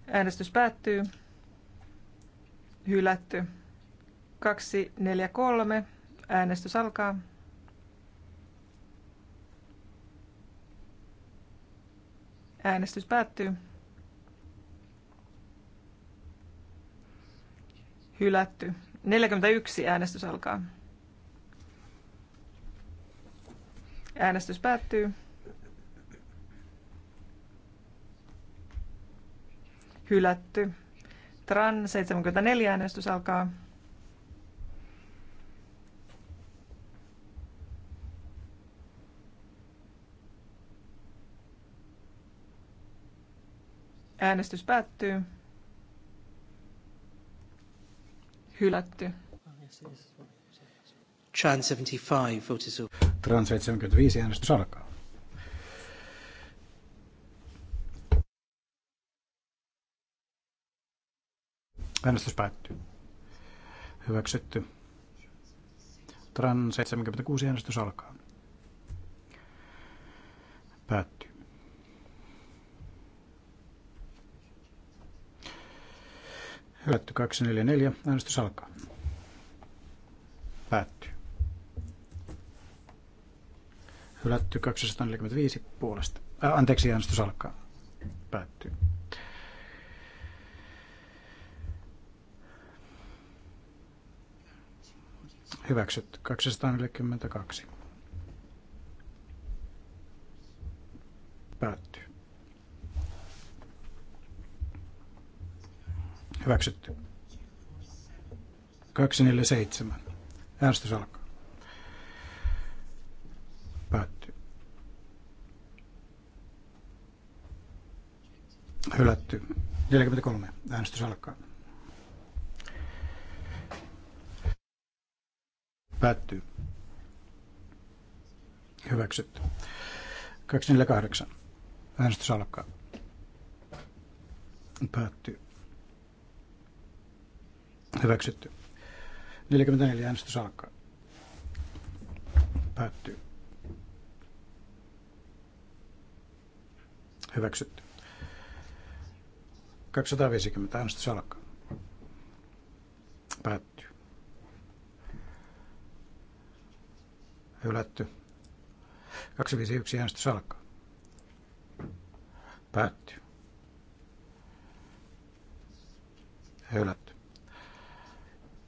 Äänestys päättyy. Hylätty. 2, 4, 3. Äänestys alkaa. Äänestys päättyy. Hylätty. 41. Äänestys alkaa. Äänestys päättyy. hylätty. Tran 74 äänestys alkaa. Äänestys päättyy. Hylätty. Tran 75, vote is Tran 75 äänestys alkaa. Äänestys päättyy. Hyväksytty. Tran 76 äänestys alkaa. Päättyy. Hylätty 244. Äänestys alkaa. Päättyy. Hylätty 245 puolesta. Ää, äh, anteeksi, äänestys alkaa. Päättyy. Hyväksyt 242. Päättyy. Hyväksytty. 247. Äänestys alkaa. Päättyy. Hylätty. 43. Äänestys alkaa. Päättyy. Hyväksytty. 248. Äänestys alkaa. Päättyy. Hyväksytty. 44 äänestys alkaa. Päättyy. Hyväksytty. 250 äänestys alkaa. Päättyy. Hylätty. 251 äänestys alkaa. Päättyy. Hylätty.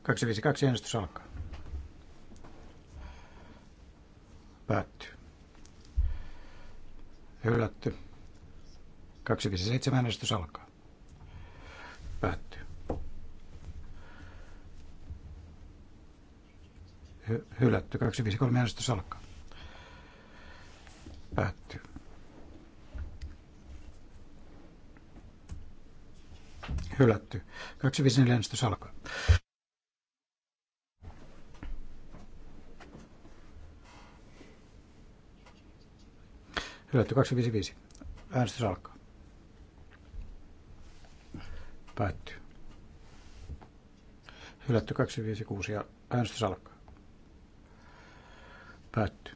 252 äänestys alkaa. Päättyy. Hylätty. 257 äänestys alkaa. Päättyy. hy, hylätty. 253 äänestys alkaa. Päättyy. Hylätty. 254 äänestys alkaa. Hylätty 255. Äänestys alkaa. Päättyy. Hylätty 256 ja äänestys alkaa. Päättyy.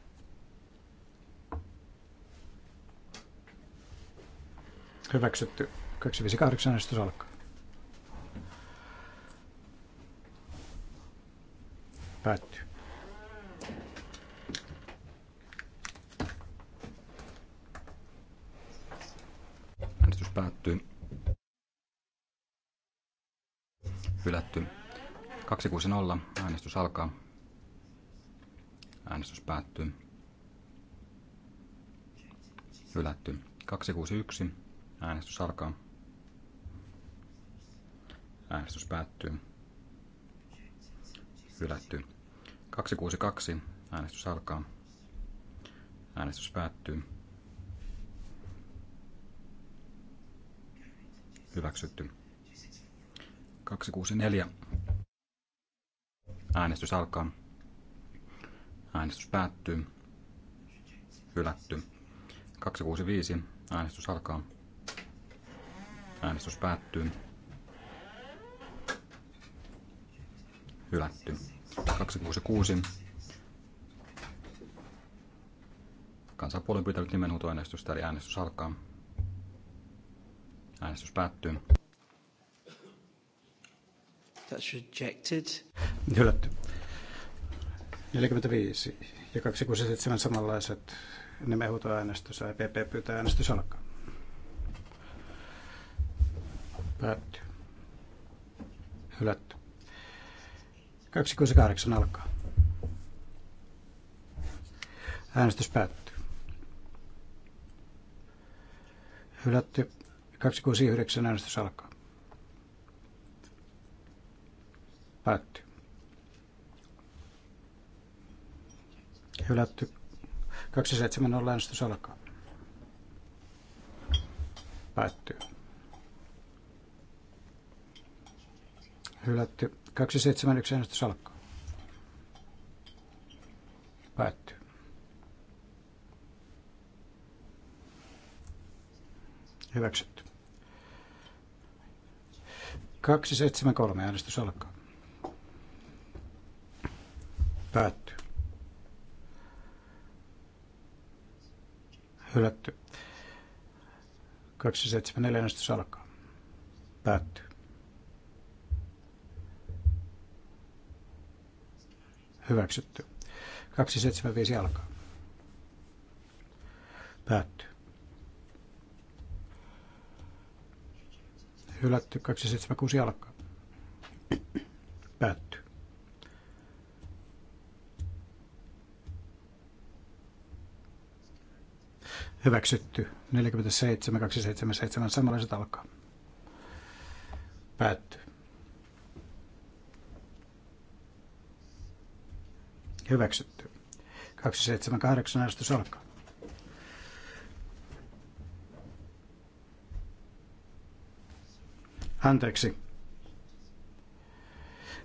Hyväksytty. 258 äänestys alkaa. Päättyy. Äänestys päättyy. Hylätty. 260. Äänestys alkaa. Äänestys päättyy. Hylätty. 261. Äänestys alkaa. Äänestys päättyy. Hylätty. 262. Äänestys alkaa. Äänestys päättyy. Hyväksytty. 264. Äänestys alkaa. Äänestys päättyy. Hylätty. 265. Äänestys alkaa. Äänestys päättyy. Hylätty. 266. Kansanpuolen on pyytänyt nimenhuutoäänestystä, eli äänestys alkaa. Äänestys päättyy. That's rejected. Hylätty. 45 ja 267 samanlaiset nimenhuutoäänestys niin ja EPP pyytää äänestys alkaa. Päätty. Hylätty. 268 alkaa. Äänestys päättyy. Hylätty. 269 äänestys alkaa. Päättyy. Hylätty. 270 äänestys alkaa. Päättyy. Hylätty. 271 äänestys alkaa. Päättyy. Hyväksytty. 273 äänestys alkaa. Hylätty. 274 äänestys alkaa. Päättyy. Hyväksytty. 275 alkaa. Päättyy. Hylätty. 276 alkaa. Päättyy. Hyväksytty. 47 47277 samanlaiset alkaa. Päättyy. Hyväksytty. 278 äänestys alkaa. Anteeksi.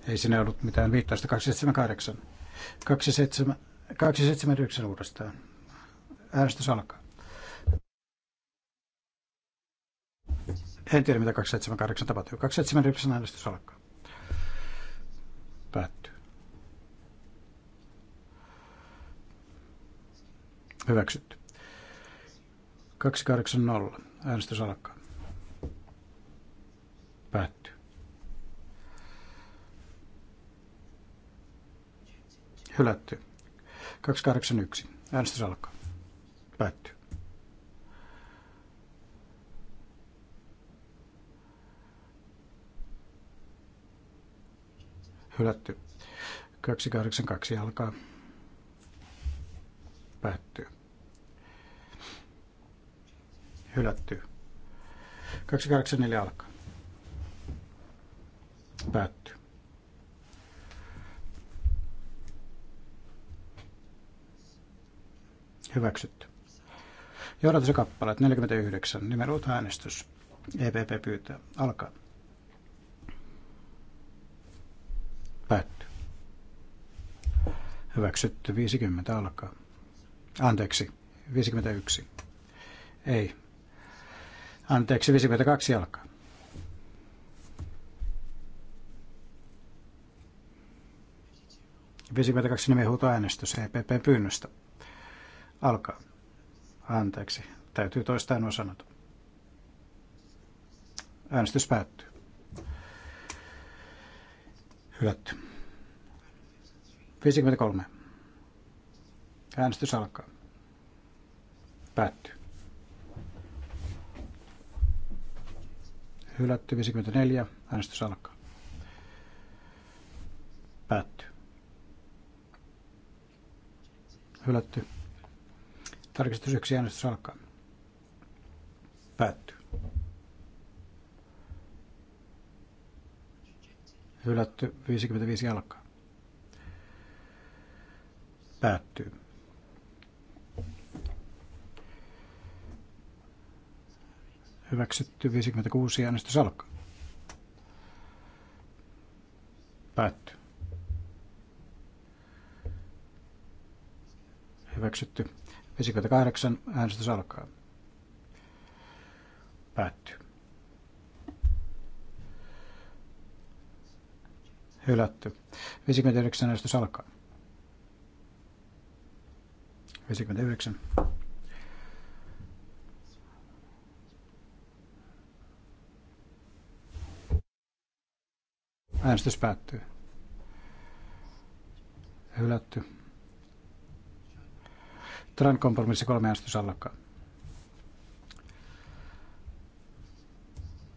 Ei siinä ollut mitään viittausta. 278. 279 uudestaan. Äänestys alkaa. En tiedä, mitä 278 tapahtuu. 279 äänestys alkaa. Päättyy. Hyväksytty. 280. Äänestys alkaa. Päättyy. Hylätty. 281. Äänestys alkaa. Päättyy. Hylätty. 282 alkaa. Päättyy. Hylätty. 284 alkaa. Päättyy. Hyväksytty. Johdatus kappaleet 49. äänestys. EPP pyytää. Alkaa. päättyy. Hyväksytty. 50 alkaa. Anteeksi. 51. Ei. Anteeksi, 52 alkaa. Viisikymmentäkaksi äänestys EPP pyynnöstä. Alkaa. Anteeksi, täytyy toistaa nuo sanat. Äänestys päättyy. Hylätty. 53. Äänestys alkaa. Päättyy. Hylätty 54. Äänestys alkaa. Päättyy. Hylätty. Tarkistus 1. Äänestys alkaa. Päättyy. hylätty 55 jalkaa. Päättyy. Hyväksytty 56 äänestys alkaa. Päättyy. Hyväksytty 58 äänestys alkaa. Päättyy. Hylätty. 59 äänestys alkaa. 59. Äänestys päättyy. Hylätty. Tran kompromissi kolme äänestys alkaa.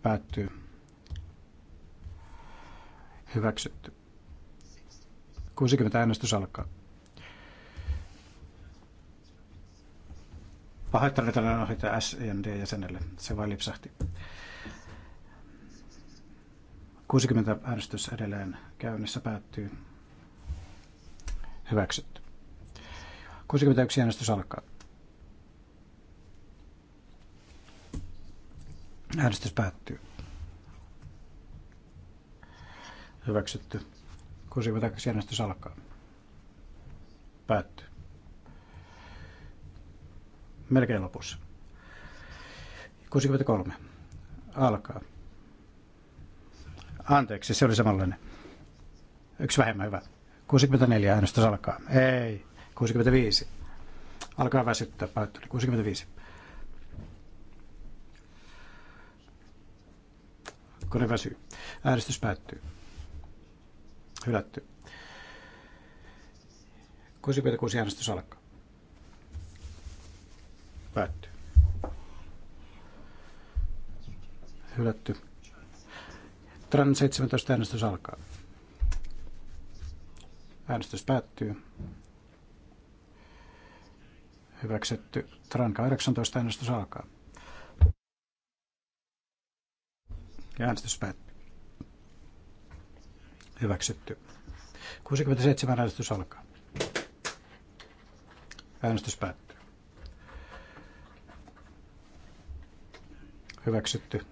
Päättyy. Hyväksytty. 60 äänestys alkaa. Pahoittelen tällä ohjata SND-jäsenelle. Se vain lipsahti. 60 äänestys edelleen käynnissä päättyy. Hyväksytty. 61 äänestys alkaa. Äänestys päättyy. Hyväksytty. 62 äänestys alkaa. Päättyy. Melkein lopussa. 63 alkaa. Anteeksi, se oli samanlainen. Yksi vähemmän hyvä. 64 äänestys alkaa. Ei. 65. Alkaa väsyttää. Päättyy. 65. Kone väsyy. Äänestys päättyy. Hylätty. kuusi äänestys alkaa. Päättyy. Hylätty. Tran 17 äänestys alkaa. Äänestys päättyy. Hyväksytty. Tran 18 äänestys alkaa. Ja äänestys päättyy. Hyväksytty. 67 äänestys alkaa. Äänestys päättyy. Hyväksytty.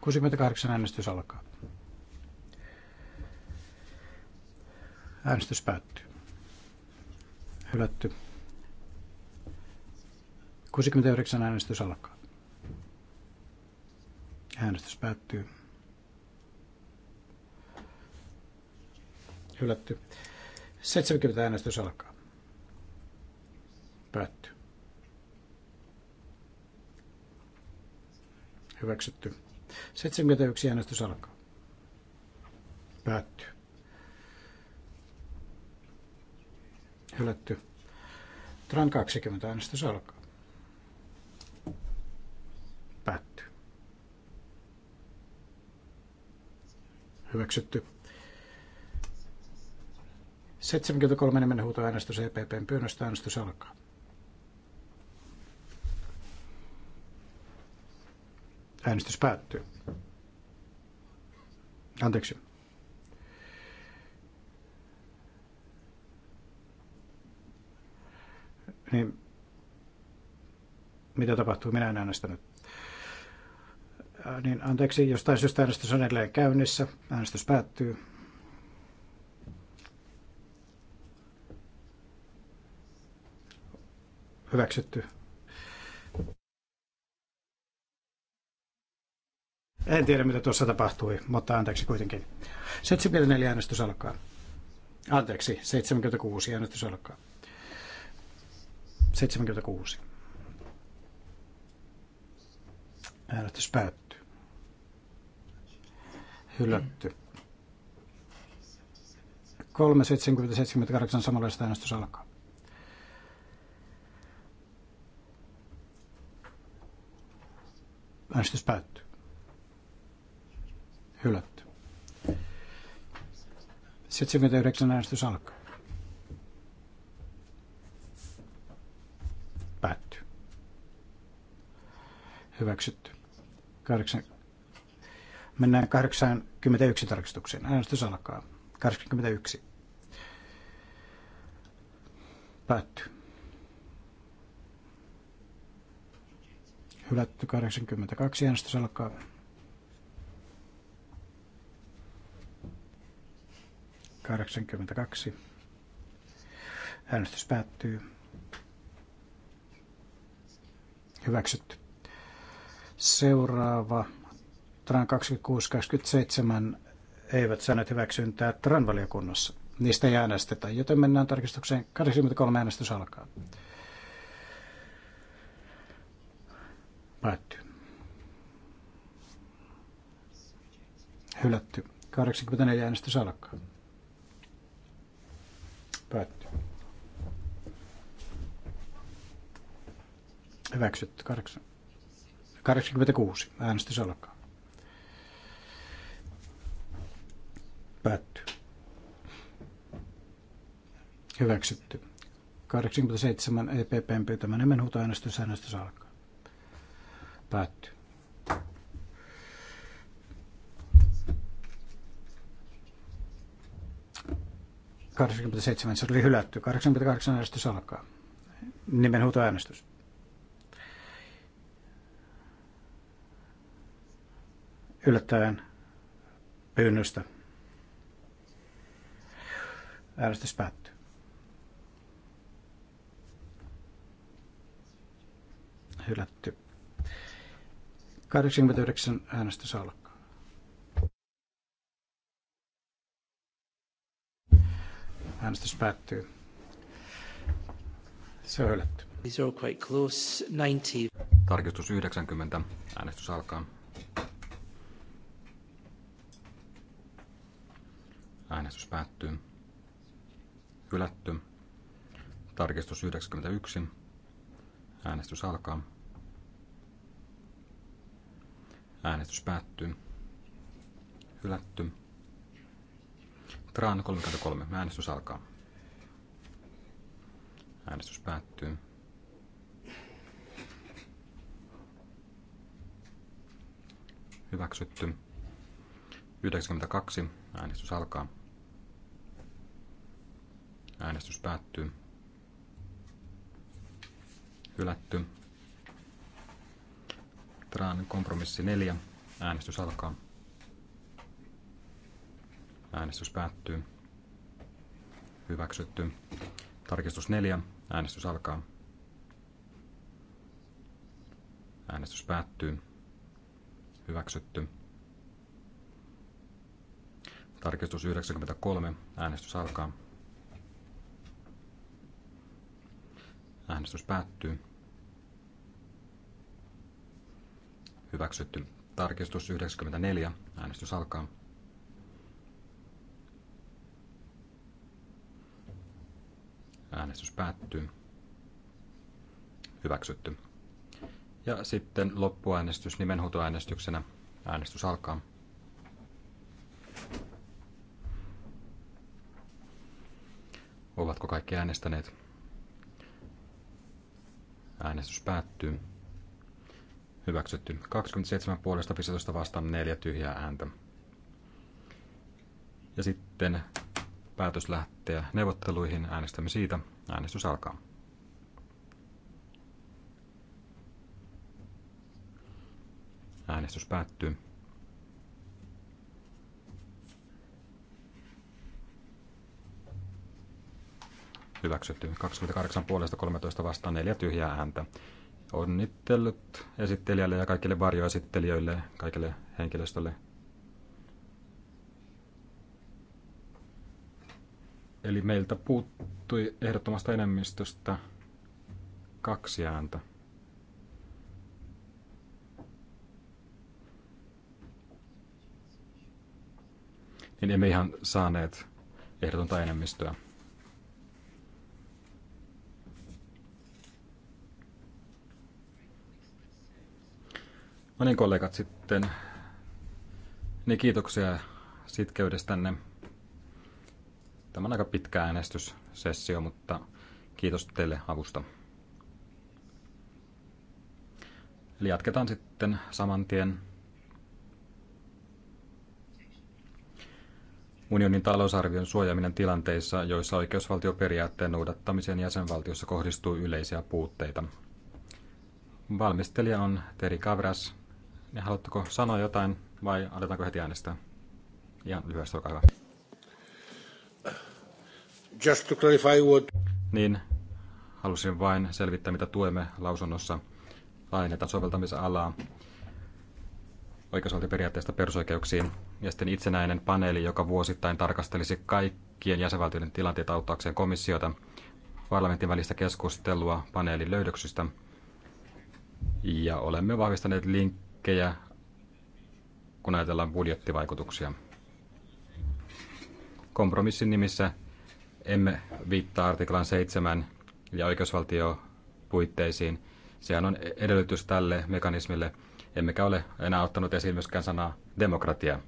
68 äänestys alkaa. Äänestys päättyy. Hylätty. 69 äänestys alkaa. Äänestys päättyy. Hylätty. 70 äänestys alkaa. Päättyy. Hyväksytty. 71 äänestys alkaa. Päättyy. Hylätty. Tran 20 äänestys alkaa. Päättyy. Hyväksytty. 73 nimenhuutoäänestys EPPn pyynnöstä äänestys alkaa. Äänestys päättyy. Anteeksi. Niin, mitä tapahtuu? Minä en äänestänyt. Niin anteeksi, jostain syystä äänestys on edelleen käynnissä. Äänestys päättyy. Hyväksytty. En tiedä, mitä tuossa tapahtui, mutta anteeksi kuitenkin. 74 äänestys alkaa. Anteeksi, 76 äänestys alkaa. 76. Äänestys päättyy. Hylätty. 3, 70, 78 samanlaista äänestys alkaa. Äänestys päättyy. Hylätty. 79 äänestys alkaa. Päättyy. Hyväksytty. 8. Mennään 81 tarkistukseen. Äänestys alkaa. 81. Päättyy. Hylätty 82 äänestys alkaa. Äänestys päättyy. Hyväksytty. Seuraava. Tran 26-27 eivät saaneet hyväksyntää Tran valiokunnassa. Niistä ei äänestetä, joten mennään tarkistukseen. 83 äänestys alkaa. Päättyy. Hylätty. 84 äänestys alkaa. Päättyy. Hyväksytty. 86 äänestys alkaa. Päättyy. Hyväksytty. 87 e tämä nimenhuuto äänestys äänestys alkaa. Päättyy. se oli hylätty. 88 äänestys alkaa. äänestys. Yllättäen pyynnöstä. Äänestys päättyy. Hylätty. 89 äänestys alkaa. Äänestys päättyy. Se on hylätty. These are quite close. 90. Tarkistus 90. Äänestys alkaa. Äänestys päättyy. Hylätty. Tarkistus 91. Äänestys alkaa. Äänestys päättyy. Hylätty. Tran 33. Äänestys alkaa. Äänestys päättyy. Hyväksytty. 92. Äänestys alkaa. Äänestys päättyy. Hylätty. Itran kompromissi 4. Äänestys alkaa. Äänestys päättyy. Hyväksytty. Tarkistus 4. Äänestys alkaa. Äänestys päättyy. Hyväksytty. Tarkistus 93. Äänestys alkaa. Äänestys päättyy. Hyväksytty. Tarkistus 94. Äänestys alkaa. Äänestys päättyy. Hyväksytty. Ja sitten loppuäänestys nimenhuutoäänestyksenä. Äänestys alkaa. Ovatko kaikki äänestäneet? Äänestys päättyy hyväksytty. 27 puolesta 15 vastaan neljä tyhjää ääntä. Ja sitten päätös lähteä neuvotteluihin. Äänestämme siitä. Äänestys alkaa. Äänestys päättyy. Hyväksytty. 28 puolesta 13 vastaan 4 tyhjää ääntä onnittelut esittelijälle ja kaikille varjoesittelijöille, kaikille henkilöstölle. Eli meiltä puuttui ehdottomasta enemmistöstä kaksi ääntä. Niin emme ihan saaneet ehdotonta enemmistöä. No niin kollegat sitten, niin kiitoksia sitkeydestänne. Tämä on aika pitkä äänestyssessio, mutta kiitos teille avusta. Eli jatketaan sitten saman tien. Unionin talousarvion suojaaminen tilanteissa, joissa oikeusvaltioperiaatteen noudattamisen jäsenvaltiossa kohdistuu yleisiä puutteita. Valmistelija on Teri Kavras. Haluatteko sanoa jotain vai aletaanko heti äänestää? Ihan lyhyesti, olkaa hyvä. Just to clarify what... Niin, halusin vain selvittää, mitä tuemme lausunnossa. Laajennetaan soveltamisalaa oikeusvaltioperiaatteesta perusoikeuksiin ja sitten itsenäinen paneeli, joka vuosittain tarkastelisi kaikkien jäsenvaltioiden tilanteita auttaakseen komissiota parlamentin välistä keskustelua paneelin löydöksystä. Ja olemme vahvistaneet linkkiä riskejä, kun ajatellaan budjettivaikutuksia. Kompromissin nimissä emme viittaa artiklan 7 ja oikeusvaltiopuitteisiin. Sehän on edellytys tälle mekanismille, emmekä ole enää ottanut esiin myöskään sanaa demokratia.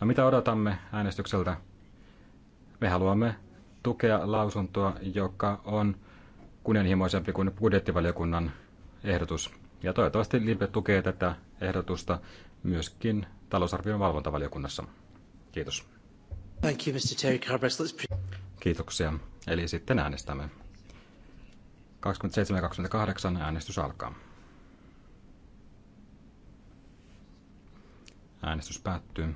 No mitä odotamme äänestykseltä? Me haluamme tukea lausuntoa, joka on kunnianhimoisempi kuin budjettivaliokunnan ehdotus. Ja toivottavasti Libe tukee tätä ehdotusta myöskin talousarvion valvontavaliokunnassa. Kiitos. Thank you, Mr. Terry Kiitoksia. Eli sitten äänestämme. 27-28 äänestys alkaa. Äänestys päättyy.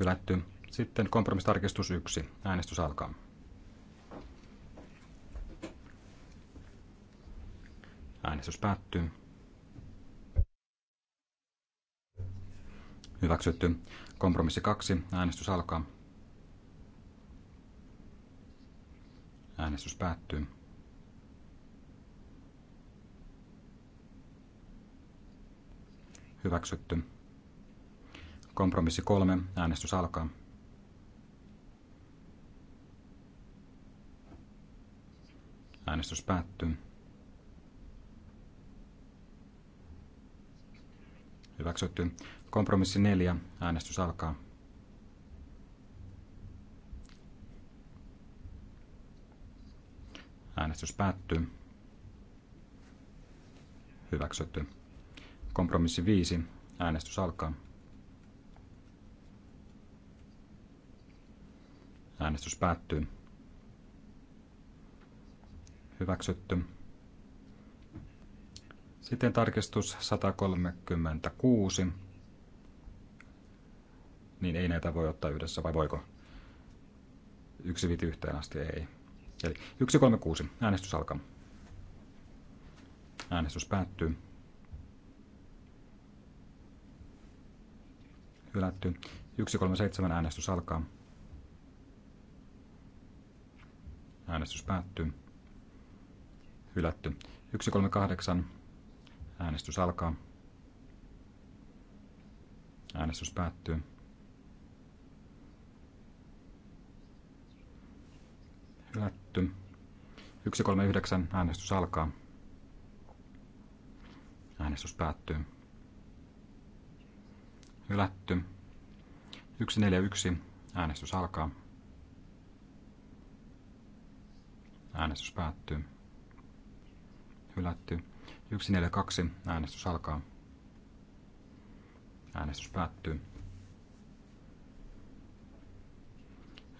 Hylätty. Sitten kompromistarkistus 1. Äänestys alkaa. Äänestys päättyy. Hyväksytty. Kompromissi 2. Äänestys alkaa. Äänestys päättyy. Hyväksytty. Kompromissi 3. Äänestys alkaa. Äänestys päättyy. Hyväksytty. Kompromissi 4. Äänestys alkaa. Äänestys päättyy. Hyväksytty. Kompromissi 5. Äänestys alkaa. Äänestys päättyy. Hyväksytty. Sitten tarkistus 136. Niin ei näitä voi ottaa yhdessä, vai voiko? 1 yhteen asti ei. Eli 136. Äänestys alkaa. Äänestys päättyy. Hylätty. 137 äänestys alkaa. Äänestys päättyy. Hylätty. 138 Äänestys alkaa. Äänestys päättyy. Hylätty. 139 äänestys alkaa. Äänestys päättyy. Hylätty. 141 äänestys alkaa. Äänestys päättyy. Hylätty. 142. Äänestys alkaa. Äänestys päättyy.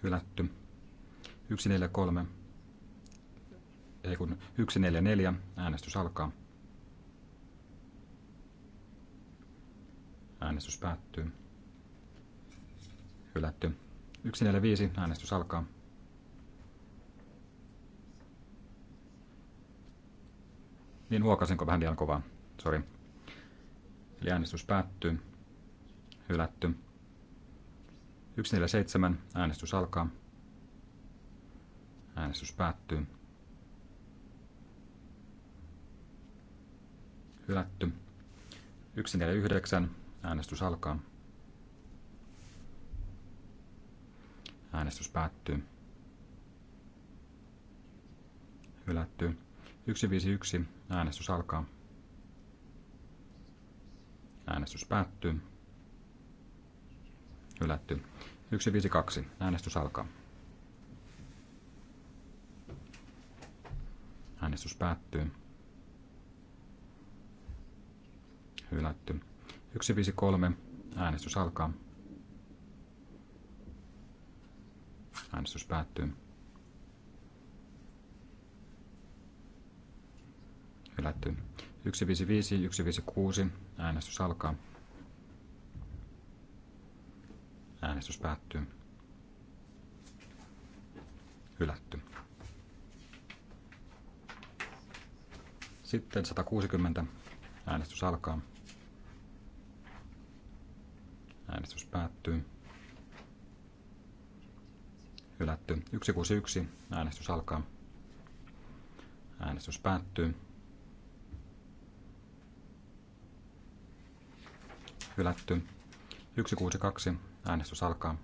Hylätty. 143. Ei kun 144. Äänestys alkaa. Äänestys päättyy. Hylätty. 145. Äänestys alkaa. Niin huokasinko vähän liian kovaa? Sori. Eli äänestys päättyy. Hylätty. 147. Äänestys alkaa. Äänestys päättyy. Hylätty. 149. Äänestys alkaa. Äänestys päättyy. Hylätty. 151. Äänestys alkaa. Äänestys päättyy. Ylätty. 152. Äänestys alkaa. Äänestys päättyy. Hylätty. 153. Äänestys alkaa. Äänestys päättyy. hylätty. 155, 156, äänestys alkaa. Äänestys päättyy. Hylätty. Sitten 160, äänestys alkaa. Äänestys päättyy. Hylätty. 161, äänestys alkaa. Äänestys päättyy. hylätty. 162. Äänestys alkaa.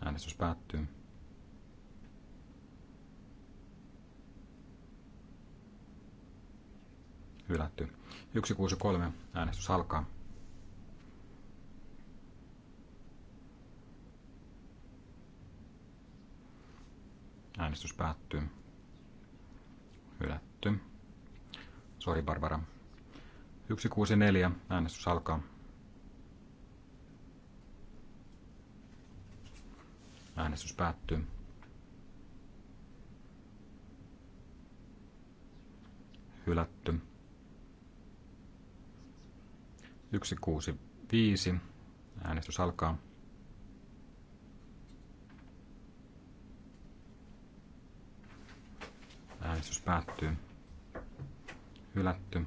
Äänestys päättyy. Hylätty. 163. Äänestys alkaa. Äänestys päättyy. Hylätty. Sori Barbara. 164. Äänestys alkaa. Äänestys päättyy. Hylätty. 165. Äänestys alkaa. Äänestys päättyy. Hylätty.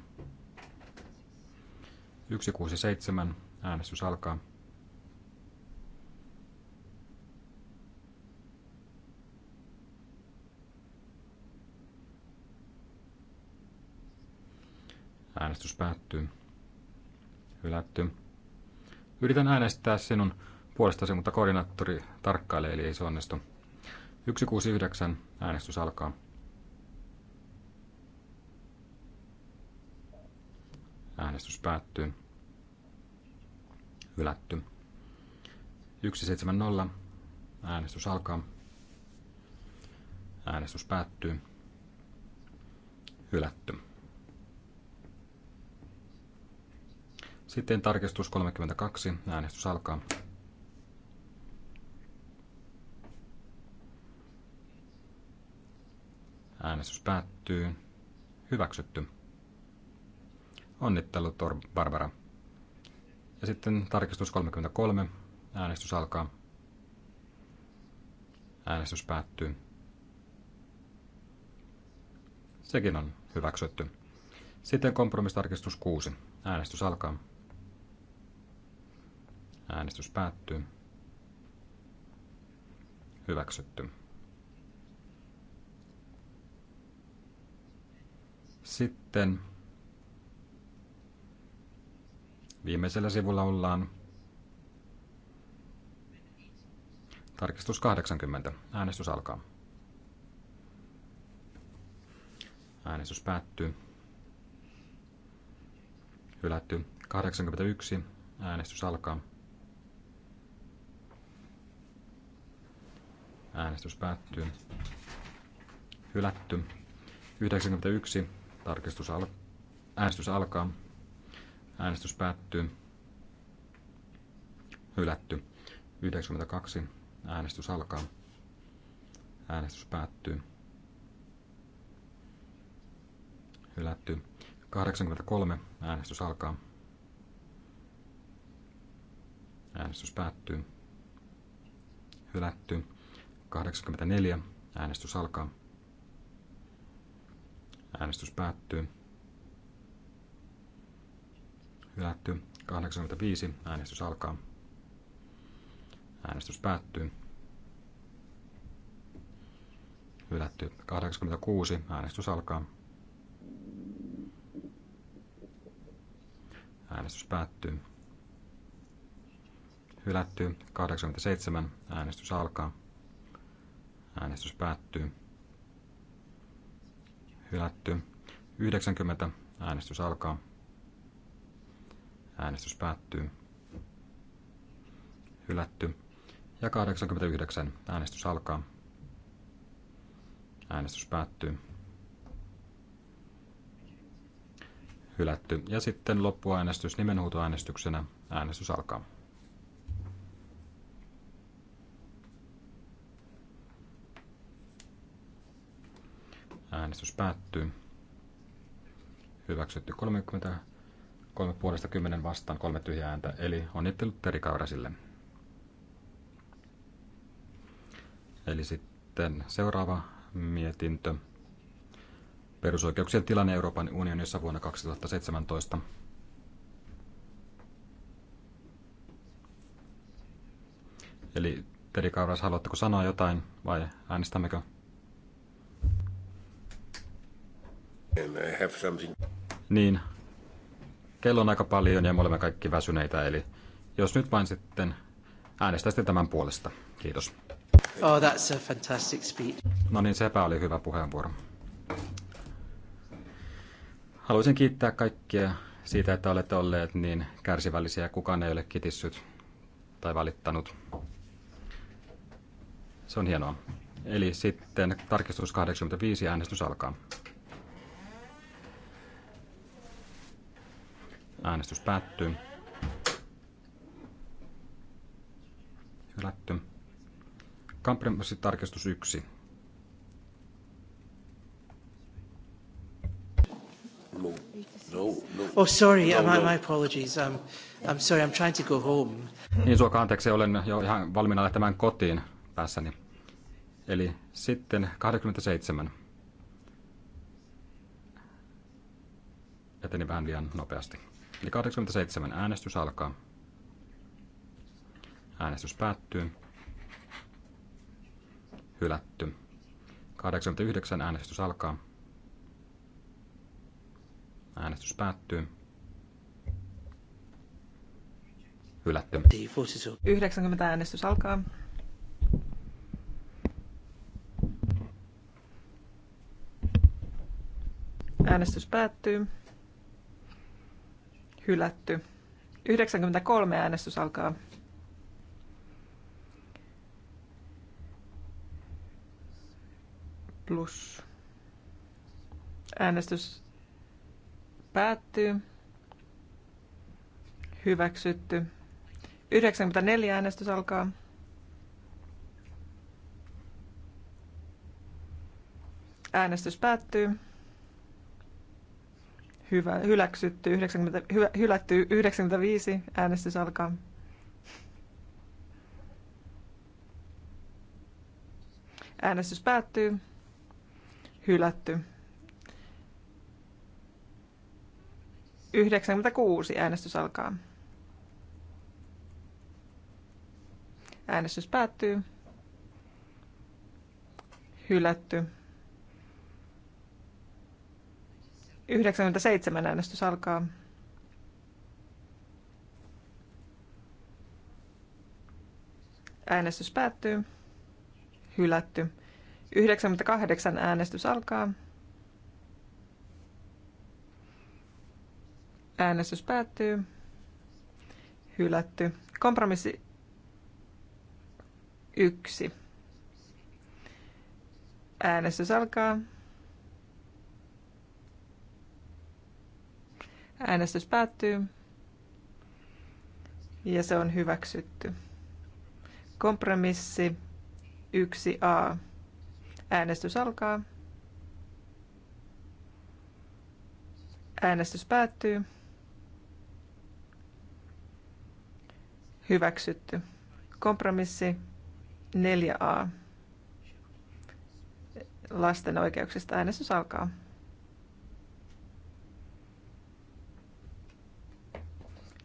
167. Äänestys alkaa. Äänestys päättyy. Hylätty. Yritän äänestää sinun puolestasi, mutta koordinaattori tarkkailee, eli ei se onnistu. 169. Äänestys alkaa. Äänestys päättyy. Hylätty. 170. Äänestys alkaa. Äänestys päättyy. Hylätty. Sitten tarkistus 32. Äänestys alkaa. Äänestys päättyy. Hyväksytty. Onnittelut, Barbara. Ja sitten tarkistus 33. Äänestys alkaa. Äänestys päättyy. Sekin on hyväksytty. Sitten kompromistarkistus 6. Äänestys alkaa. Äänestys päättyy. Hyväksytty. Sitten Viimeisellä sivulla ollaan tarkistus 80. Äänestys alkaa. Äänestys päättyy. Hylätty 81. Äänestys alkaa. Äänestys päättyy. Hylätty. 91. Tarkistus al- äänestys alkaa. Äänestys päättyy. Hylätty. 92. Äänestys alkaa. Äänestys päättyy. Hylätty. 83. Äänestys alkaa. Äänestys päättyy. Hylätty. 84. Äänestys alkaa. Äänestys päättyy. Hylätty. 85. Äänestys alkaa. Äänestys päättyy. Hylätty. 86. Äänestys alkaa. Äänestys päättyy. Hylätty. 87. Äänestys alkaa. Äänestys päättyy. Hylätty. 90. Äänestys alkaa. Äänestys päättyy. Hylätty. Ja 89. Äänestys alkaa. Äänestys päättyy. Hylätty. Ja sitten loppuäänestys nimenhuutoäänestyksenä. Äänestys alkaa. Äänestys päättyy. Hyväksytty 30 kolme puolesta kymmenen vastaan, kolme tyhjää ääntä, eli onnittelut Peri Kaurasille. Eli sitten seuraava mietintö. Perusoikeuksien tilanne Euroopan unionissa vuonna 2017. Eli Teri Kauras, haluatteko sanoa jotain vai äänestämmekö? Niin, kello on aika paljon ja me olemme kaikki väsyneitä, eli jos nyt vain sitten äänestäisitte tämän puolesta. Kiitos. Oh, that's a fantastic speech. No niin, sepä oli hyvä puheenvuoro. Haluaisin kiittää kaikkia siitä, että olette olleet niin kärsivällisiä. Kukaan ei ole kitissyt tai valittanut. Se on hienoa. Eli sitten tarkistus 85 äänestys alkaa. Äänestys päättyy. Hylätty. tarkistus 1. No, no, no. Oh, sorry, no, my, no. my apologies. I'm, um, I'm sorry, I'm trying to go home. Niin, suoka anteeksi, olen jo ihan valmiina lähtemään kotiin päässäni. Eli sitten 87. Eteni vähän liian nopeasti. Eli 87 äänestys alkaa. Äänestys päättyy. Hylätty. 89 äänestys alkaa. Äänestys päättyy. Hylätty. 90 äänestys alkaa. Äänestys päättyy hylätty. 93 äänestys alkaa. Plus. Äänestys päättyy. Hyväksytty. 94 äänestys alkaa. Äänestys päättyy. Hyvä, hyläksytty 90, hyvä, hylätty 95, äänestys alkaa. Äänestys päättyy. Hylätty. 96 äänestys alkaa. Äänestys päättyy. Hylätty. 97 äänestys alkaa. Äänestys päättyy. Hylätty. 98 äänestys alkaa. Äänestys päättyy. Hylätty. Kompromissi yksi. Äänestys alkaa. Äänestys päättyy. Ja se on hyväksytty. Kompromissi 1a. Äänestys alkaa. Äänestys päättyy. Hyväksytty. Kompromissi 4a. Lasten oikeuksista äänestys alkaa.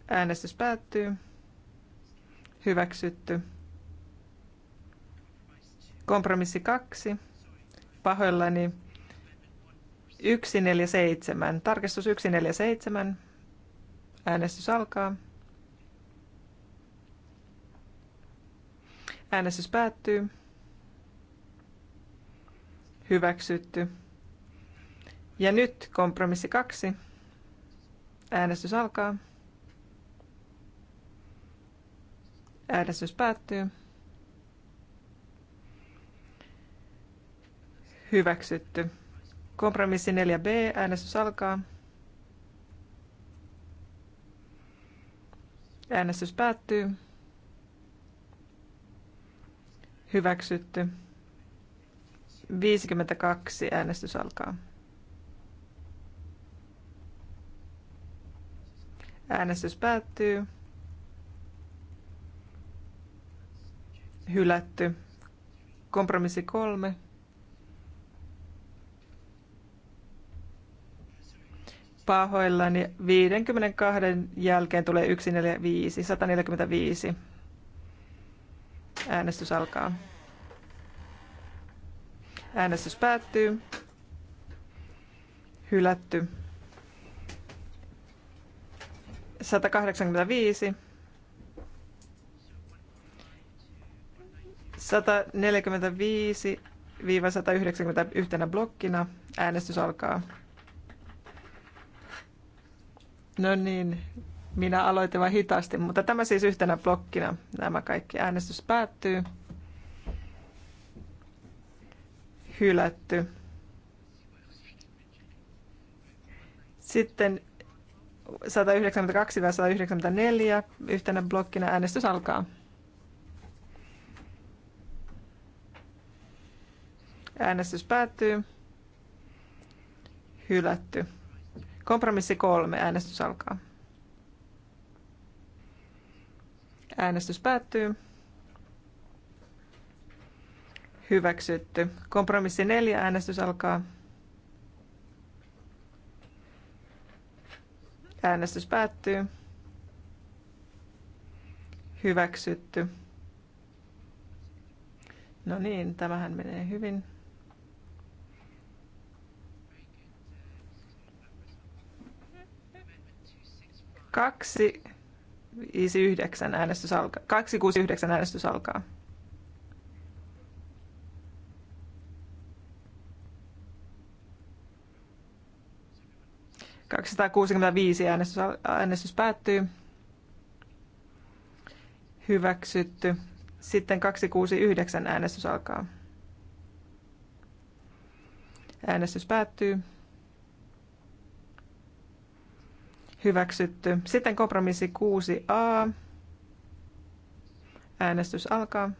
Äänestys päättyy. Hyväksytty. Kompromissi kaksi. Pahoillani 147. Tarkistus 147. Äänestys alkaa. Äänestys päättyy. Hyväksytty. Ja nyt kompromissi kaksi. Äänestys alkaa. Äänestys päättyy. Hyväksytty. Kompromissi 4b. Äänestys alkaa. Äänestys päättyy. Hyväksytty. 52. Äänestys alkaa. Äänestys päättyy. hylätty. Kompromissi kolme. Pahoillani niin 52 jälkeen tulee 145, 145. Äänestys alkaa. Äänestys päättyy. Hylätty. 185. 145 191 blokkina. Äänestys alkaa. No niin, minä aloitin vain hitaasti, mutta tämä siis yhtenä blokkina. Nämä kaikki äänestys päättyy. Hylätty. Sitten 192-194 yhtenä blokkina äänestys alkaa. Äänestys päättyy. Hylätty. Kompromissi kolme. Äänestys alkaa. Äänestys päättyy. Hyväksytty. Kompromissi neljä. Äänestys alkaa. Äänestys päättyy. Hyväksytty. No niin, tämähän menee hyvin. 2, äänestys alkaa. 269 äänestys alkaa. äänestys, äänestys päättyy. Hyväksytty. Sitten 269 äänestys alkaa. Äänestys päättyy. Hyväksytty. Sitten kompromissi 6a. Äänestys alkaa.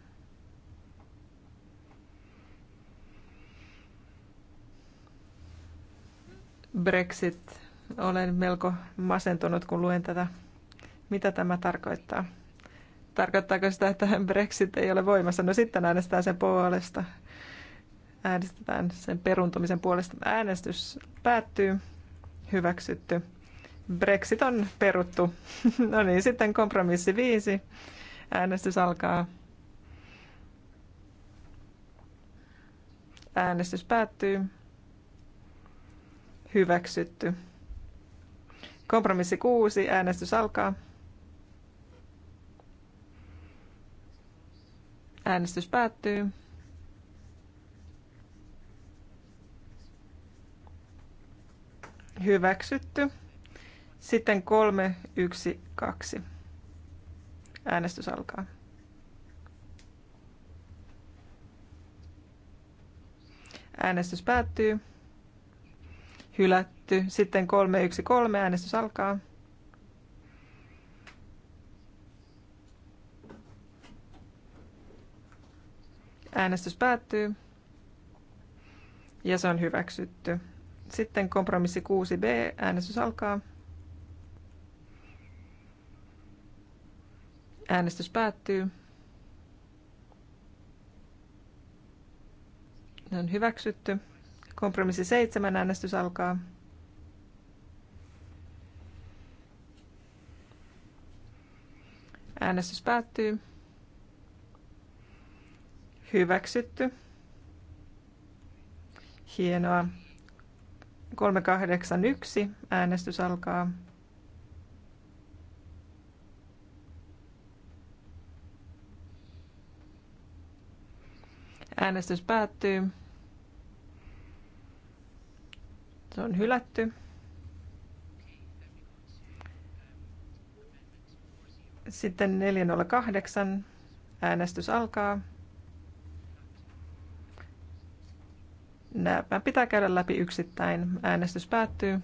Brexit. Olen melko masentunut, kun luen tätä. Mitä tämä tarkoittaa? Tarkoittaako sitä, että Brexit ei ole voimassa? No sitten äänestetään sen puolesta. Äänestetään sen peruntumisen puolesta. Äänestys päättyy. Hyväksytty. Brexit on peruttu. No niin, sitten kompromissi viisi. Äänestys alkaa. Äänestys päättyy. Hyväksytty. Kompromissi kuusi. Äänestys alkaa. Äänestys päättyy. Hyväksytty. Sitten kolme yksi kaksi Äänestys alkaa. Äänestys päättyy. Hylätty. Sitten kolme yksi kolme äänestys alkaa. Äänestys päättyy. Ja se on hyväksytty. Sitten kompromissi 6b. Äänestys alkaa. Äänestys päättyy. Ne on hyväksytty. Kompromissi 7. Äänestys alkaa. Äänestys päättyy. Hyväksytty. Hienoa. 381. Äänestys alkaa. Äänestys päättyy. Se on hylätty. Sitten 408. Äänestys alkaa. Nämä pitää käydä läpi yksittäin. Äänestys päättyy.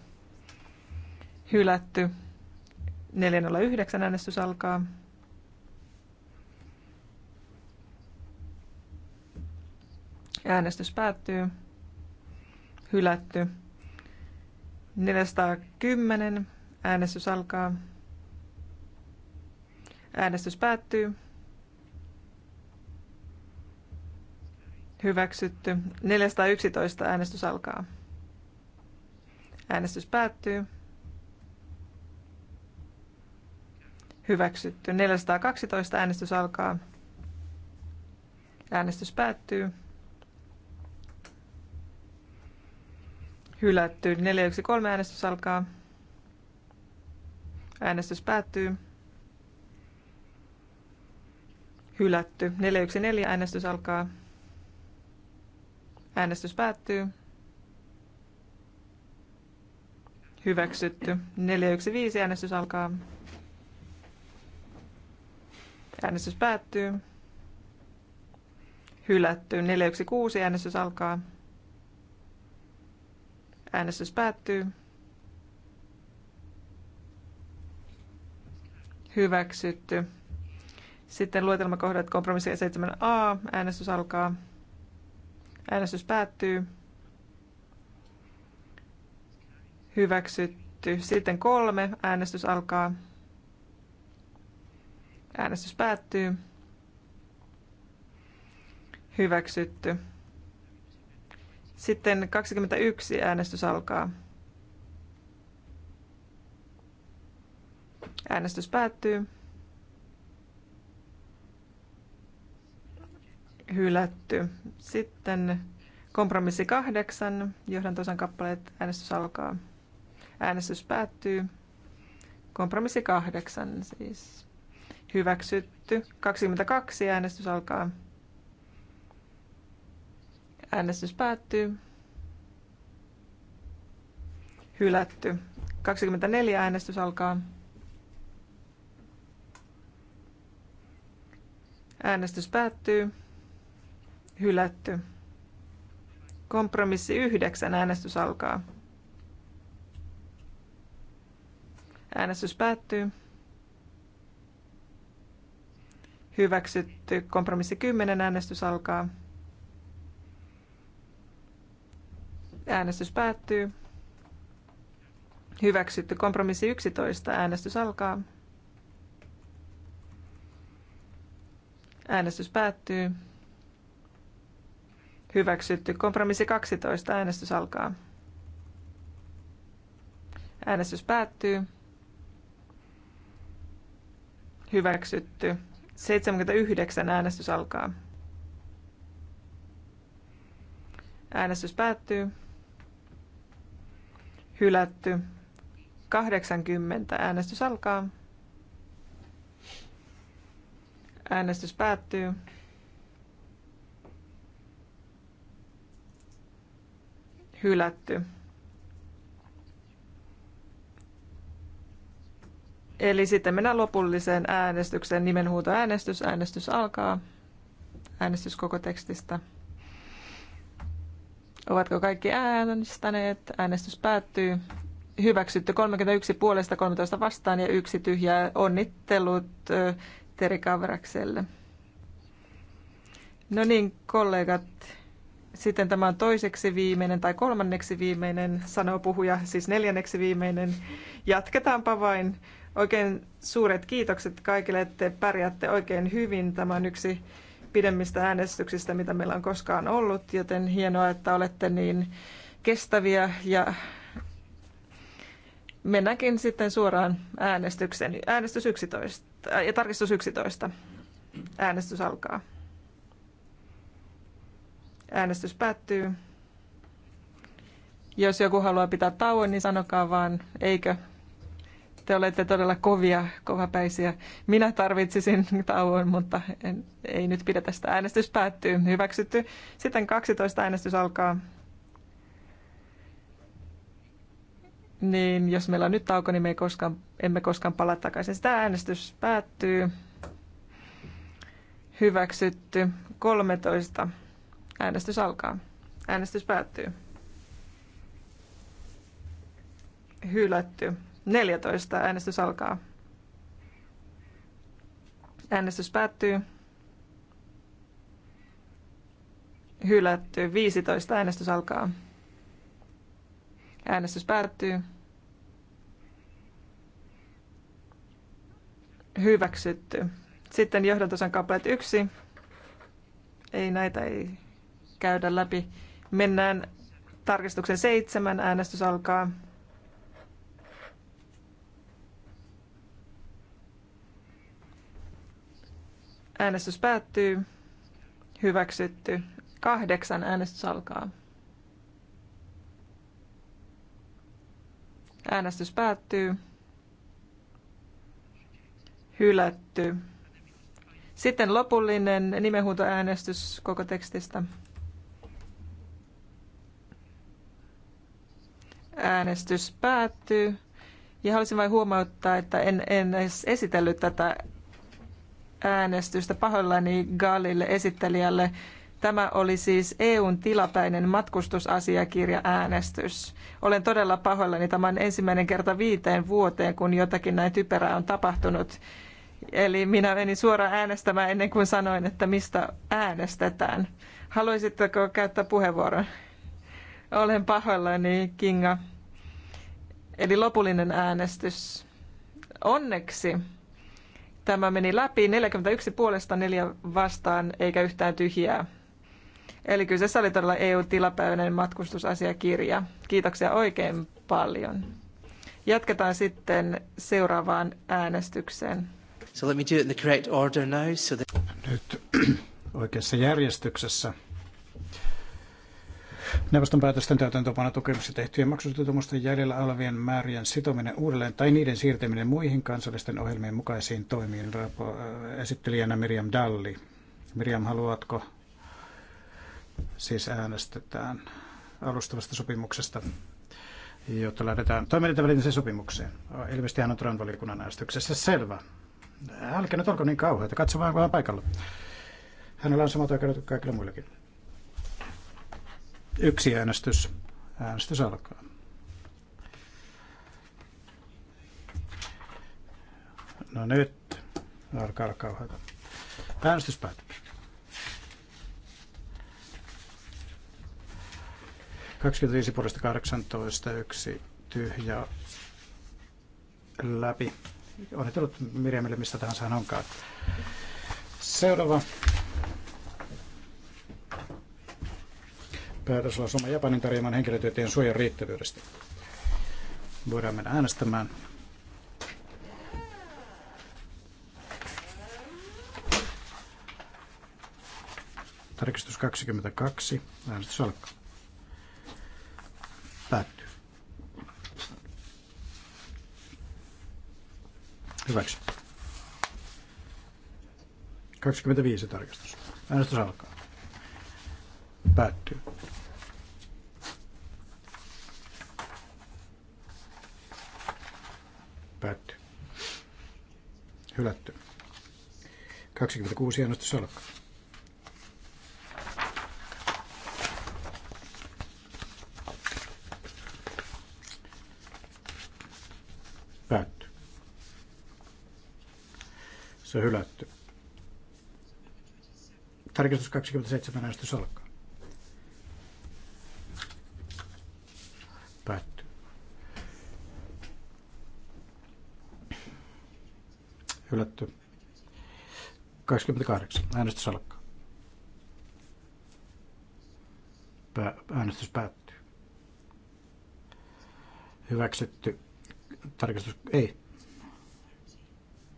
Hylätty. 409 äänestys alkaa. Äänestys päättyy. Hylätty. 410. Äänestys alkaa. Äänestys päättyy. Hyväksytty. 411. Äänestys alkaa. Äänestys päättyy. Hyväksytty. 412. Äänestys alkaa. Äänestys päättyy. Hylätty. 3 äänestys alkaa. Äänestys päättyy. Hylätty. 4 äänestys alkaa. Äänestys päättyy. Hyväksytty. 5 äänestys alkaa. Äänestys päättyy. Hylätty. 6 äänestys alkaa. Äänestys päättyy. Hyväksytty. Sitten luetelmakohdat kompromissi 7a. Äänestys alkaa. Äänestys päättyy. Hyväksytty. Sitten kolme. Äänestys alkaa. Äänestys päättyy. Hyväksytty. Sitten 21 äänestys alkaa. Äänestys päättyy. Hylätty. Sitten kompromissi kahdeksan, johdantosan kappaleet, äänestys alkaa. Äänestys päättyy. Kompromissi kahdeksan siis. Hyväksytty. 22 äänestys alkaa. Äänestys päättyy. Hylätty. 24 äänestys alkaa. Äänestys päättyy. Hylätty. Kompromissi 9 äänestys alkaa. Äänestys päättyy. Hyväksytty. Kompromissi 10 äänestys alkaa. Äänestys päättyy. Hyväksytty. Kompromissi 11. Äänestys alkaa. Äänestys päättyy. Hyväksytty. Kompromissi 12. Äänestys alkaa. Äänestys päättyy. Hyväksytty. 79 äänestys alkaa. Äänestys päättyy hylätty. 80 äänestys alkaa. Äänestys päättyy. Hylätty. Eli sitten mennään lopulliseen äänestykseen. Nimenhuutoäänestys. Äänestys alkaa. Äänestys koko tekstistä. Ovatko kaikki äänestäneet? Äänestys päättyy. Hyväksytty 31 puolesta 13 vastaan ja yksi tyhjää. Onnittelut Teri Kavrakselle. No niin, kollegat. Sitten tämä on toiseksi viimeinen tai kolmanneksi viimeinen, sanoo puhuja, siis neljänneksi viimeinen. Jatketaanpa vain. Oikein suuret kiitokset kaikille, että pärjäätte oikein hyvin. Tämä on yksi pidemmistä äänestyksistä, mitä meillä on koskaan ollut, joten hienoa, että olette niin kestäviä ja mennäänkin sitten suoraan äänestykseen. Äänestys 11, äh, ja tarkistus 11. Äänestys alkaa. Äänestys päättyy. Jos joku haluaa pitää tauon, niin sanokaa vaan, eikö te olette todella kovia, kovapäisiä. Minä tarvitsisin tauon, mutta en, ei nyt pidä tästä. Äänestys päättyy. Hyväksytty. Sitten 12 äänestys alkaa. Niin jos meillä on nyt tauko, niin me ei koskaan, emme koskaan palaa takaisin. Sitä äänestys päättyy. Hyväksytty. 13. Äänestys alkaa. Äänestys päättyy. Hylätty. 14. Äänestys alkaa. Äänestys päättyy. Hylätty. 15. Äänestys alkaa. Äänestys päättyy. Hyväksytty. Sitten johdantosan kappaleet 1. Ei näitä ei käydä läpi. Mennään tarkistuksen 7. Äänestys alkaa. Äänestys päättyy. Hyväksytty. Kahdeksan äänestys alkaa. Äänestys päättyy. Hylätty. Sitten lopullinen nimenhuutoäänestys koko tekstistä. Äänestys päättyy. Ja haluaisin vain huomauttaa, että en, en edes esitellyt tätä äänestystä pahoillani Galille esittelijälle. Tämä oli siis EUn tilapäinen matkustusasiakirja-äänestys. Olen todella pahoillani. Tämä on ensimmäinen kerta viiteen vuoteen, kun jotakin näin typerää on tapahtunut. Eli minä menin suoraan äänestämään ennen kuin sanoin, että mistä äänestetään. Haluaisitteko käyttää puheenvuoron? Olen pahoillani, Kinga. Eli lopullinen äänestys. Onneksi. Tämä meni läpi 41 puolesta 4 vastaan eikä yhtään tyhjää. Eli kyseessä oli todella EU-tilapäinen matkustusasiakirja. Kiitoksia oikein paljon. Jatketaan sitten seuraavaan äänestykseen. So let me do it in the correct order now, so that... Nyt oikeassa järjestyksessä. Neuvoston päätösten täytäntöpano tukemassa tehtyjen maksusitoumusten jäljellä olevien määrien sitominen uudelleen tai niiden siirtäminen muihin kansallisten ohjelmien mukaisiin toimiin. Rapo, äh, esittelijänä Miriam Dalli. Miriam, haluatko? Siis äänestetään alustavasta sopimuksesta jotta lähdetään toimintaväliseen sopimukseen. Ilmeisesti hän on Tran valiokunnan äänestyksessä. Selvä. Älkää nyt olko niin kauheita, katso vaan paikalla. Hänellä on samat oikeudet kuin kaikilla muillakin. Yksi äänestys. Äänestys alkaa. No nyt. Alkaa olla kauheita. Äänestys päättyy. 25 puolesta 18, yksi tyhjä läpi. Onnittelut Mirjamille mistä tahansa hän onkaan. Seuraava päätöslausuma Japanin tarjoaman henkilötietojen suojan riittävyydestä. Voidaan mennä äänestämään. Tarkistus 22. Äänestys alkaa. Päättyy. Hyväksy. 25 tarkistus. Äänestys alkaa. Päättyy. hylätty. 26 hienosti alkaa. Päätty. Se hylätty. Tarkistus 27 hienosti alkaa. 28. Äänestys alkaa. Pä- Äänestys päättyy. Hyväksytty. Tarkastus ei.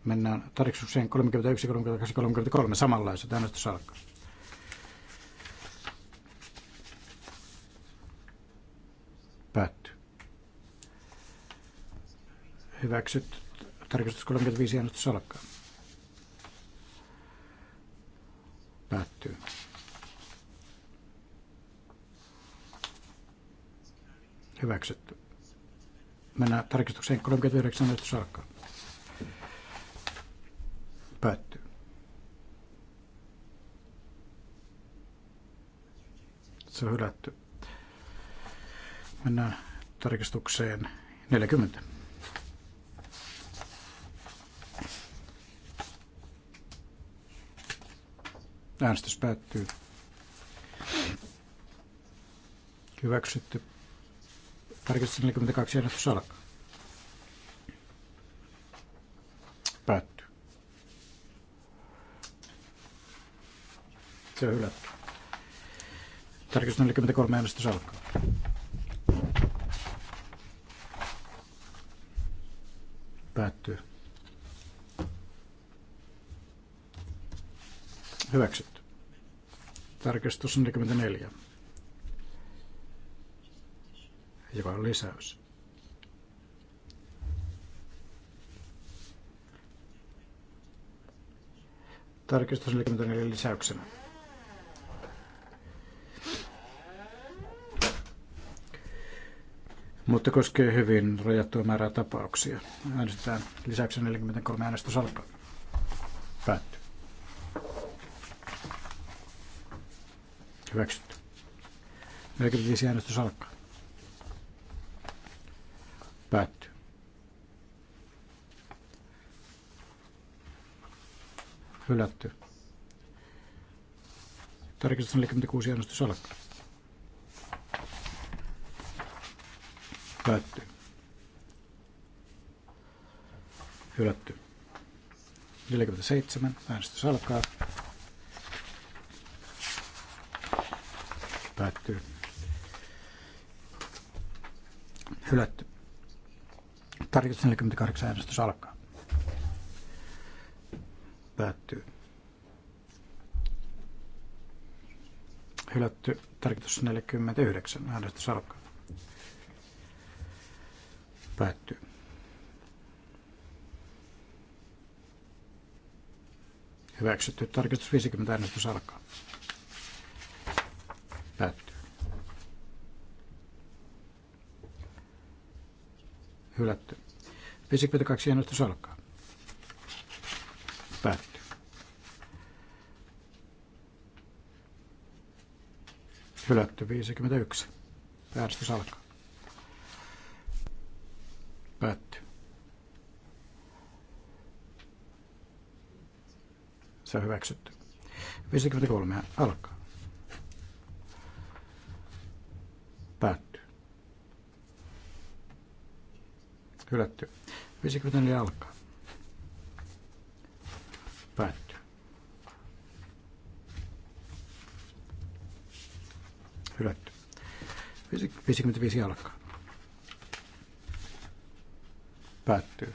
Mennään tarkistukseen 31, 32, 33 samanlaiset. Äänestys alkaa. Päättyy. Hyväksyt Tarkistus 35 äänestys alkaa. tarkistukseen 39 äänestys alkaa. Päättyy. Se on hylätty. Mennään tarkistukseen 40. Äänestys päättyy. Hyväksytty. Tarkistus 42 äänestys alkaa. se on hylätty. Tarkistus 43 äänestys alkaa. Päättyy. Hyväksytty. Tarkistus 44, joka on lisäys. Tarkistus 44 lisäyksenä. mutta koskee hyvin rajattua määrää tapauksia. Äänestetään lisäksi 43 äänestys alkaa. Päättyy. Hyväksytty. 45 äänestys alkaa. Päättyy. Hylätty. Tarkistus 46 äänestys alkaa. Päättyy. Hylätty. 47. Äänestys alkaa. Päättyy. Hylätty. Tarkistus 48. Äänestys alkaa. Päättyy. Hylätty. Tarkistus 49. Äänestys alkaa. Päättyy. Hyväksytty. Tarkistus 50. Äänestys alkaa. Päättyy. Hylätty. 52. Äänestys alkaa. Päättyy. Hylätty 51. Äänestys alkaa. Päättyy. Se on hyväksytty. 53 alkaa. Päättyy. Hylätty. 54 alkaa. Päättyy. Hylätty. 55 alkaa. Päättyy.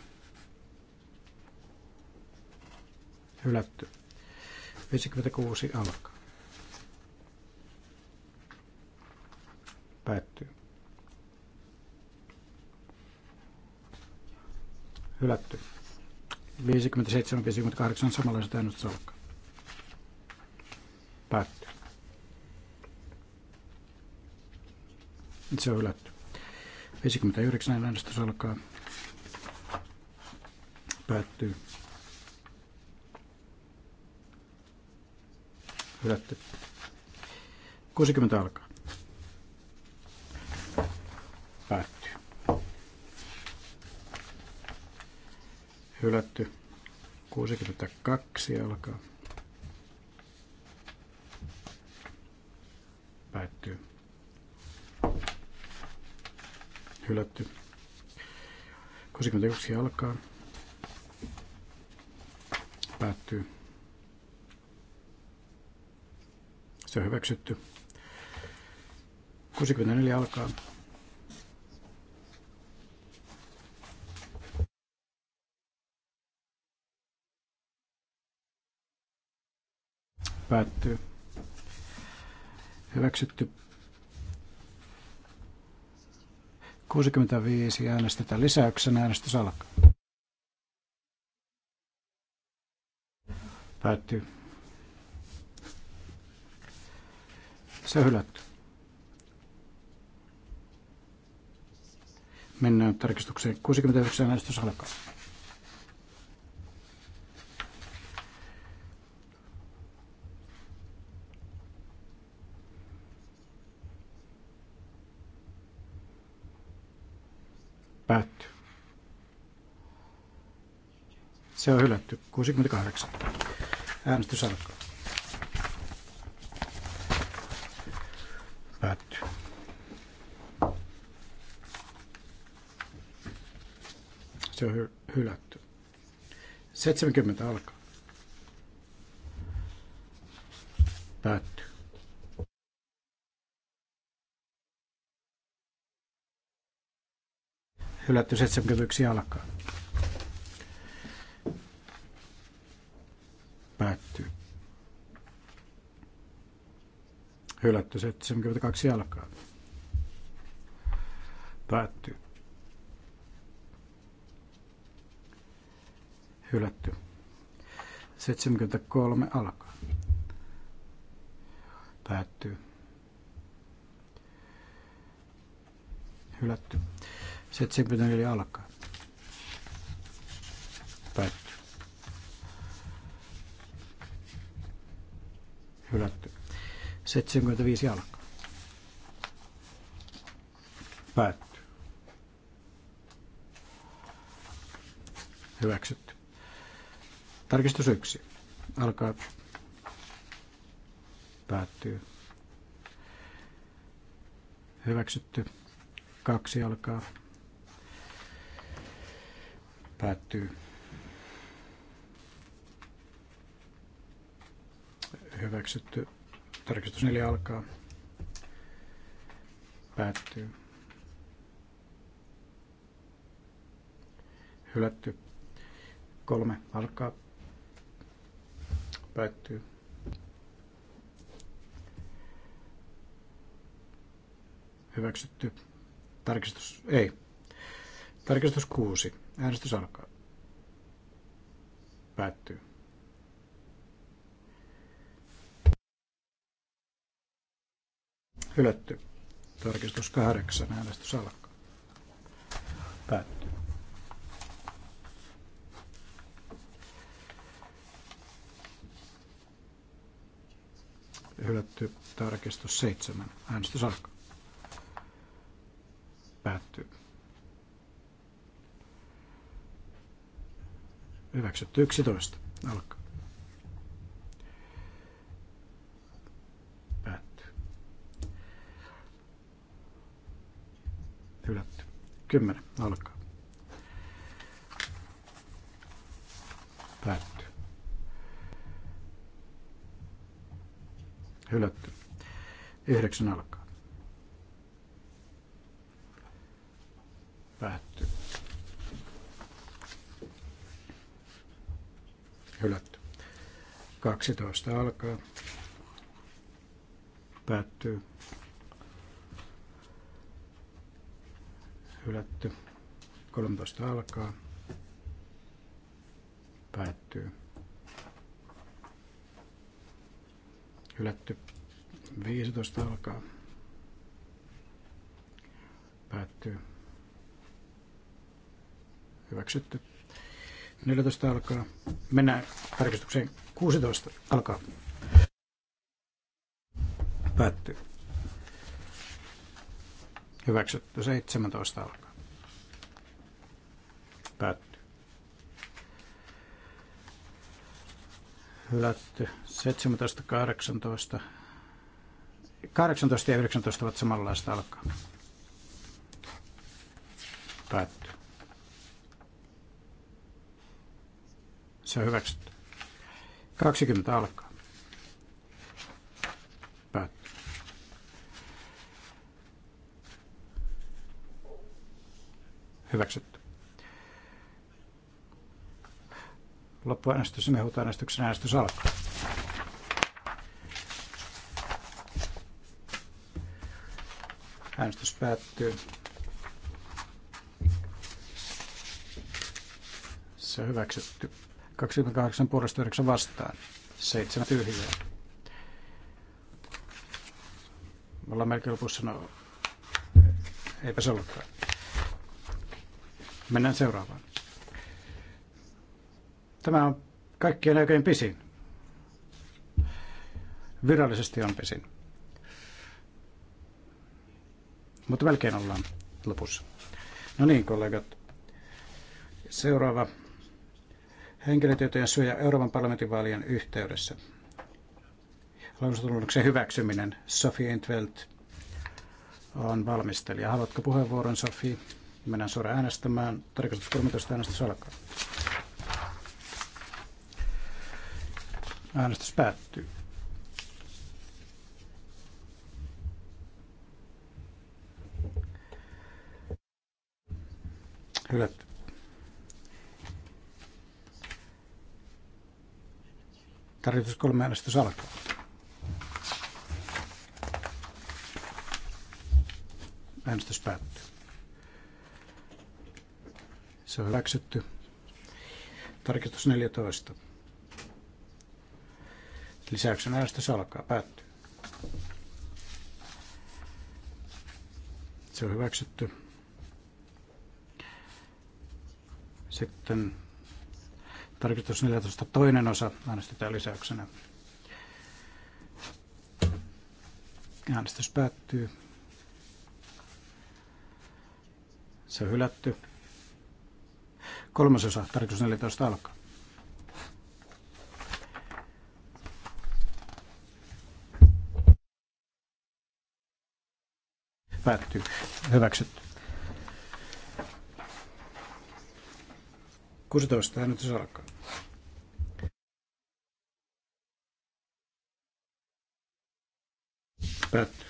Hylätty. 56 alkaa. Päättyy. Hylätty. 57-58 samanlaiset äänestys alkaa. Päättyy. Se on hylätty. 59 äänestys alkaa. Päättyy. Hylätty. 60 alkaa. Päättyy. Hylätty. 62 alkaa. Päättyy. Hylätty. 62 alkaa päättyy. Se on hyväksytty. 64 alkaa. Päättyy. Hyväksytty. 65 äänestetään lisäyksen äänestys alkaa. tehty. Se on Mennään tarkistukseen 69 äänestys alkaa. Päätty. Se on hylätty. 68. Äänestys alkaa. Päättyy. Se on hy- hylätty. 70 alkaa. Päättyy. Hylätty 71 alkaa. Hylätty 72 jalkaa. Päättyy. Hylätty. 73 alkaa. Päättyy. Hylätty. 74 alkaa. 75 jalkaa. Päättyy. Hyväksytty. Tarkistus 1. Alkaa. Päättyy. Hyväksytty. Kaksi alkaa. Päättyy. Hyväksytty Tarkistus 4 alkaa. Päättyy. Hylätty. 3 alkaa. Päättyy. Hyväksytty. Tarkistus ei. Tarkistus 6. Äänestys alkaa. Päättyy. Hylätty. Tarkistus kahdeksan. Äänestys alkaa. Päättyy. Hylätty. Tarkistus seitsemän. Äänestys alkaa. Päättyy. Hyväksytty 11. Alkaa. 10 alkaa. Päättyy. Hylätty. 9 alkaa. Päättyy. Hylätty. 12 alkaa. Päättyy. hylätty. 13 alkaa, päättyy. Hylätty. 15 alkaa, päättyy. Hyväksytty. 14 alkaa. Mennään tarkistukseen. 16 alkaa. Päättyy. Hyväksytty 17 alkaa. Päättyy. Hylätty 17, 18. 18 ja 19 ovat samanlaista alkaa. Päättyy. Se on hyväksytty. 20 alkaa. Hyväksytty. Loppuäänestys, ja mehutäänestyksen äänestys alkaa. Äänestys päättyy. Se on hyväksytty. 28 puolesta 9 vastaan. 7 tyhjää. Me ollaan melkein lopussa, no eipä se ollutkaan. Mennään seuraavaan. Tämä on kaikkien aikojen pisin. Virallisesti on pisin. Mutta melkein ollaan lopussa. No niin, kollegat. Seuraava henkilötietojen suoja Euroopan parlamentin vaalien yhteydessä. Lausutunnuksen hyväksyminen. Sofi Entwelt on valmistelija. Haluatko puheenvuoron, Sofi? Mennään suoraan äänestämään. Tarkastus 13 äänestys alkaa. Äänestys päättyy. Hylätty. Tarjotus kolme äänestys alkaa. Äänestys päättyy. Se on hyväksytty. Tarkistus 14. Lisäyksen ajasta se alkaa. päättyä. Se on hyväksytty. Sitten tarkistus 14 toinen osa äänestetään lisäyksenä. Äänestys päättyy. Se on hylätty. Kolmasosa, tarkoitus 14 alkaa. Päättyy. Hyväksytty. 16 äänestys alkaa. Päättyy.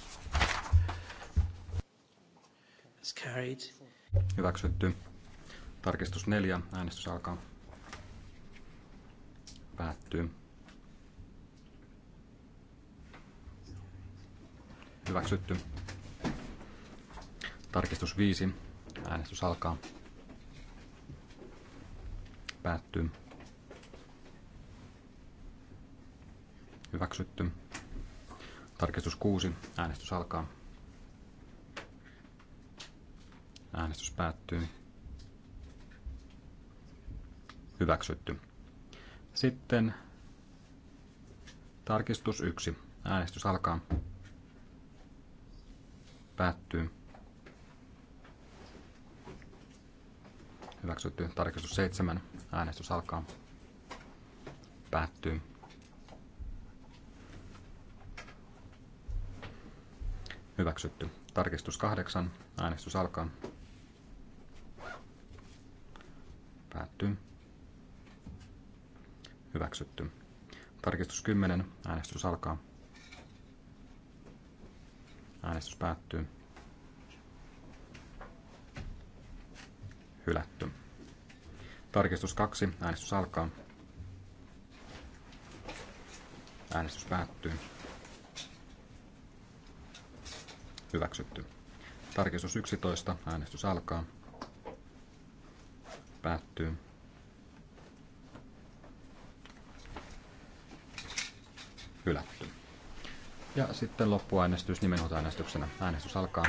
Hyväksytty. Tarkistus neljä, Äänestys alkaa. Päättyy. Hyväksytty. Tarkistus 5. Äänestys alkaa. Päättyy. Hyväksytty. Tarkistus 6. Äänestys alkaa. Äänestys päättyy. Hyväksytty. Sitten tarkistus 1. Äänestys alkaa. Päättyy. Hyväksytty. Tarkistus 7. Äänestys alkaa. Päättyy. Hyväksytty. Tarkistus 8. Äänestys alkaa. Päättyy. Hyväksytty. Tarkistus 10. Äänestys alkaa. Äänestys päättyy. Hylätty. Tarkistus 2. Äänestys alkaa. Äänestys päättyy. Hyväksytty. Tarkistus 11. Äänestys alkaa. Päättyy. hylätty. Ja sitten loppuäänestys nimenhuutoäänestyksenä. Äänestys alkaa.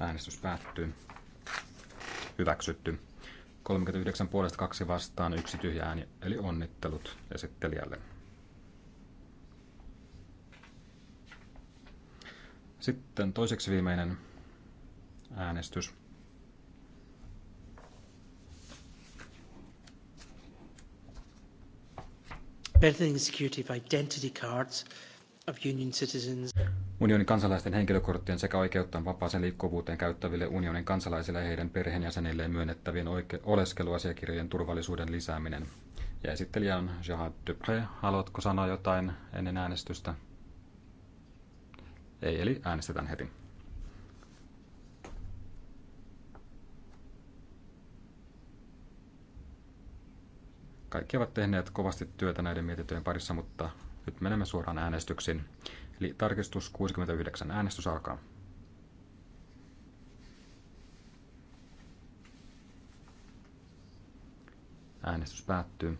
Äänestys päättyy. Hyväksytty. 39 puolesta kaksi vastaan, yksi tyhjä ääni, eli onnittelut esittelijälle. Sitten toiseksi viimeinen äänestys. bettering the security of identity cards of union citizens. Unionin kansalaisten henkilökorttien sekä oikeuttaan vapaaseen liikkuvuuteen käyttäville unionin kansalaisille ja heidän perheenjäsenilleen myönnettävien oike- oleskeluasiakirjojen turvallisuuden lisääminen. Ja esittelijä on Jean Dupré. Haluatko sanoa jotain ennen äänestystä? Ei, eli äänestetään heti. Kaikki ovat tehneet kovasti työtä näiden mietintöjen parissa, mutta nyt menemme suoraan äänestyksiin. Eli tarkistus 69 äänestys alkaa. Äänestys päättyy.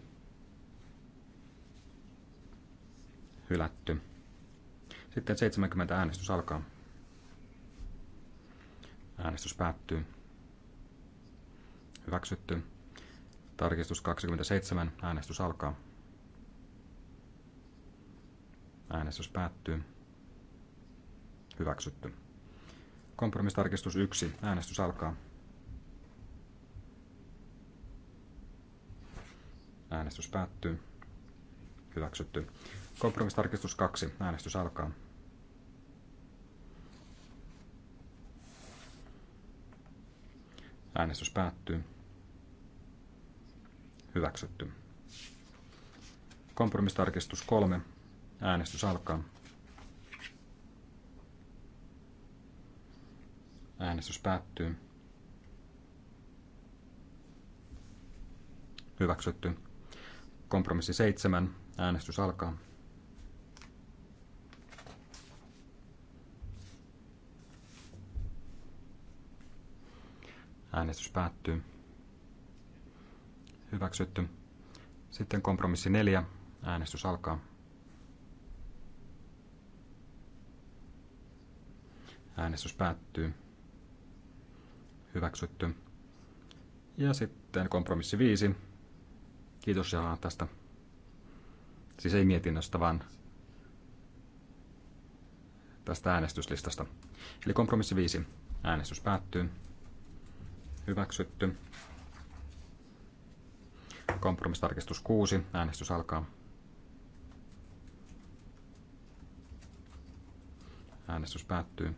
Hylätty. Sitten 70 äänestys alkaa. Äänestys päättyy. Hyväksytty. Tarkistus 27. Äänestys alkaa. Äänestys päättyy. Hyväksytty. Kompromistarkistus 1. Äänestys alkaa. Äänestys päättyy. Hyväksytty. Kompromistarkistus 2. Äänestys alkaa. Äänestys päättyy. Hyväksytty. Kompromistarkistus 3. Äänestys alkaa. Äänestys päättyy. Hyväksytty. Kompromissi 7. Äänestys alkaa. Äänestys päättyy hyväksytty. Sitten kompromissi neljä äänestys alkaa. Äänestys päättyy. Hyväksytty. Ja sitten kompromissi 5. Kiitos ja tästä. Siis ei mietinnöstä, vaan tästä äänestyslistasta. Eli kompromissi 5. Äänestys päättyy. Hyväksytty. Kompromistarkistus 6. Äänestys alkaa. Äänestys päättyy.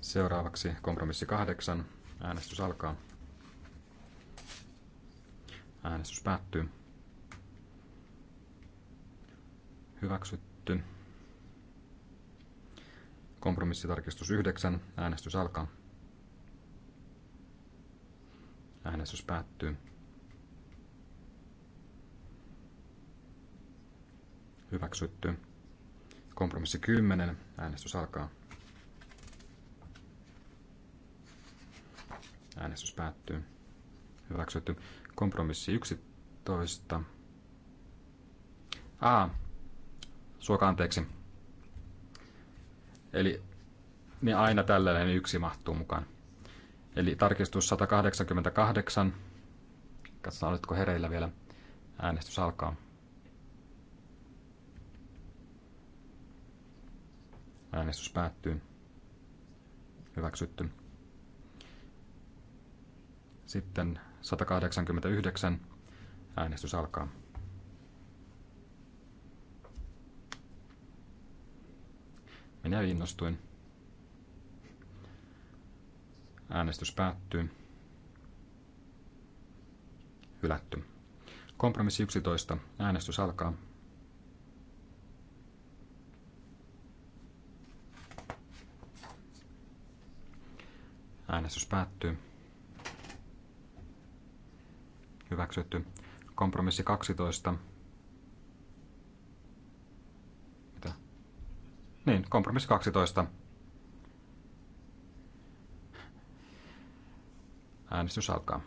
Seuraavaksi kompromissi 8. Äänestys alkaa. Äänestys päättyy. Hyväksytty. Kompromissitarkistus 9. Äänestys alkaa. Äänestys päättyy. Hyväksytty. Kompromissi 10. Äänestys alkaa. Äänestys päättyy. Hyväksytty. Kompromissi 11. A. Suoka anteeksi. Eli niin aina tällainen yksi mahtuu mukaan. Eli tarkistus 188. Katsotaan, oletko hereillä vielä. Äänestys alkaa. Äänestys päättyy. Hyväksytty. Sitten 189. Äänestys alkaa. Minä innostuin. Äänestys päättyy. Hylätty. Kompromissi 11. Äänestys alkaa. Äänestys päättyy. Hyväksytty. Kompromissi 12. Mitä? Niin, kompromissi 12. Äänestys alkaa.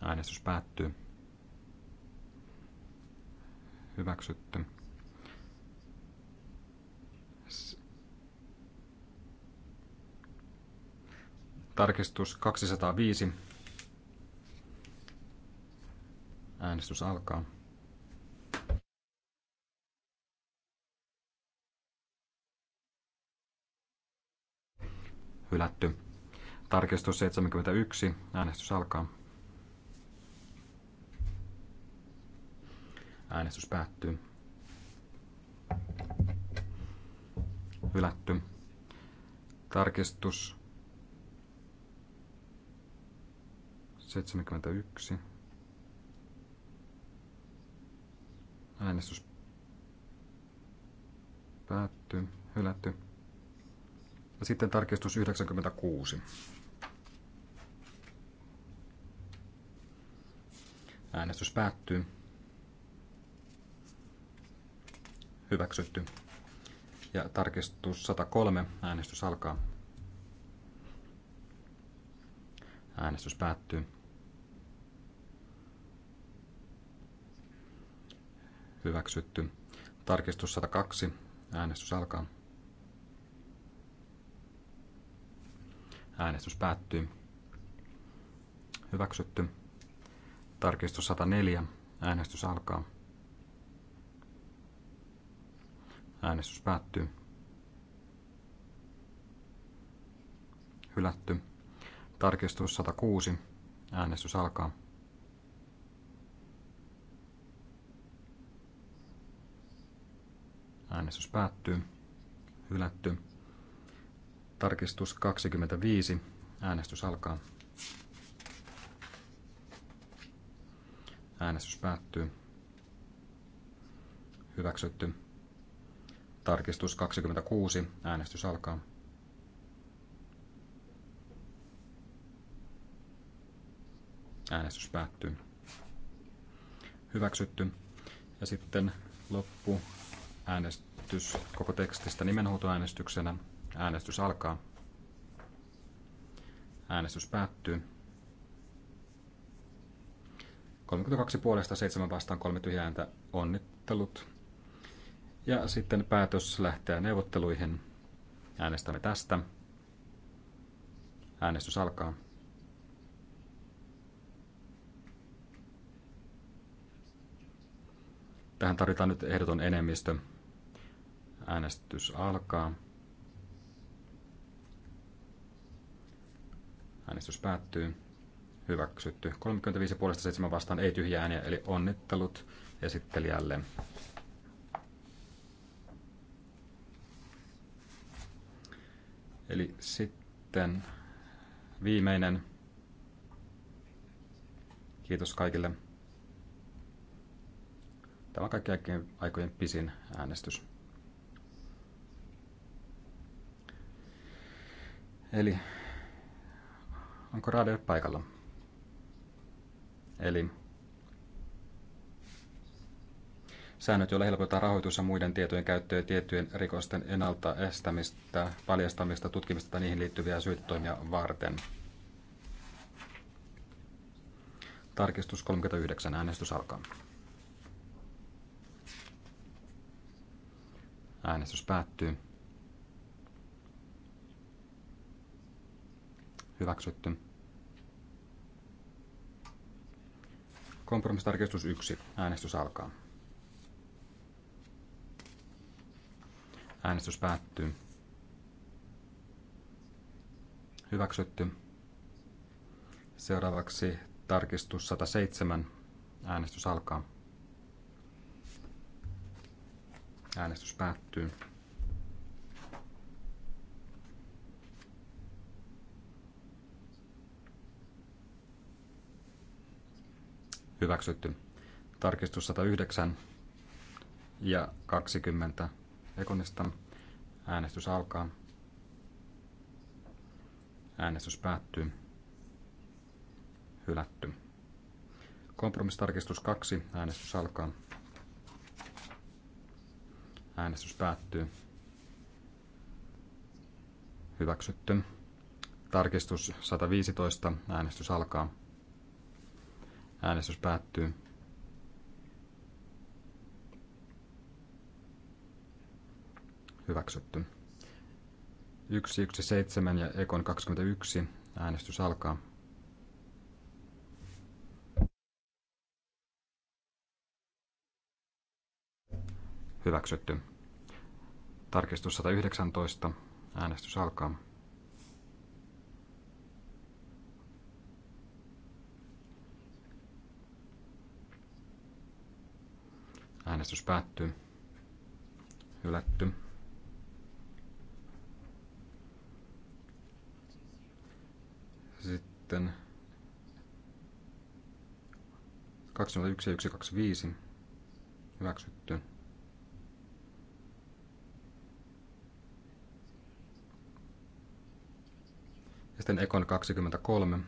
Äänestys päättyy. Hyväksytty. Tarkistus 205. Äänestys alkaa. hylätty. Tarkistus 71, äänestys alkaa. Äänestys päättyy. Hylätty. Tarkistus 71. Äänestys päättyy. Hylätty. Ja sitten tarkistus 96. Äänestys päättyy. Hyväksytty. Ja tarkistus 103. Äänestys alkaa. Äänestys päättyy. Hyväksytty. Tarkistus 102. Äänestys alkaa. Äänestys päättyy. Hyväksytty. Tarkistus 104. Äänestys alkaa. Äänestys päättyy. Hylätty. Tarkistus 106. Äänestys alkaa. Äänestys päättyy. Hylätty. Tarkistus 25. Äänestys alkaa. Äänestys päättyy. Hyväksytty. Tarkistus 26. Äänestys alkaa. Äänestys päättyy. Hyväksytty. Ja sitten loppu äänestys koko tekstistä nimenhuutoäänestyksenä. Äänestys alkaa. Äänestys päättyy. 32 puolesta, 7 vastaan, 3 tyhjää ääntä. Onnittelut. Ja sitten päätös lähtee neuvotteluihin. Äänestämme tästä. Äänestys alkaa. Tähän tarvitaan nyt ehdoton enemmistö. Äänestys alkaa. Äänestys päättyy. Hyväksytty. 35 puolesta 7 vastaan ei tyhjää ääniä, eli onnittelut esittelijälle. Eli sitten viimeinen. Kiitos kaikille. Tämä on kaikkien aikojen pisin äänestys. Eli Onko Rade paikalla? Eli säännöt, joilla helpotetaan rahoitus ja muiden tietojen käyttöä tiettyjen rikosten ennalta estämistä, paljastamista, tutkimista tai niihin liittyviä syyttoimia varten. Tarkistus 39. Äänestys alkaa. Äänestys päättyy. Hyväksytty. Kompromissitarkistus 1. Äänestys alkaa. Äänestys päättyy. Hyväksytty. Seuraavaksi tarkistus 107. Äänestys alkaa. Äänestys päättyy. hyväksytty. Tarkistus 109 ja 20 Ekonista. Äänestys alkaa. Äänestys päättyy. Hylätty. Kompromissitarkistus 2. Äänestys alkaa. Äänestys päättyy. Hyväksytty. Tarkistus 115. Äänestys alkaa. Äänestys päättyy. Hyväksytty. 117 ja Ekon 21. Äänestys alkaa. Hyväksytty. Tarkistus 119. Äänestys alkaa. Äänestys päättyy. Hylätty. Sitten 201 ja 125 hyväksytty. Ja sitten Ekon 23.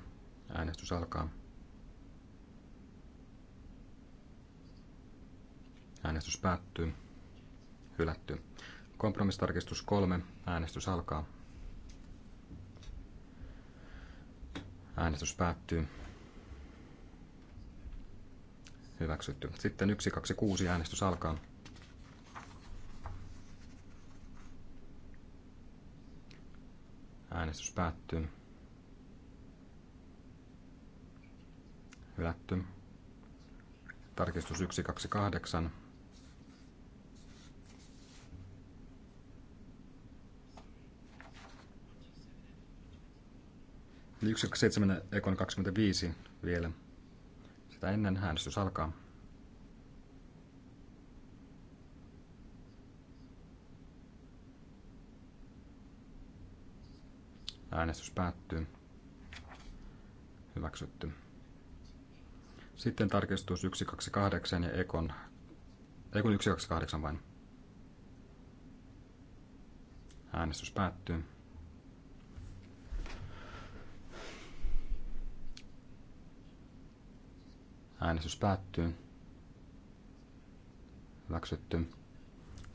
Äänestys alkaa. Äänestys päättyy. Hylätty. Kompromistarkistus 3. Äänestys alkaa. Äänestys päättyy. Hyväksytty. Sitten 126 äänestys alkaa. Äänestys päättyy. Hylätty. Tarkistus 128. 117 niin, Ekon 25 vielä. Sitä ennen äänestys alkaa. Äänestys päättyy. Hyväksytty. Sitten tarkistus 128 ja Ekon, Ekon 128 vain. Äänestys päättyy. Äänestys päättyy. Hyväksytty.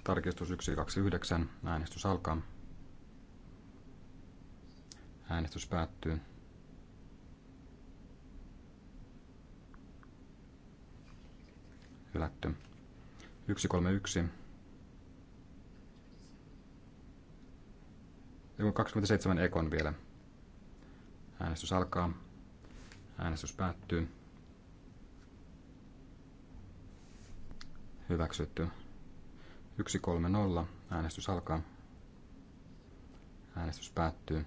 Tarkistus 129. Äänestys alkaa. Äänestys päättyy. Hylätty. 131. Joku 27 ekon vielä. Äänestys alkaa. Äänestys päättyy. Hyväksytty. 130. Äänestys alkaa. Äänestys päättyy.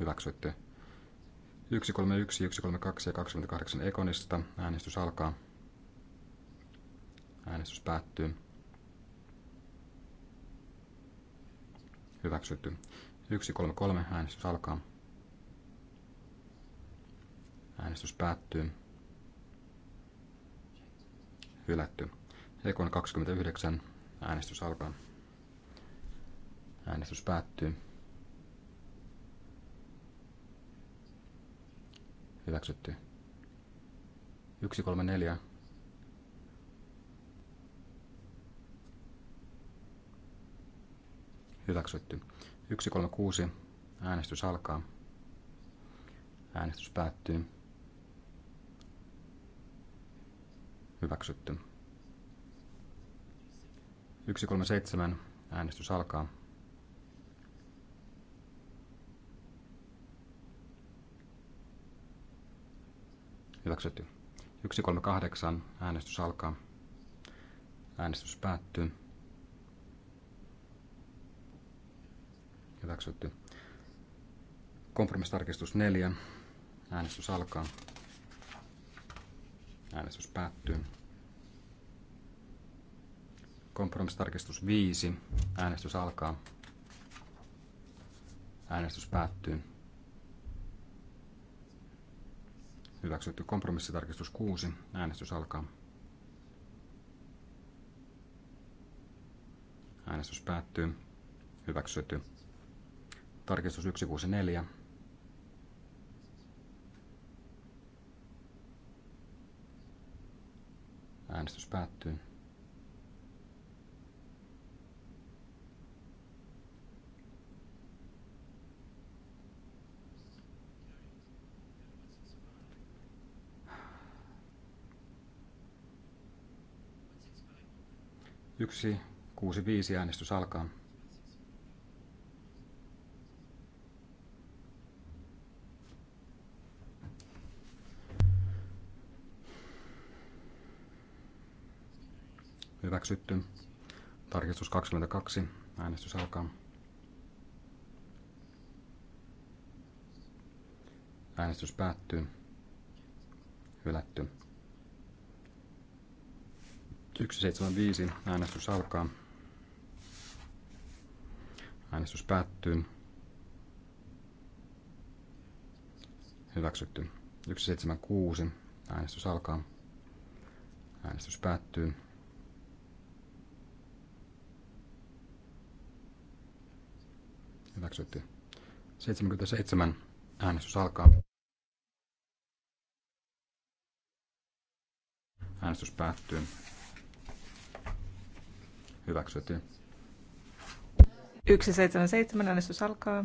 Hyväksytty. 131, 132 ja 28 Ekonista. Äänestys alkaa. Äänestys päättyy. Hyväksytty. 133. Äänestys alkaa. Äänestys päättyy hylätty. Ekon 29. Äänestys alkaa. Äänestys päättyy. Hyväksytty. 134. Hyväksytty. 136. Äänestys alkaa. Äänestys päättyy. Hyväksytty. 137. Äänestys alkaa. Hyväksytty. 138. Äänestys alkaa. Äänestys päättyy. Hyväksytty. Kompromistarkistus 4. Äänestys alkaa. Äänestys päättyy. Kompromissitarkistus 5. Äänestys alkaa. Äänestys päättyy. Hyväksytty kompromissitarkistus 6. Äänestys alkaa. Äänestys päättyy. Hyväksytty. Tarkistus 164. Äänestys päättyy. Yksi, kuusi, viisi äänestys alkaa. hyväksytty. Tarkistus 22. Äänestys alkaa. Äänestys päättyy. Hylätty. 175. Äänestys alkaa. Äänestys päättyy. Hyväksytty. 176. Äänestys alkaa. Äänestys päättyy. Hyväksytty. 77. Äänestys alkaa. Äänestys päättyy. Hyväksytty. 177 äänestys alkaa.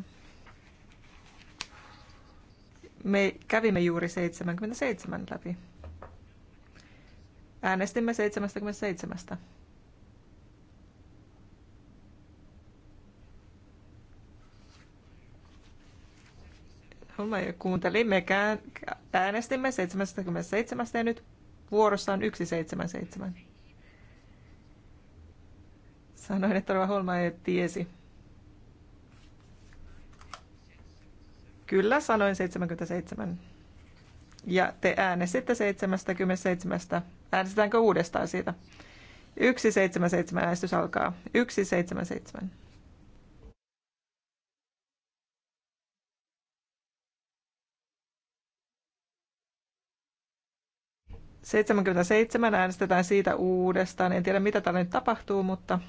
Me kävimme juuri 77 läpi. Äänestimme 77. Homma jo kuunteli. Me äänestimme 77 ja nyt vuorossa on 177. Sanoin, että Rova Holma ei tiesi. Kyllä, sanoin 77. Ja te äänestitte 77. Äänestetäänkö uudestaan siitä? 177 äänestys alkaa. 177. 77 äänestetään siitä uudestaan. En tiedä, mitä täällä nyt tapahtuu, mutta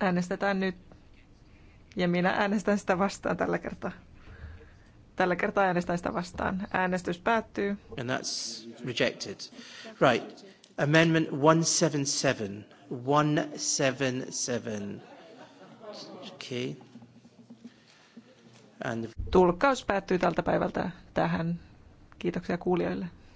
äänestetään nyt. Ja minä äänestän sitä vastaan tällä kertaa. Tällä kertaa äänestän sitä vastaan. Äänestys päättyy. And that's rejected. Right. Amendment 177. 177. Okay. And... Tulkkaus päättyy tältä päivältä tähän. Kiitoksia kuulijoille.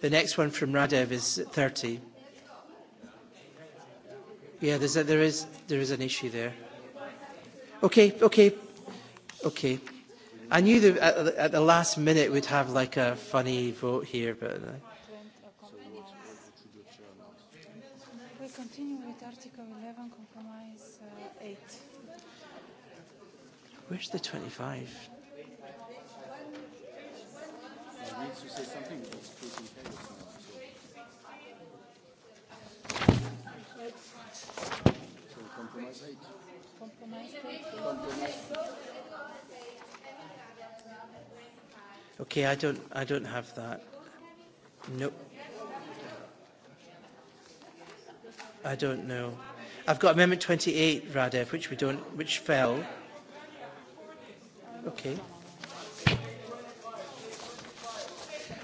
The next one from Radev is 30. Yeah, there's a, there is there is an issue there. Okay, okay, okay. I knew that at, the, at the last minute we'd have like a funny vote here, but. Uh, we continue with Article Compromise uh, Where's the 25? needs to say something, it's taking care of So. so compromise eight. Okay, I don't, I don't have that. No. I don't know. I've got Amendment 28, Radev, which we don't, which fell. Okay.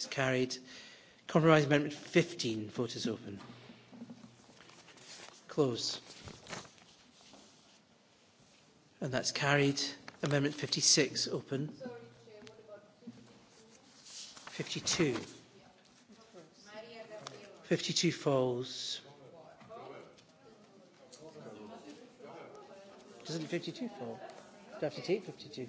is carried. Compromise Amendment 15. Vote is open. Close. And that's carried. Amendment 56. Open. Sorry, Chair, what about 52? 52. 52 falls. Doesn't 52 fall? Do I have to take 52.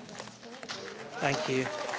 Thank you.